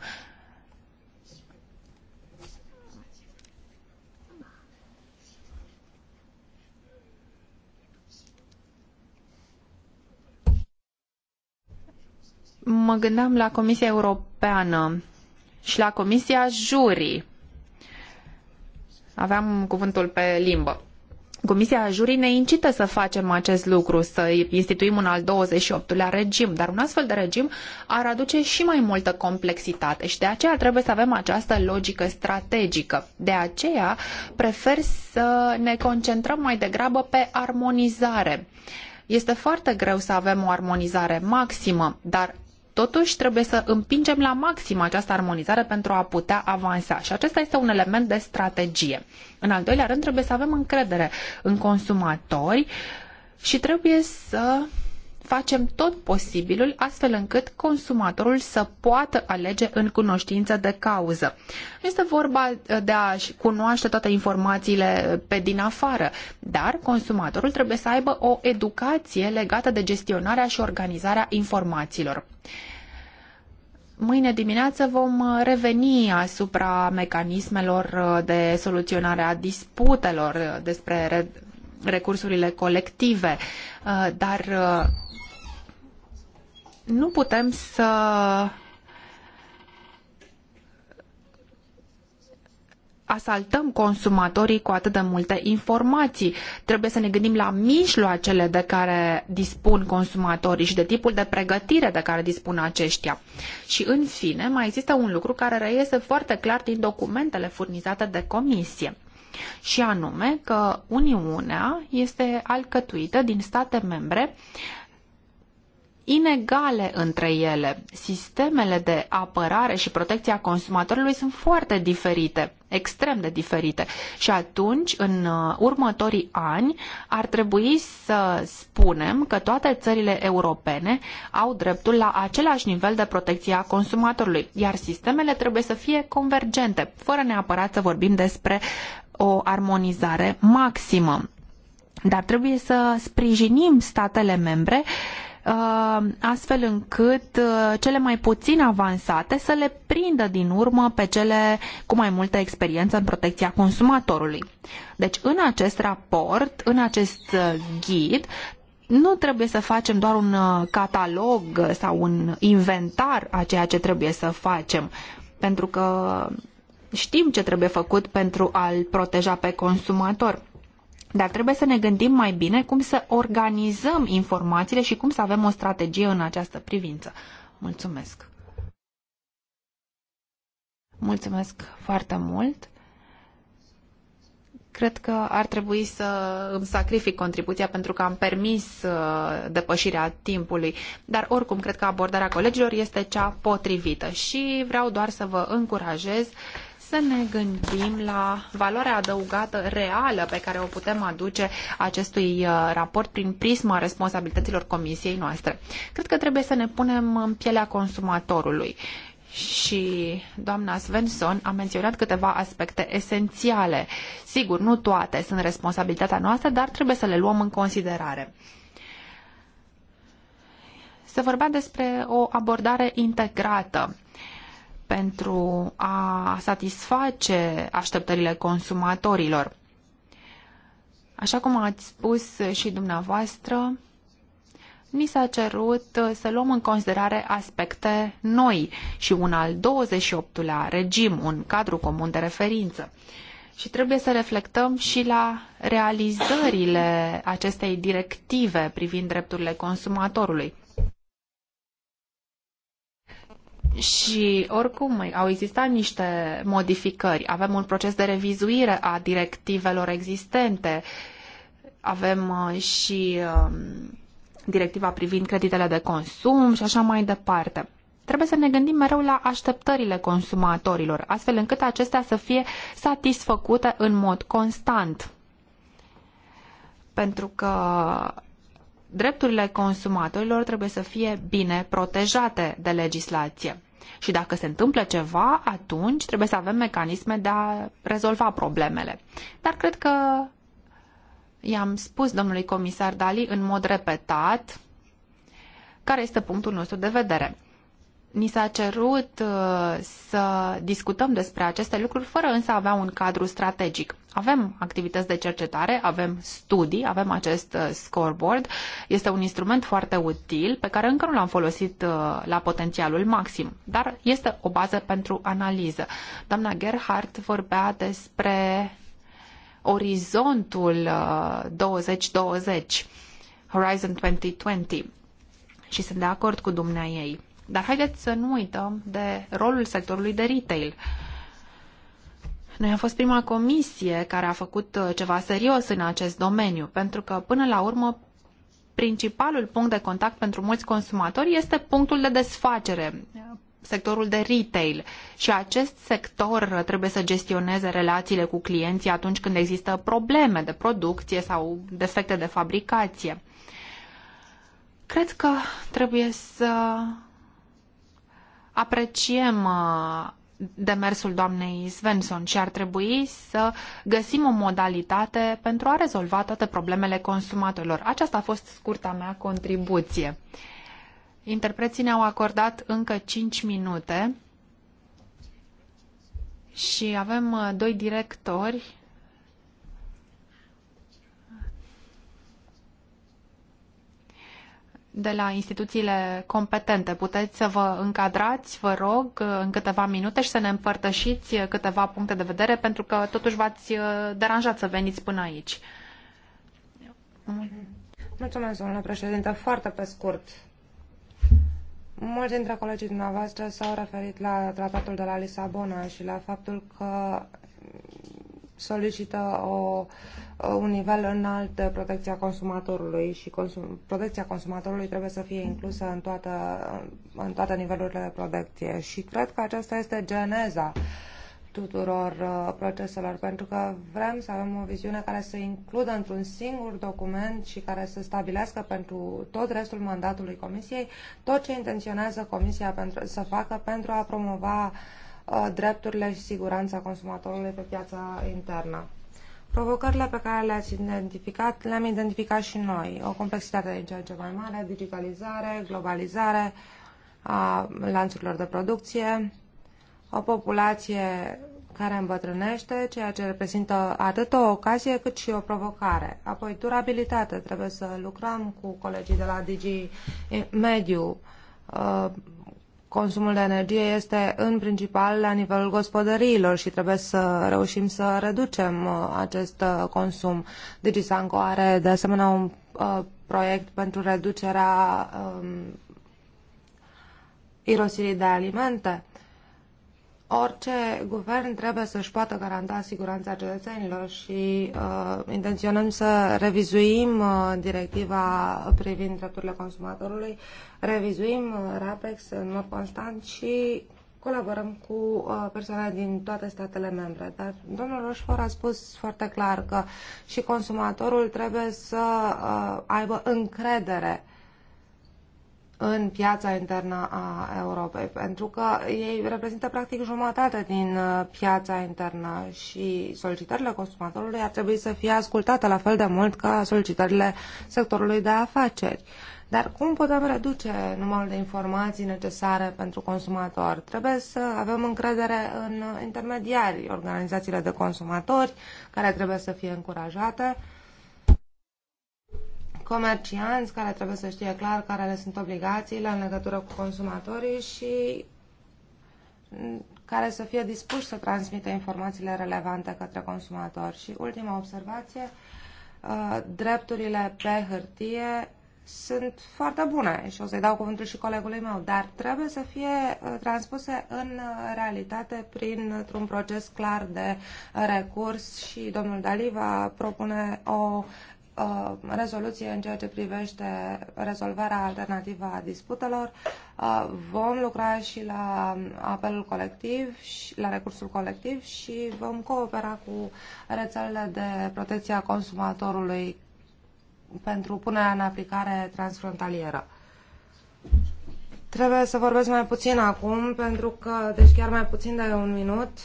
mă gândeam la Comisia Europeană și la Comisia Jurii. Aveam cuvântul pe limbă. Comisia Jurii ne incită să facem acest lucru, să instituim un al 28-lea regim, dar un astfel de regim ar aduce și mai multă complexitate și de aceea trebuie să avem această logică strategică. De aceea prefer să ne concentrăm mai degrabă pe armonizare. Este foarte greu să avem o armonizare maximă, dar Totuși, trebuie să împingem la maxim această armonizare pentru a putea avansa și acesta este un element de strategie. În al doilea rând, trebuie să avem încredere în consumatori și trebuie să facem tot posibilul astfel încât consumatorul să poată alege în cunoștință de cauză. Nu este vorba uh, de a cunoaște toate informațiile pe din afară, dar consumatorul trebuie să aibă o educație legată de gestionarea și organizarea informațiilor. Mâine dimineață vom uh, reveni asupra mecanismelor uh, de soluționare a disputelor despre recursurile colective, dar nu putem să asaltăm consumatorii cu atât de multe informații. Trebuie să ne gândim la mijloacele de care dispun consumatorii și de tipul de pregătire de care dispun aceștia. Și în fine, mai există un lucru care reiese foarte clar din documentele furnizate de comisie. Și anume că Uniunea este alcătuită din state membre uh, inegale între ele. Sistemele de apărare și protecția consumatorului sunt foarte diferite, extrem de diferite. Și atunci, în uh, următorii ani, ar trebui să spunem că toate țările europene au dreptul la același nivel de protecție a consumatorului, iar sistemele trebuie să fie convergente, fără neapărat să vorbim despre o armonizare maximă. Dar trebuie să sprijinim statele membre Uh, astfel încât uh, cele mai puțin avansate să le prindă din urmă pe cele cu mai multă experiență în protecția consumatorului. Deci în acest raport, în acest uh, ghid, nu trebuie să facem doar un catalog sau un inventar a ceea ce trebuie să facem, pentru că știm ce trebuie făcut pentru a-l proteja pe consumator. Dar trebuie să ne gândim mai bine cum să organizăm informațiile și cum să avem o strategie în această privință. Mulțumesc! Mulțumesc foarte mult! Cred că ar trebui să îmi sacrific contribuția pentru că am permis uh, depășirea timpului, dar oricum cred că abordarea colegilor este cea potrivită și vreau doar să vă încurajez uh, să ne gândim la valoarea adăugată reală pe care o putem aduce acestui uh, raport prin prisma responsabilităților comisiei noastre. Cred că trebuie să ne punem în pielea consumatorului și doamna Svensson a menționat câteva aspecte esențiale. Sigur, nu toate sunt responsabilitatea noastră, dar trebuie să le luăm în considerare. Se vorbea despre o abordare integrată pentru a satisface așteptările consumatorilor. Așa cum ați spus și dumneavoastră, ni s-a cerut să luăm în considerare aspecte noi și un al 28-lea regim, un cadru comun de referință. Și trebuie să reflectăm și la realizările acestei directive privind drepturile consumatorului. Și oricum au existat niște modificări. Avem un proces de revizuire a directivelor existente. Avem uh, și um, directiva privind creditele de consum și așa mai departe. Trebuie să ne gândim mereu la așteptările consumatorilor, astfel încât acestea să fie satisfăcute în mod constant. Pentru că drepturile consumatorilor trebuie să fie bine protejate de legislație. Și dacă se întâmplă ceva, atunci trebuie să avem mecanisme de a rezolva problemele. Dar cred că i-am spus domnului comisar Dali în mod repetat care este punctul nostru de vedere. Ni s-a cerut uh, să discutăm despre aceste lucruri fără însă a avea un cadru strategic. Avem activități de cercetare, avem studii, avem acest uh, scoreboard. Este un instrument foarte util pe care încă nu l-am folosit uh, la potențialul maxim, dar este o bază pentru analiză. Doamna Gerhardt vorbea despre orizontul 2020, Horizon 2020 și sunt de acord cu dumnea ei dar haideți să nu uităm de rolul sectorului de retail. Noi am fost prima comisie care a făcut uh, ceva serios în acest domeniu, pentru că, până la urmă, principalul punct de contact pentru mulți consumatori este punctul de desfacere, uh, sectorul de retail și acest sector trebuie să gestioneze relațiile cu clienții atunci când există probleme de producție sau defecte de fabricație. Cred că trebuie să Apreciem uh, demersul doamnei Svensson și ar trebui să găsim o modalitate pentru a rezolva toate problemele consumatorilor. Aceasta a fost scurta mea contribuție. Interpreții ne-au acordat încă 5 minute și avem uh, doi directori de la instituțiile competente. Puteți să vă încadrați, vă rog, în câteva minute și să ne împărtășiți câteva puncte de vedere, pentru că totuși v-ați uh, deranjat să veniți până aici. Mulțumesc, domnule președinte. Foarte pe scurt. Mulți dintre colegii dumneavoastră s-au referit la tratatul de la Lisabona și la faptul că solicită o, un nivel înalt de protecția consumatorului și consum, protecția consumatorului trebuie să fie inclusă în, toată, în toate nivelurile de protecție. Și cred că aceasta este geneza tuturor uh, proceselor, pentru că vrem să avem o viziune care să includă într-un singur document și care să stabilească pentru tot restul mandatului Comisiei tot ce intenționează Comisia pentru, să facă pentru a promova uh, Uh, drepturile și siguranța consumatorului pe piața internă. Provocările pe care le-ați identificat, le-am identificat și noi. O complexitate din ce în ce mai mare, digitalizare, globalizare a lanțurilor de producție, o populație care îmbătrânește, ceea ce reprezintă atât o ocazie cât și o provocare. Apoi, durabilitate. Trebuie să lucrăm cu colegii de la Digi Mediu, uh, consumul de energie este în principal la nivelul gospodăriilor și trebuie să reușim să reducem uh, acest uh, consum. DigiSanco are de asemenea un uh, proiect pentru reducerea um, irosirii de alimente Orice guvern trebuie să-și poată garanta siguranța cetățenilor și uh, intenționăm să revizuim uh, directiva privind drepturile consumatorului, revizuim uh, RAPEX în mod constant și colaborăm cu uh, persoane din toate statele membre. Dar domnul Roșfor a spus foarte clar că și consumatorul trebuie să uh, aibă încredere uh, în piața internă a Europei, pentru că ei reprezintă practic jumătate din uh, piața internă și solicitările consumatorului ar trebui să fie ascultate la fel de mult ca solicitările sectorului de afaceri. Dar cum putem reduce numărul de informații necesare pentru consumator? Trebuie să avem încredere în intermediari, organizațiile de consumatori, care trebuie să fie încurajate, comercianți care trebuie să știe clar care le sunt obligațiile în legătură cu consumatorii și mm, care să fie dispuși să transmită informațiile relevante către consumatori. Și ultima observație, uh, drepturile pe hârtie sunt foarte bune și o să-i dau cuvântul și colegului meu, dar trebuie să fie uh, transpuse în uh, realitate printr-un proces clar de recurs și domnul Dali va propune o Uh, rezoluție în ceea ce privește rezolvarea alternativă a disputelor. Uh, vom lucra și la apelul colectiv, și la recursul colectiv și vom coopera cu rețelele de protecție a consumatorului pentru punerea în aplicare transfrontalieră. Trebuie să vorbesc mai puțin acum, pentru că, deci chiar mai puțin de un minut,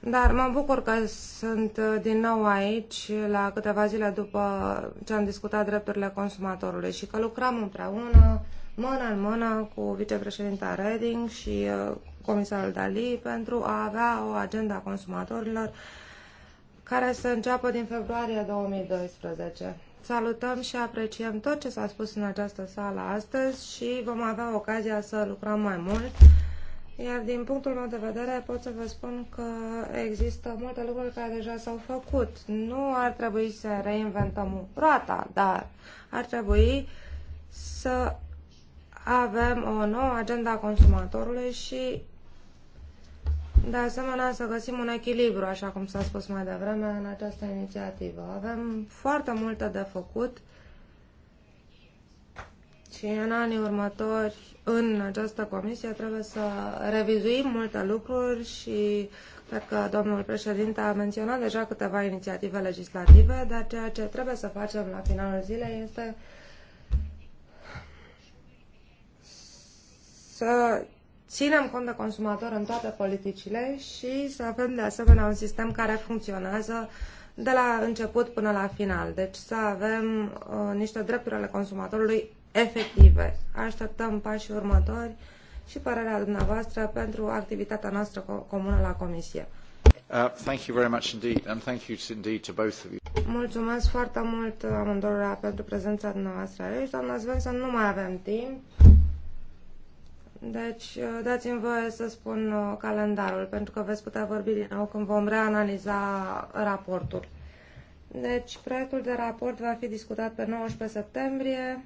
dar mă bucur că sunt uh, din nou aici, la câteva zile după ce am discutat drepturile consumatorului și că lucrăm împreună, mână în mână, cu vicepreședinta Reding și uh, comisarul Dali pentru a avea o agenda a consumatorilor care să înceapă din februarie 2012. Salutăm și apreciem tot ce s-a spus în această sală astăzi și vom avea ocazia să lucrăm mai mult iar din punctul meu de vedere pot să vă spun că există multe lucruri care deja s-au făcut. Nu ar trebui să reinventăm roata, dar ar trebui să avem o nouă agenda consumatorului și de asemenea să găsim un echilibru, așa cum s-a spus mai devreme, în această inițiativă. Avem foarte multe de făcut și în anii următori în această comisie trebuie să revizuim multe lucruri și cred că domnul președinte a menționat deja câteva inițiative legislative, dar ceea ce trebuie să facem la finalul zilei este să ținem cont de consumator în toate politicile și să avem de asemenea un sistem care funcționează de la început până la final. Deci să avem uh, niște drepturi ale consumatorului efective. Așteptăm pașii următori și părerea dumneavoastră pentru activitatea noastră comună la Comisie. Uh, thank you very much indeed, and thank you indeed to both of you. Mulțumesc foarte mult uh, amândurora pentru prezența dumneavoastră aici. Doamna Svensson, nu mai avem timp. Deci, uh, dați-mi voie să spun calendarul, pentru că veți putea vorbi din nou când vom reanaliza raportul. Deci, proiectul de raport va fi discutat pe 19 septembrie.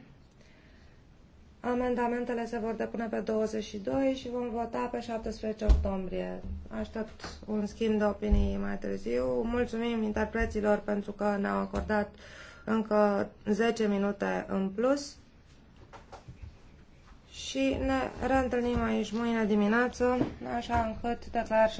Amendamentele se vor depune pe 22 și vom vota pe 17 octombrie. Aștept un schimb de opinii mai târziu. Mulțumim interpreților pentru că ne-au acordat încă 10 minute în plus. Și ne reîntâlnim aici mâine dimineață, așa încât declar și